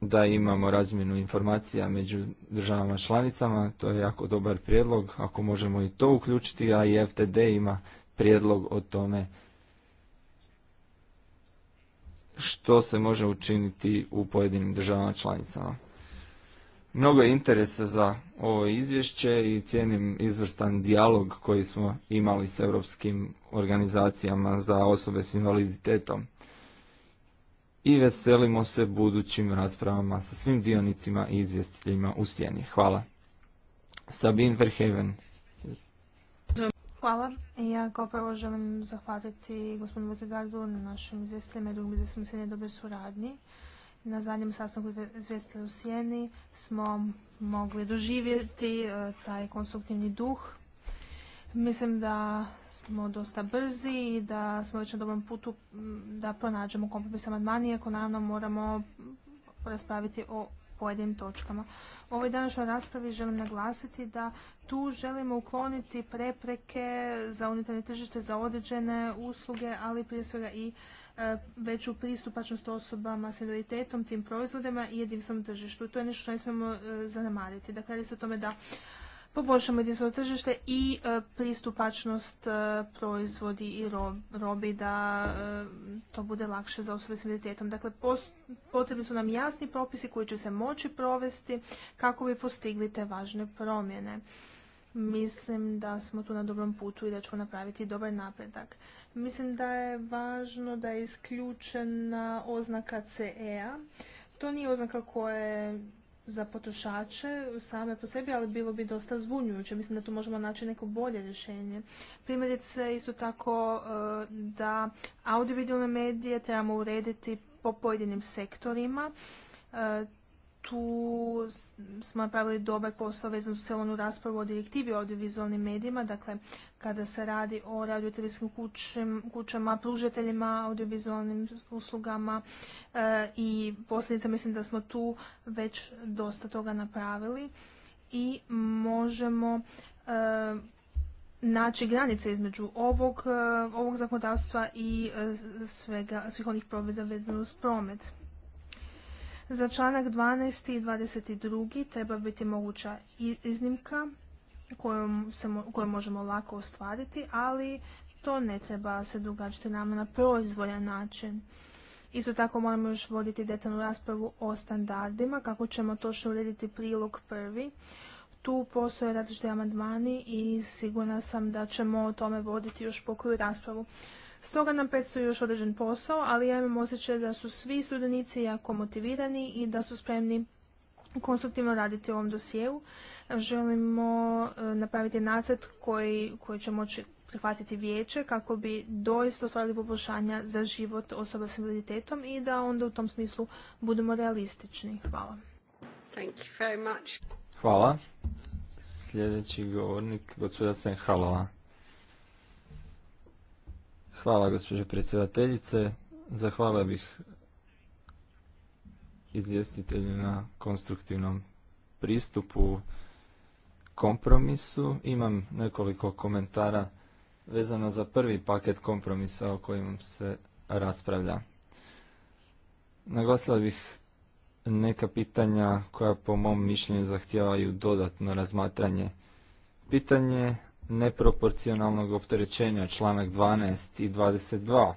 da imamo razmjenu informacija među državama članicama, to je jako dobar prijedlog, ako možemo i to uključiti, a i FTD ima prijedlog o tome što se može učiniti u pojedinim državama članicama. Mnogo je interesa za ovo izvješće i cijenim izvrstan dijalog koji smo imali s europskim organizacijama za osobe s invaliditetom. I veselimo se budućim raspravama sa svim dionicima i izvjestiteljima u sjeni. Hvala. Sabine Verheven Hvala. Ja kao prvo želim zahvaliti gospodinu Vutegardu na našim izvjestiteljima i drugim izvjestiteljima dobre suradnji. Na zadnjem sastanku izvjestitelja u Sijeni smo mogli doživjeti e, taj konstruktivni duh. Mislim da smo dosta brzi i da smo već na dobrom putu da pronađemo kompromis amandman, iako naravno moramo raspraviti o pojedinim točkama. U ovoj današnjoj raspravi želim naglasiti da tu želimo ukloniti prepreke za unutarnje tržište za određene usluge, ali prije svega i e, veću pristupačnost osobama s invaliditetom, tim proizvodima i jedinstvenom tržištu. To je nešto što ne smijemo e, zanemariti. Dakle, radi se o tome da poboljšamo jedinstveno tržište i e, pristupačnost e, proizvodi i robi da e, to bude lakše za osobe s invaliditetom. Dakle, potrebni su nam jasni propisi koji će se moći provesti kako bi postigli te važne promjene. Mislim da smo tu na dobrom putu i da ćemo napraviti dobar napredak. Mislim da je važno da je isključena oznaka CE-a. To nije oznaka koja je za potrošače same po sebi, ali bilo bi dosta zbunjujuće. Mislim da tu možemo naći neko bolje rješenje. Primjerice isto tako e, da audiovizualne medije trebamo urediti po pojedinim sektorima e, tu smo napravili dobar posao vezan uz celonu raspravu o direktivi o audiovizualnim medijima, dakle kada se radi o radiotelevizijskim kućama, pružateljima, audiovizualnim uslugama eh, i posljedica mislim da smo tu već dosta toga napravili i možemo eh, naći granice između ovog, eh, ovog zakonodavstva i svega, svih onih provjeda vezano uz promet. Za članak 12. i 22. treba biti moguća iznimka koju možemo lako ostvariti, ali to ne treba se događati nama na proizvoljan način. Isto tako moramo još voditi detaljnu raspravu o standardima, kako ćemo točno urediti prilog prvi. Tu postoje različiti amandmani i sigurna sam da ćemo o tome voditi još pokoju raspravu. Stoga nam predstoji još određen posao, ali ja imam osjećaj da su svi sudionici jako motivirani i da su spremni konstruktivno raditi u ovom dosjeu. Želimo e, napraviti nacrt koji, koji će moći prihvatiti vijeće kako bi doista ostvarili poboljšanja za život osoba s invaliditetom i da onda u tom smislu budemo realistični. Hvala. Thank you Hvala. Sljedeći govornik, gospodin Senhalova. Hvala gospođo predsjedateljice. Zahvala bih izvjestitelju na konstruktivnom pristupu kompromisu. Imam nekoliko komentara vezano za prvi paket kompromisa o kojim se raspravlja. Naglasila bih neka pitanja koja po mom mišljenju zahtijevaju dodatno razmatranje. Pitanje neproporcionalnog opterećenja, članak 12 i 22.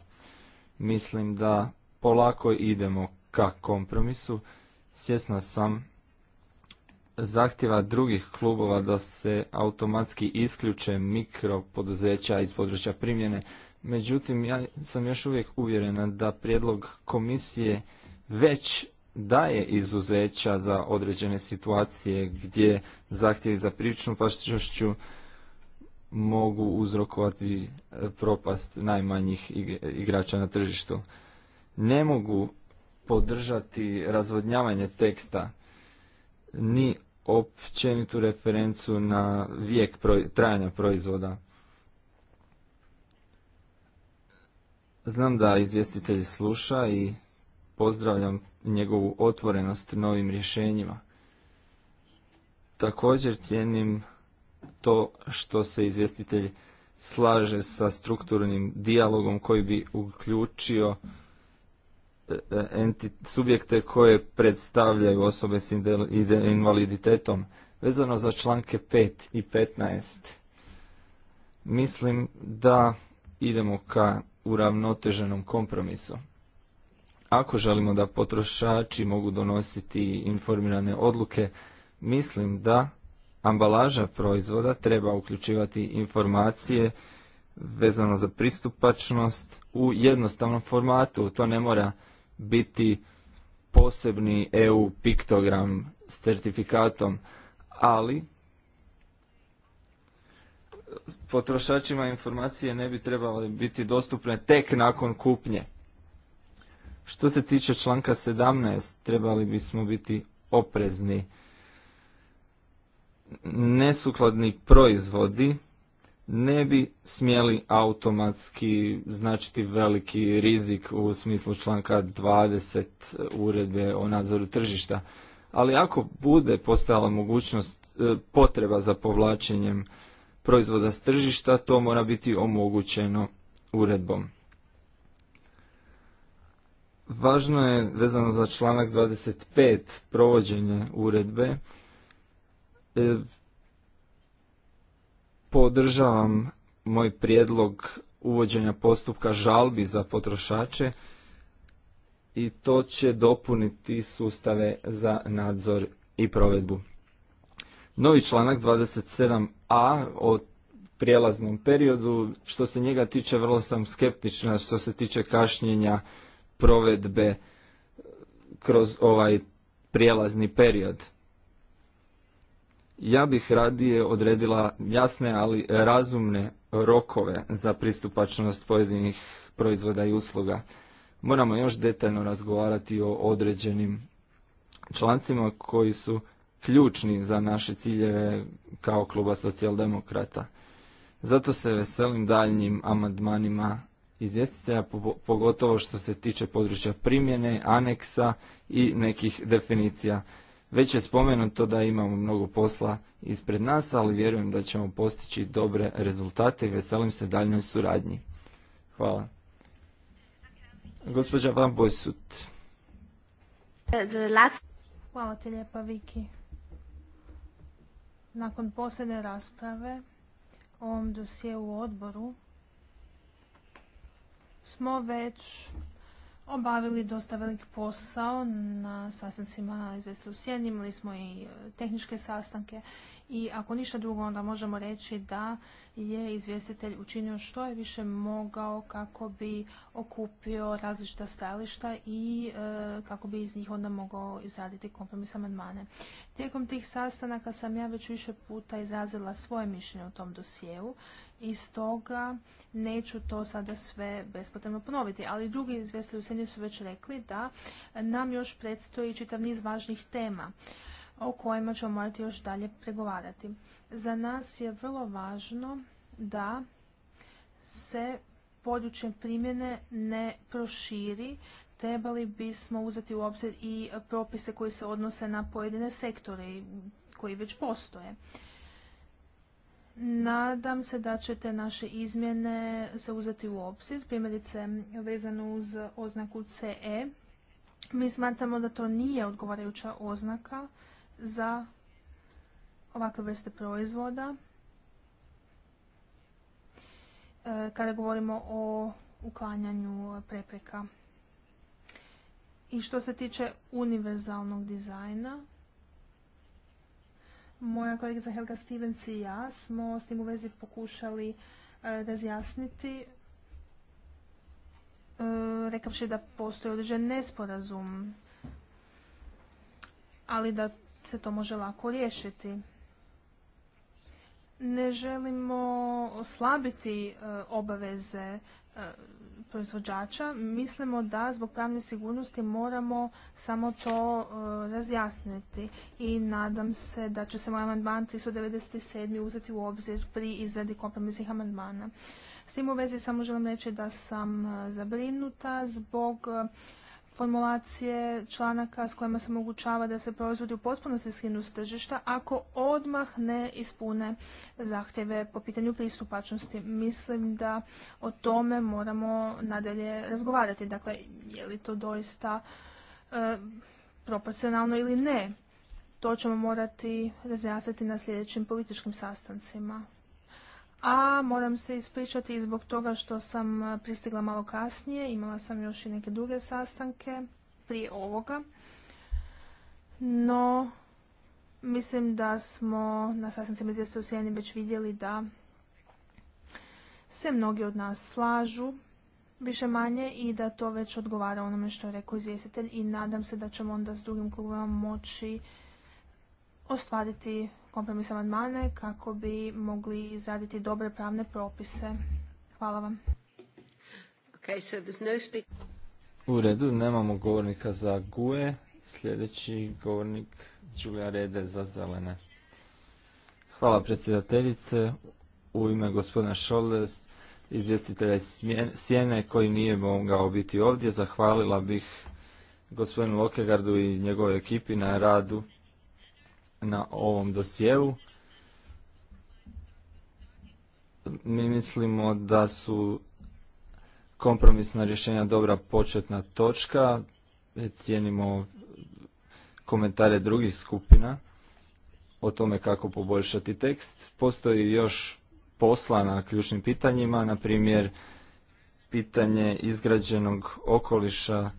Mislim da polako idemo ka kompromisu. Sjesna sam zahtjeva drugih klubova da se automatski isključe mikropoduzeća iz područja primjene. Međutim, ja sam još uvijek uvjerena da prijedlog komisije već daje izuzeća za određene situacije gdje zahtjevi za pričnu pašću mogu uzrokovati e, propast najmanjih igrača na tržištu. Ne mogu podržati razvodnjavanje teksta ni općenitu referencu na vijek trajanja proizvoda. Znam da izvjestitelj sluša i pozdravljam njegovu otvorenost novim rješenjima. Također cijenim to što se izvjestitelj slaže sa strukturnim dijalogom koji bi uključio e, e, subjekte koje predstavljaju osobe s invaliditetom. Vezano za članke 5 i 15, mislim da idemo ka uravnoteženom kompromisu. Ako želimo da potrošači mogu donositi informirane odluke, mislim da ambalaža proizvoda treba uključivati informacije vezano za pristupačnost u jednostavnom formatu. To ne mora biti posebni EU piktogram s certifikatom, ali potrošačima informacije ne bi trebale biti dostupne tek nakon kupnje. Što se tiče članka 17, trebali bismo biti oprezni nesukladni proizvodi ne bi smjeli automatski značiti veliki rizik u smislu članka 20 uredbe o nadzoru tržišta. Ali ako bude postala mogućnost e, potreba za povlačenjem proizvoda s tržišta, to mora biti omogućeno uredbom. Važno je vezano za članak 25 provođenje uredbe E, podržavam moj prijedlog uvođenja postupka žalbi za potrošače i to će dopuniti sustave za nadzor i provedbu. Novi članak 27a o prijelaznom periodu, što se njega tiče vrlo sam skeptična što se tiče kašnjenja provedbe kroz ovaj prijelazni period. Ja bih radije odredila jasne, ali razumne rokove za pristupačnost pojedinih proizvoda i usluga. Moramo još detaljno razgovarati o određenim člancima koji su ključni za naše ciljeve kao kluba socijaldemokrata. Zato se veselim daljnjim amandmanima izvjestitelja, pogotovo što se tiče područja primjene, aneksa i nekih definicija. Već je spomenuto da imamo mnogo posla ispred nas, ali vjerujem da ćemo postići dobre rezultate i veselim se daljnoj suradnji. Hvala. Gospođa Van Bojsut. Hvala ti lijepa, Viki. Nakon posljedne rasprave o ovom dosjeu u odboru smo već obavili dosta velik posao na sastancima izvesti u imali smo i e, tehničke sastanke i ako ništa drugo onda možemo reći da je izvjestitelj učinio što je više mogao kako bi okupio različita stajališta i e, kako bi iz njih onda mogao izraditi kompromis amandmane. Tijekom tih sastanaka sam ja već više puta izrazila svoje mišljenje u tom dosjeu i stoga neću to sada sve bespotrebno ponoviti. Ali drugi izvjestitelji u su već rekli da nam još predstoji čitav niz važnih tema o kojima ćemo morati još dalje pregovarati. Za nas je vrlo važno da se područje primjene ne proširi, trebali bismo uzeti u obzir i propise koji se odnose na pojedine sektore koji već postoje. Nadam se da ćete naše izmjene se uzeti u obzir, primjerice vezano uz oznaku CE. Mi smatramo da to nije odgovarajuća oznaka za ovakve vrste proizvoda. E, kada govorimo o uklanjanju prepreka. I što se tiče univerzalnog dizajna, moja kolegica Helga Stevens i ja smo s tim u vezi pokušali e, razjasniti e, rekavši da postoji određen nesporazum, ali da se to može lako riješiti. Ne želimo oslabiti e, obaveze proizvođača, mislimo da zbog pravne sigurnosti moramo samo to e, razjasniti i nadam se da će se moj amandman 397. uzeti u obzir pri izradi kompromisnih amandmana. S tim u vezi samo želim reći da sam e, zabrinuta zbog formulacije članaka s kojima se omogućava da se proizvodi u potpunosti skinu s tržišta ako odmah ne ispune zahtjeve po pitanju pristupačnosti. Mislim da o tome moramo nadalje razgovarati. Dakle, je li to doista e, proporcionalno ili ne? To ćemo morati razjasniti na sljedećim političkim sastancima a moram se ispričati i zbog toga što sam pristigla malo kasnije, imala sam još i neke druge sastanke prije ovoga, no mislim da smo na sastancima izvjesta u Sjeni već vidjeli da se mnogi od nas slažu više manje i da to već odgovara onome što je rekao izvjestitelj i nadam se da ćemo onda s drugim klubima moći ostvariti kompromis amandmane kako bi mogli izraditi dobre pravne propise. Hvala vam. U redu, nemamo govornika za GUE. Sljedeći govornik Đulja Rede za zelene. Hvala predsjedateljice. U ime gospodina Šoldes, izvjestitelja Sjene koji nije mogao biti ovdje, zahvalila bih gospodinu Lokegardu i njegovoj ekipi na radu na ovom dosjeu. Mi mislimo da su kompromisna rješenja dobra početna točka. Cijenimo komentare drugih skupina o tome kako poboljšati tekst. Postoji još posla na ključnim pitanjima, na primjer pitanje izgrađenog okoliša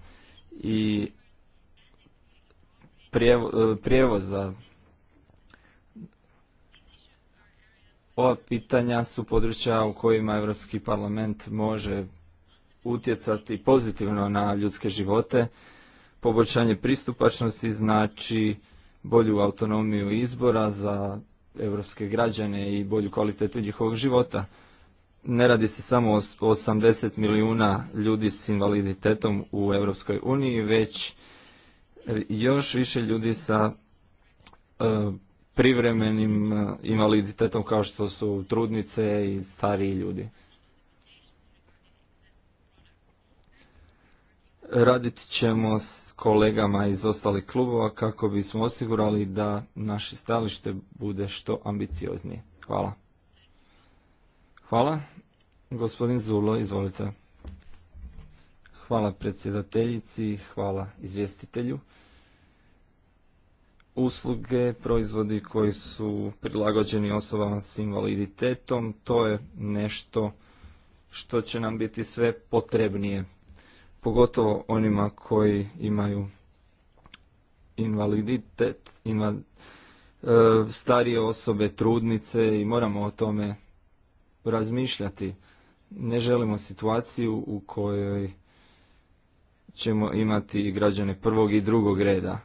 i prijevoza Ova pitanja su područja u kojima Europski parlament može utjecati pozitivno na ljudske živote. Poboljšanje pristupačnosti znači bolju autonomiju izbora za europske građane i bolju kvalitetu njihovog života. Ne radi se samo o 80 milijuna ljudi s invaliditetom u Europskoj uniji, već još više ljudi sa e, privremenim eh, invaliditetom kao što su trudnice i stariji ljudi. Radit ćemo s kolegama iz ostalih klubova kako bismo osigurali da naše stalište bude što ambicioznije. Hvala. Hvala. Gospodin Zulo, izvolite. Hvala predsjedateljici, hvala izvjestitelju usluge, proizvodi koji su prilagođeni osobama s invaliditetom, to je nešto što će nam biti sve potrebnije, pogotovo onima koji imaju invaliditet, inva, e, starije osobe, trudnice i moramo o tome razmišljati. Ne želimo situaciju u kojoj ćemo imati građane prvog i drugog reda.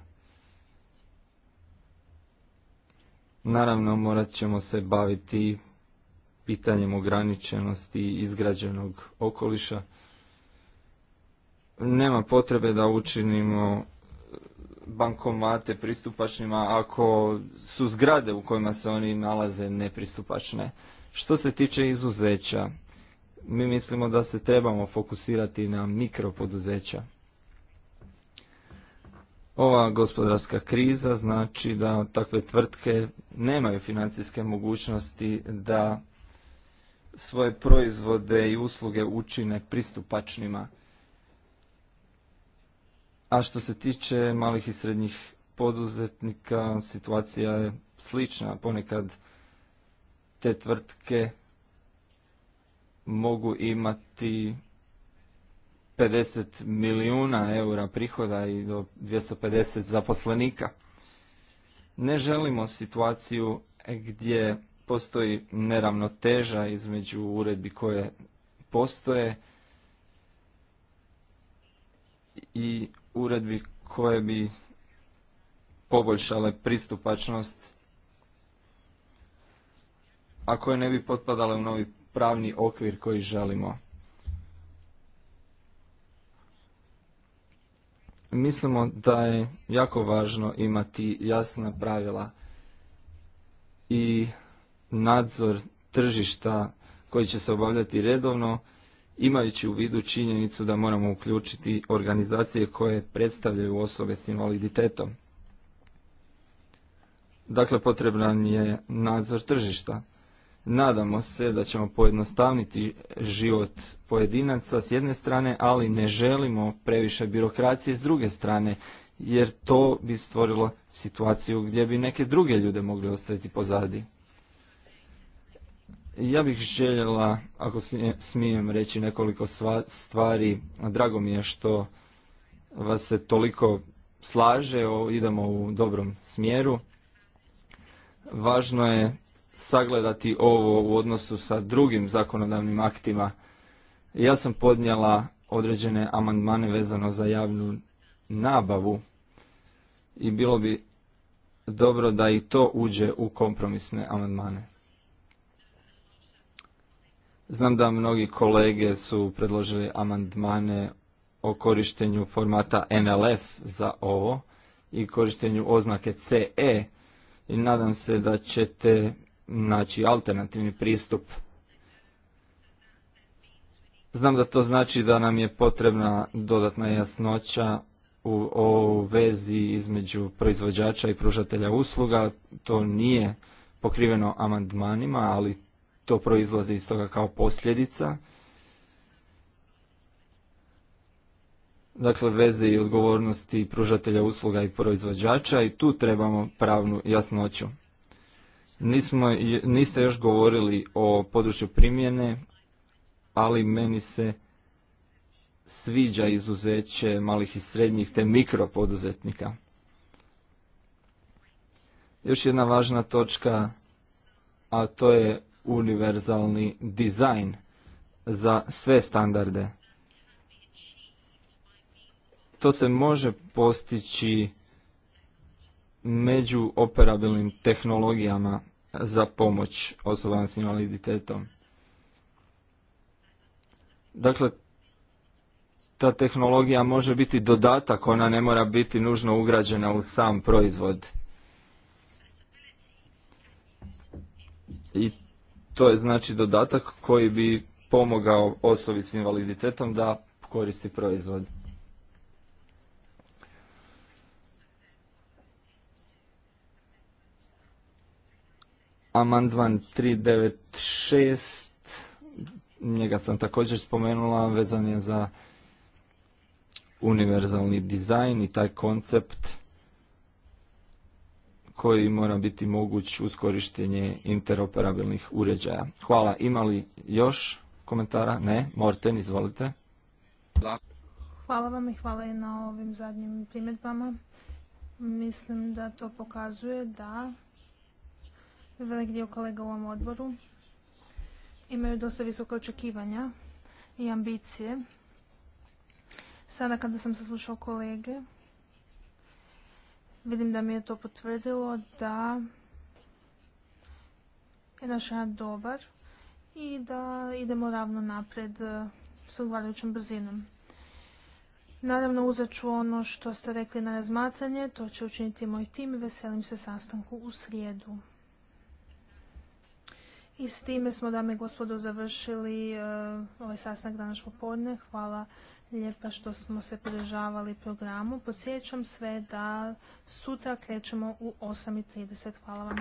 Naravno, morat ćemo se baviti pitanjem ograničenosti izgrađenog okoliša. Nema potrebe da učinimo bankomate pristupačnima ako su zgrade u kojima se oni nalaze nepristupačne. Što se tiče izuzeća, mi mislimo da se trebamo fokusirati na mikropoduzeća. Ova gospodarska kriza znači da takve tvrtke nemaju financijske mogućnosti da svoje proizvode i usluge učine pristupačnima. A što se tiče malih i srednjih poduzetnika, situacija je slična. Ponekad te tvrtke mogu imati 50 milijuna eura prihoda i do 250 zaposlenika. Ne želimo situaciju gdje postoji neravnoteža između uredbi koje postoje i uredbi koje bi poboljšale pristupačnost a koje ne bi potpadale u novi pravni okvir koji želimo mislimo da je jako važno imati jasna pravila i nadzor tržišta koji će se obavljati redovno, imajući u vidu činjenicu da moramo uključiti organizacije koje predstavljaju osobe s invaliditetom. Dakle, potreban je nadzor tržišta. Nadamo se da ćemo pojednostavniti život pojedinaca s jedne strane, ali ne želimo previše birokracije s druge strane, jer to bi stvorilo situaciju gdje bi neke druge ljude mogli ostaviti pozadi. Ja bih željela, ako smijem reći nekoliko stvari, drago mi je što vas se toliko slaže, idemo u dobrom smjeru. Važno je sagledati ovo u odnosu sa drugim zakonodavnim aktima. Ja sam podnijela određene amandmane vezano za javnu nabavu i bilo bi dobro da i to uđe u kompromisne amandmane. Znam da mnogi kolege su predložili amandmane o korištenju formata NLF za ovo i korištenju oznake CE i nadam se da ćete Znači, alternativni pristup. Znam da to znači da nam je potrebna dodatna jasnoća u, o vezi između proizvođača i pružatelja usluga. To nije pokriveno amandmanima, ali to proizlazi iz toga kao posljedica. Dakle, veze i odgovornosti pružatelja usluga i proizvođača i tu trebamo pravnu jasnoću niste još govorili o području primjene, ali meni se sviđa izuzeće malih i srednjih te mikropoduzetnika. Još jedna važna točka, a to je univerzalni dizajn za sve standarde. To se može postići među operabilnim tehnologijama za pomoć osobama s invaliditetom. Dakle, ta tehnologija može biti dodatak, ona ne mora biti nužno ugrađena u sam proizvod. I to je znači dodatak koji bi pomogao osobi s invaliditetom da koristi proizvod. Amandman 396, njega sam također spomenula, vezan je za univerzalni dizajn i taj koncept koji mora biti moguć uz korištenje interoperabilnih uređaja. Hvala. Ima li još komentara? Ne. Morten, izvolite. Hvala vam i hvala i na ovim zadnjim primjedbama. Mislim da to pokazuje da Velik dio kolega u ovom odboru imaju dosta visoka očekivanja i ambicije. Sada kada sam saslušao kolege, vidim da mi je to potvrdilo da je naš rad dobar i da idemo ravno napred eh, s odgovarajućom brzinom. Naravno, uzet ću ono što ste rekli na razmatranje, to će učiniti moj tim i veselim se sastanku u srijedu. I s time smo, dame i gospodo, završili e, ovaj sastanak današnjeg popodne. Hvala lijepa što smo se podržavali programu. Podsjećam sve da sutra krećemo u 8.30. Hvala vam.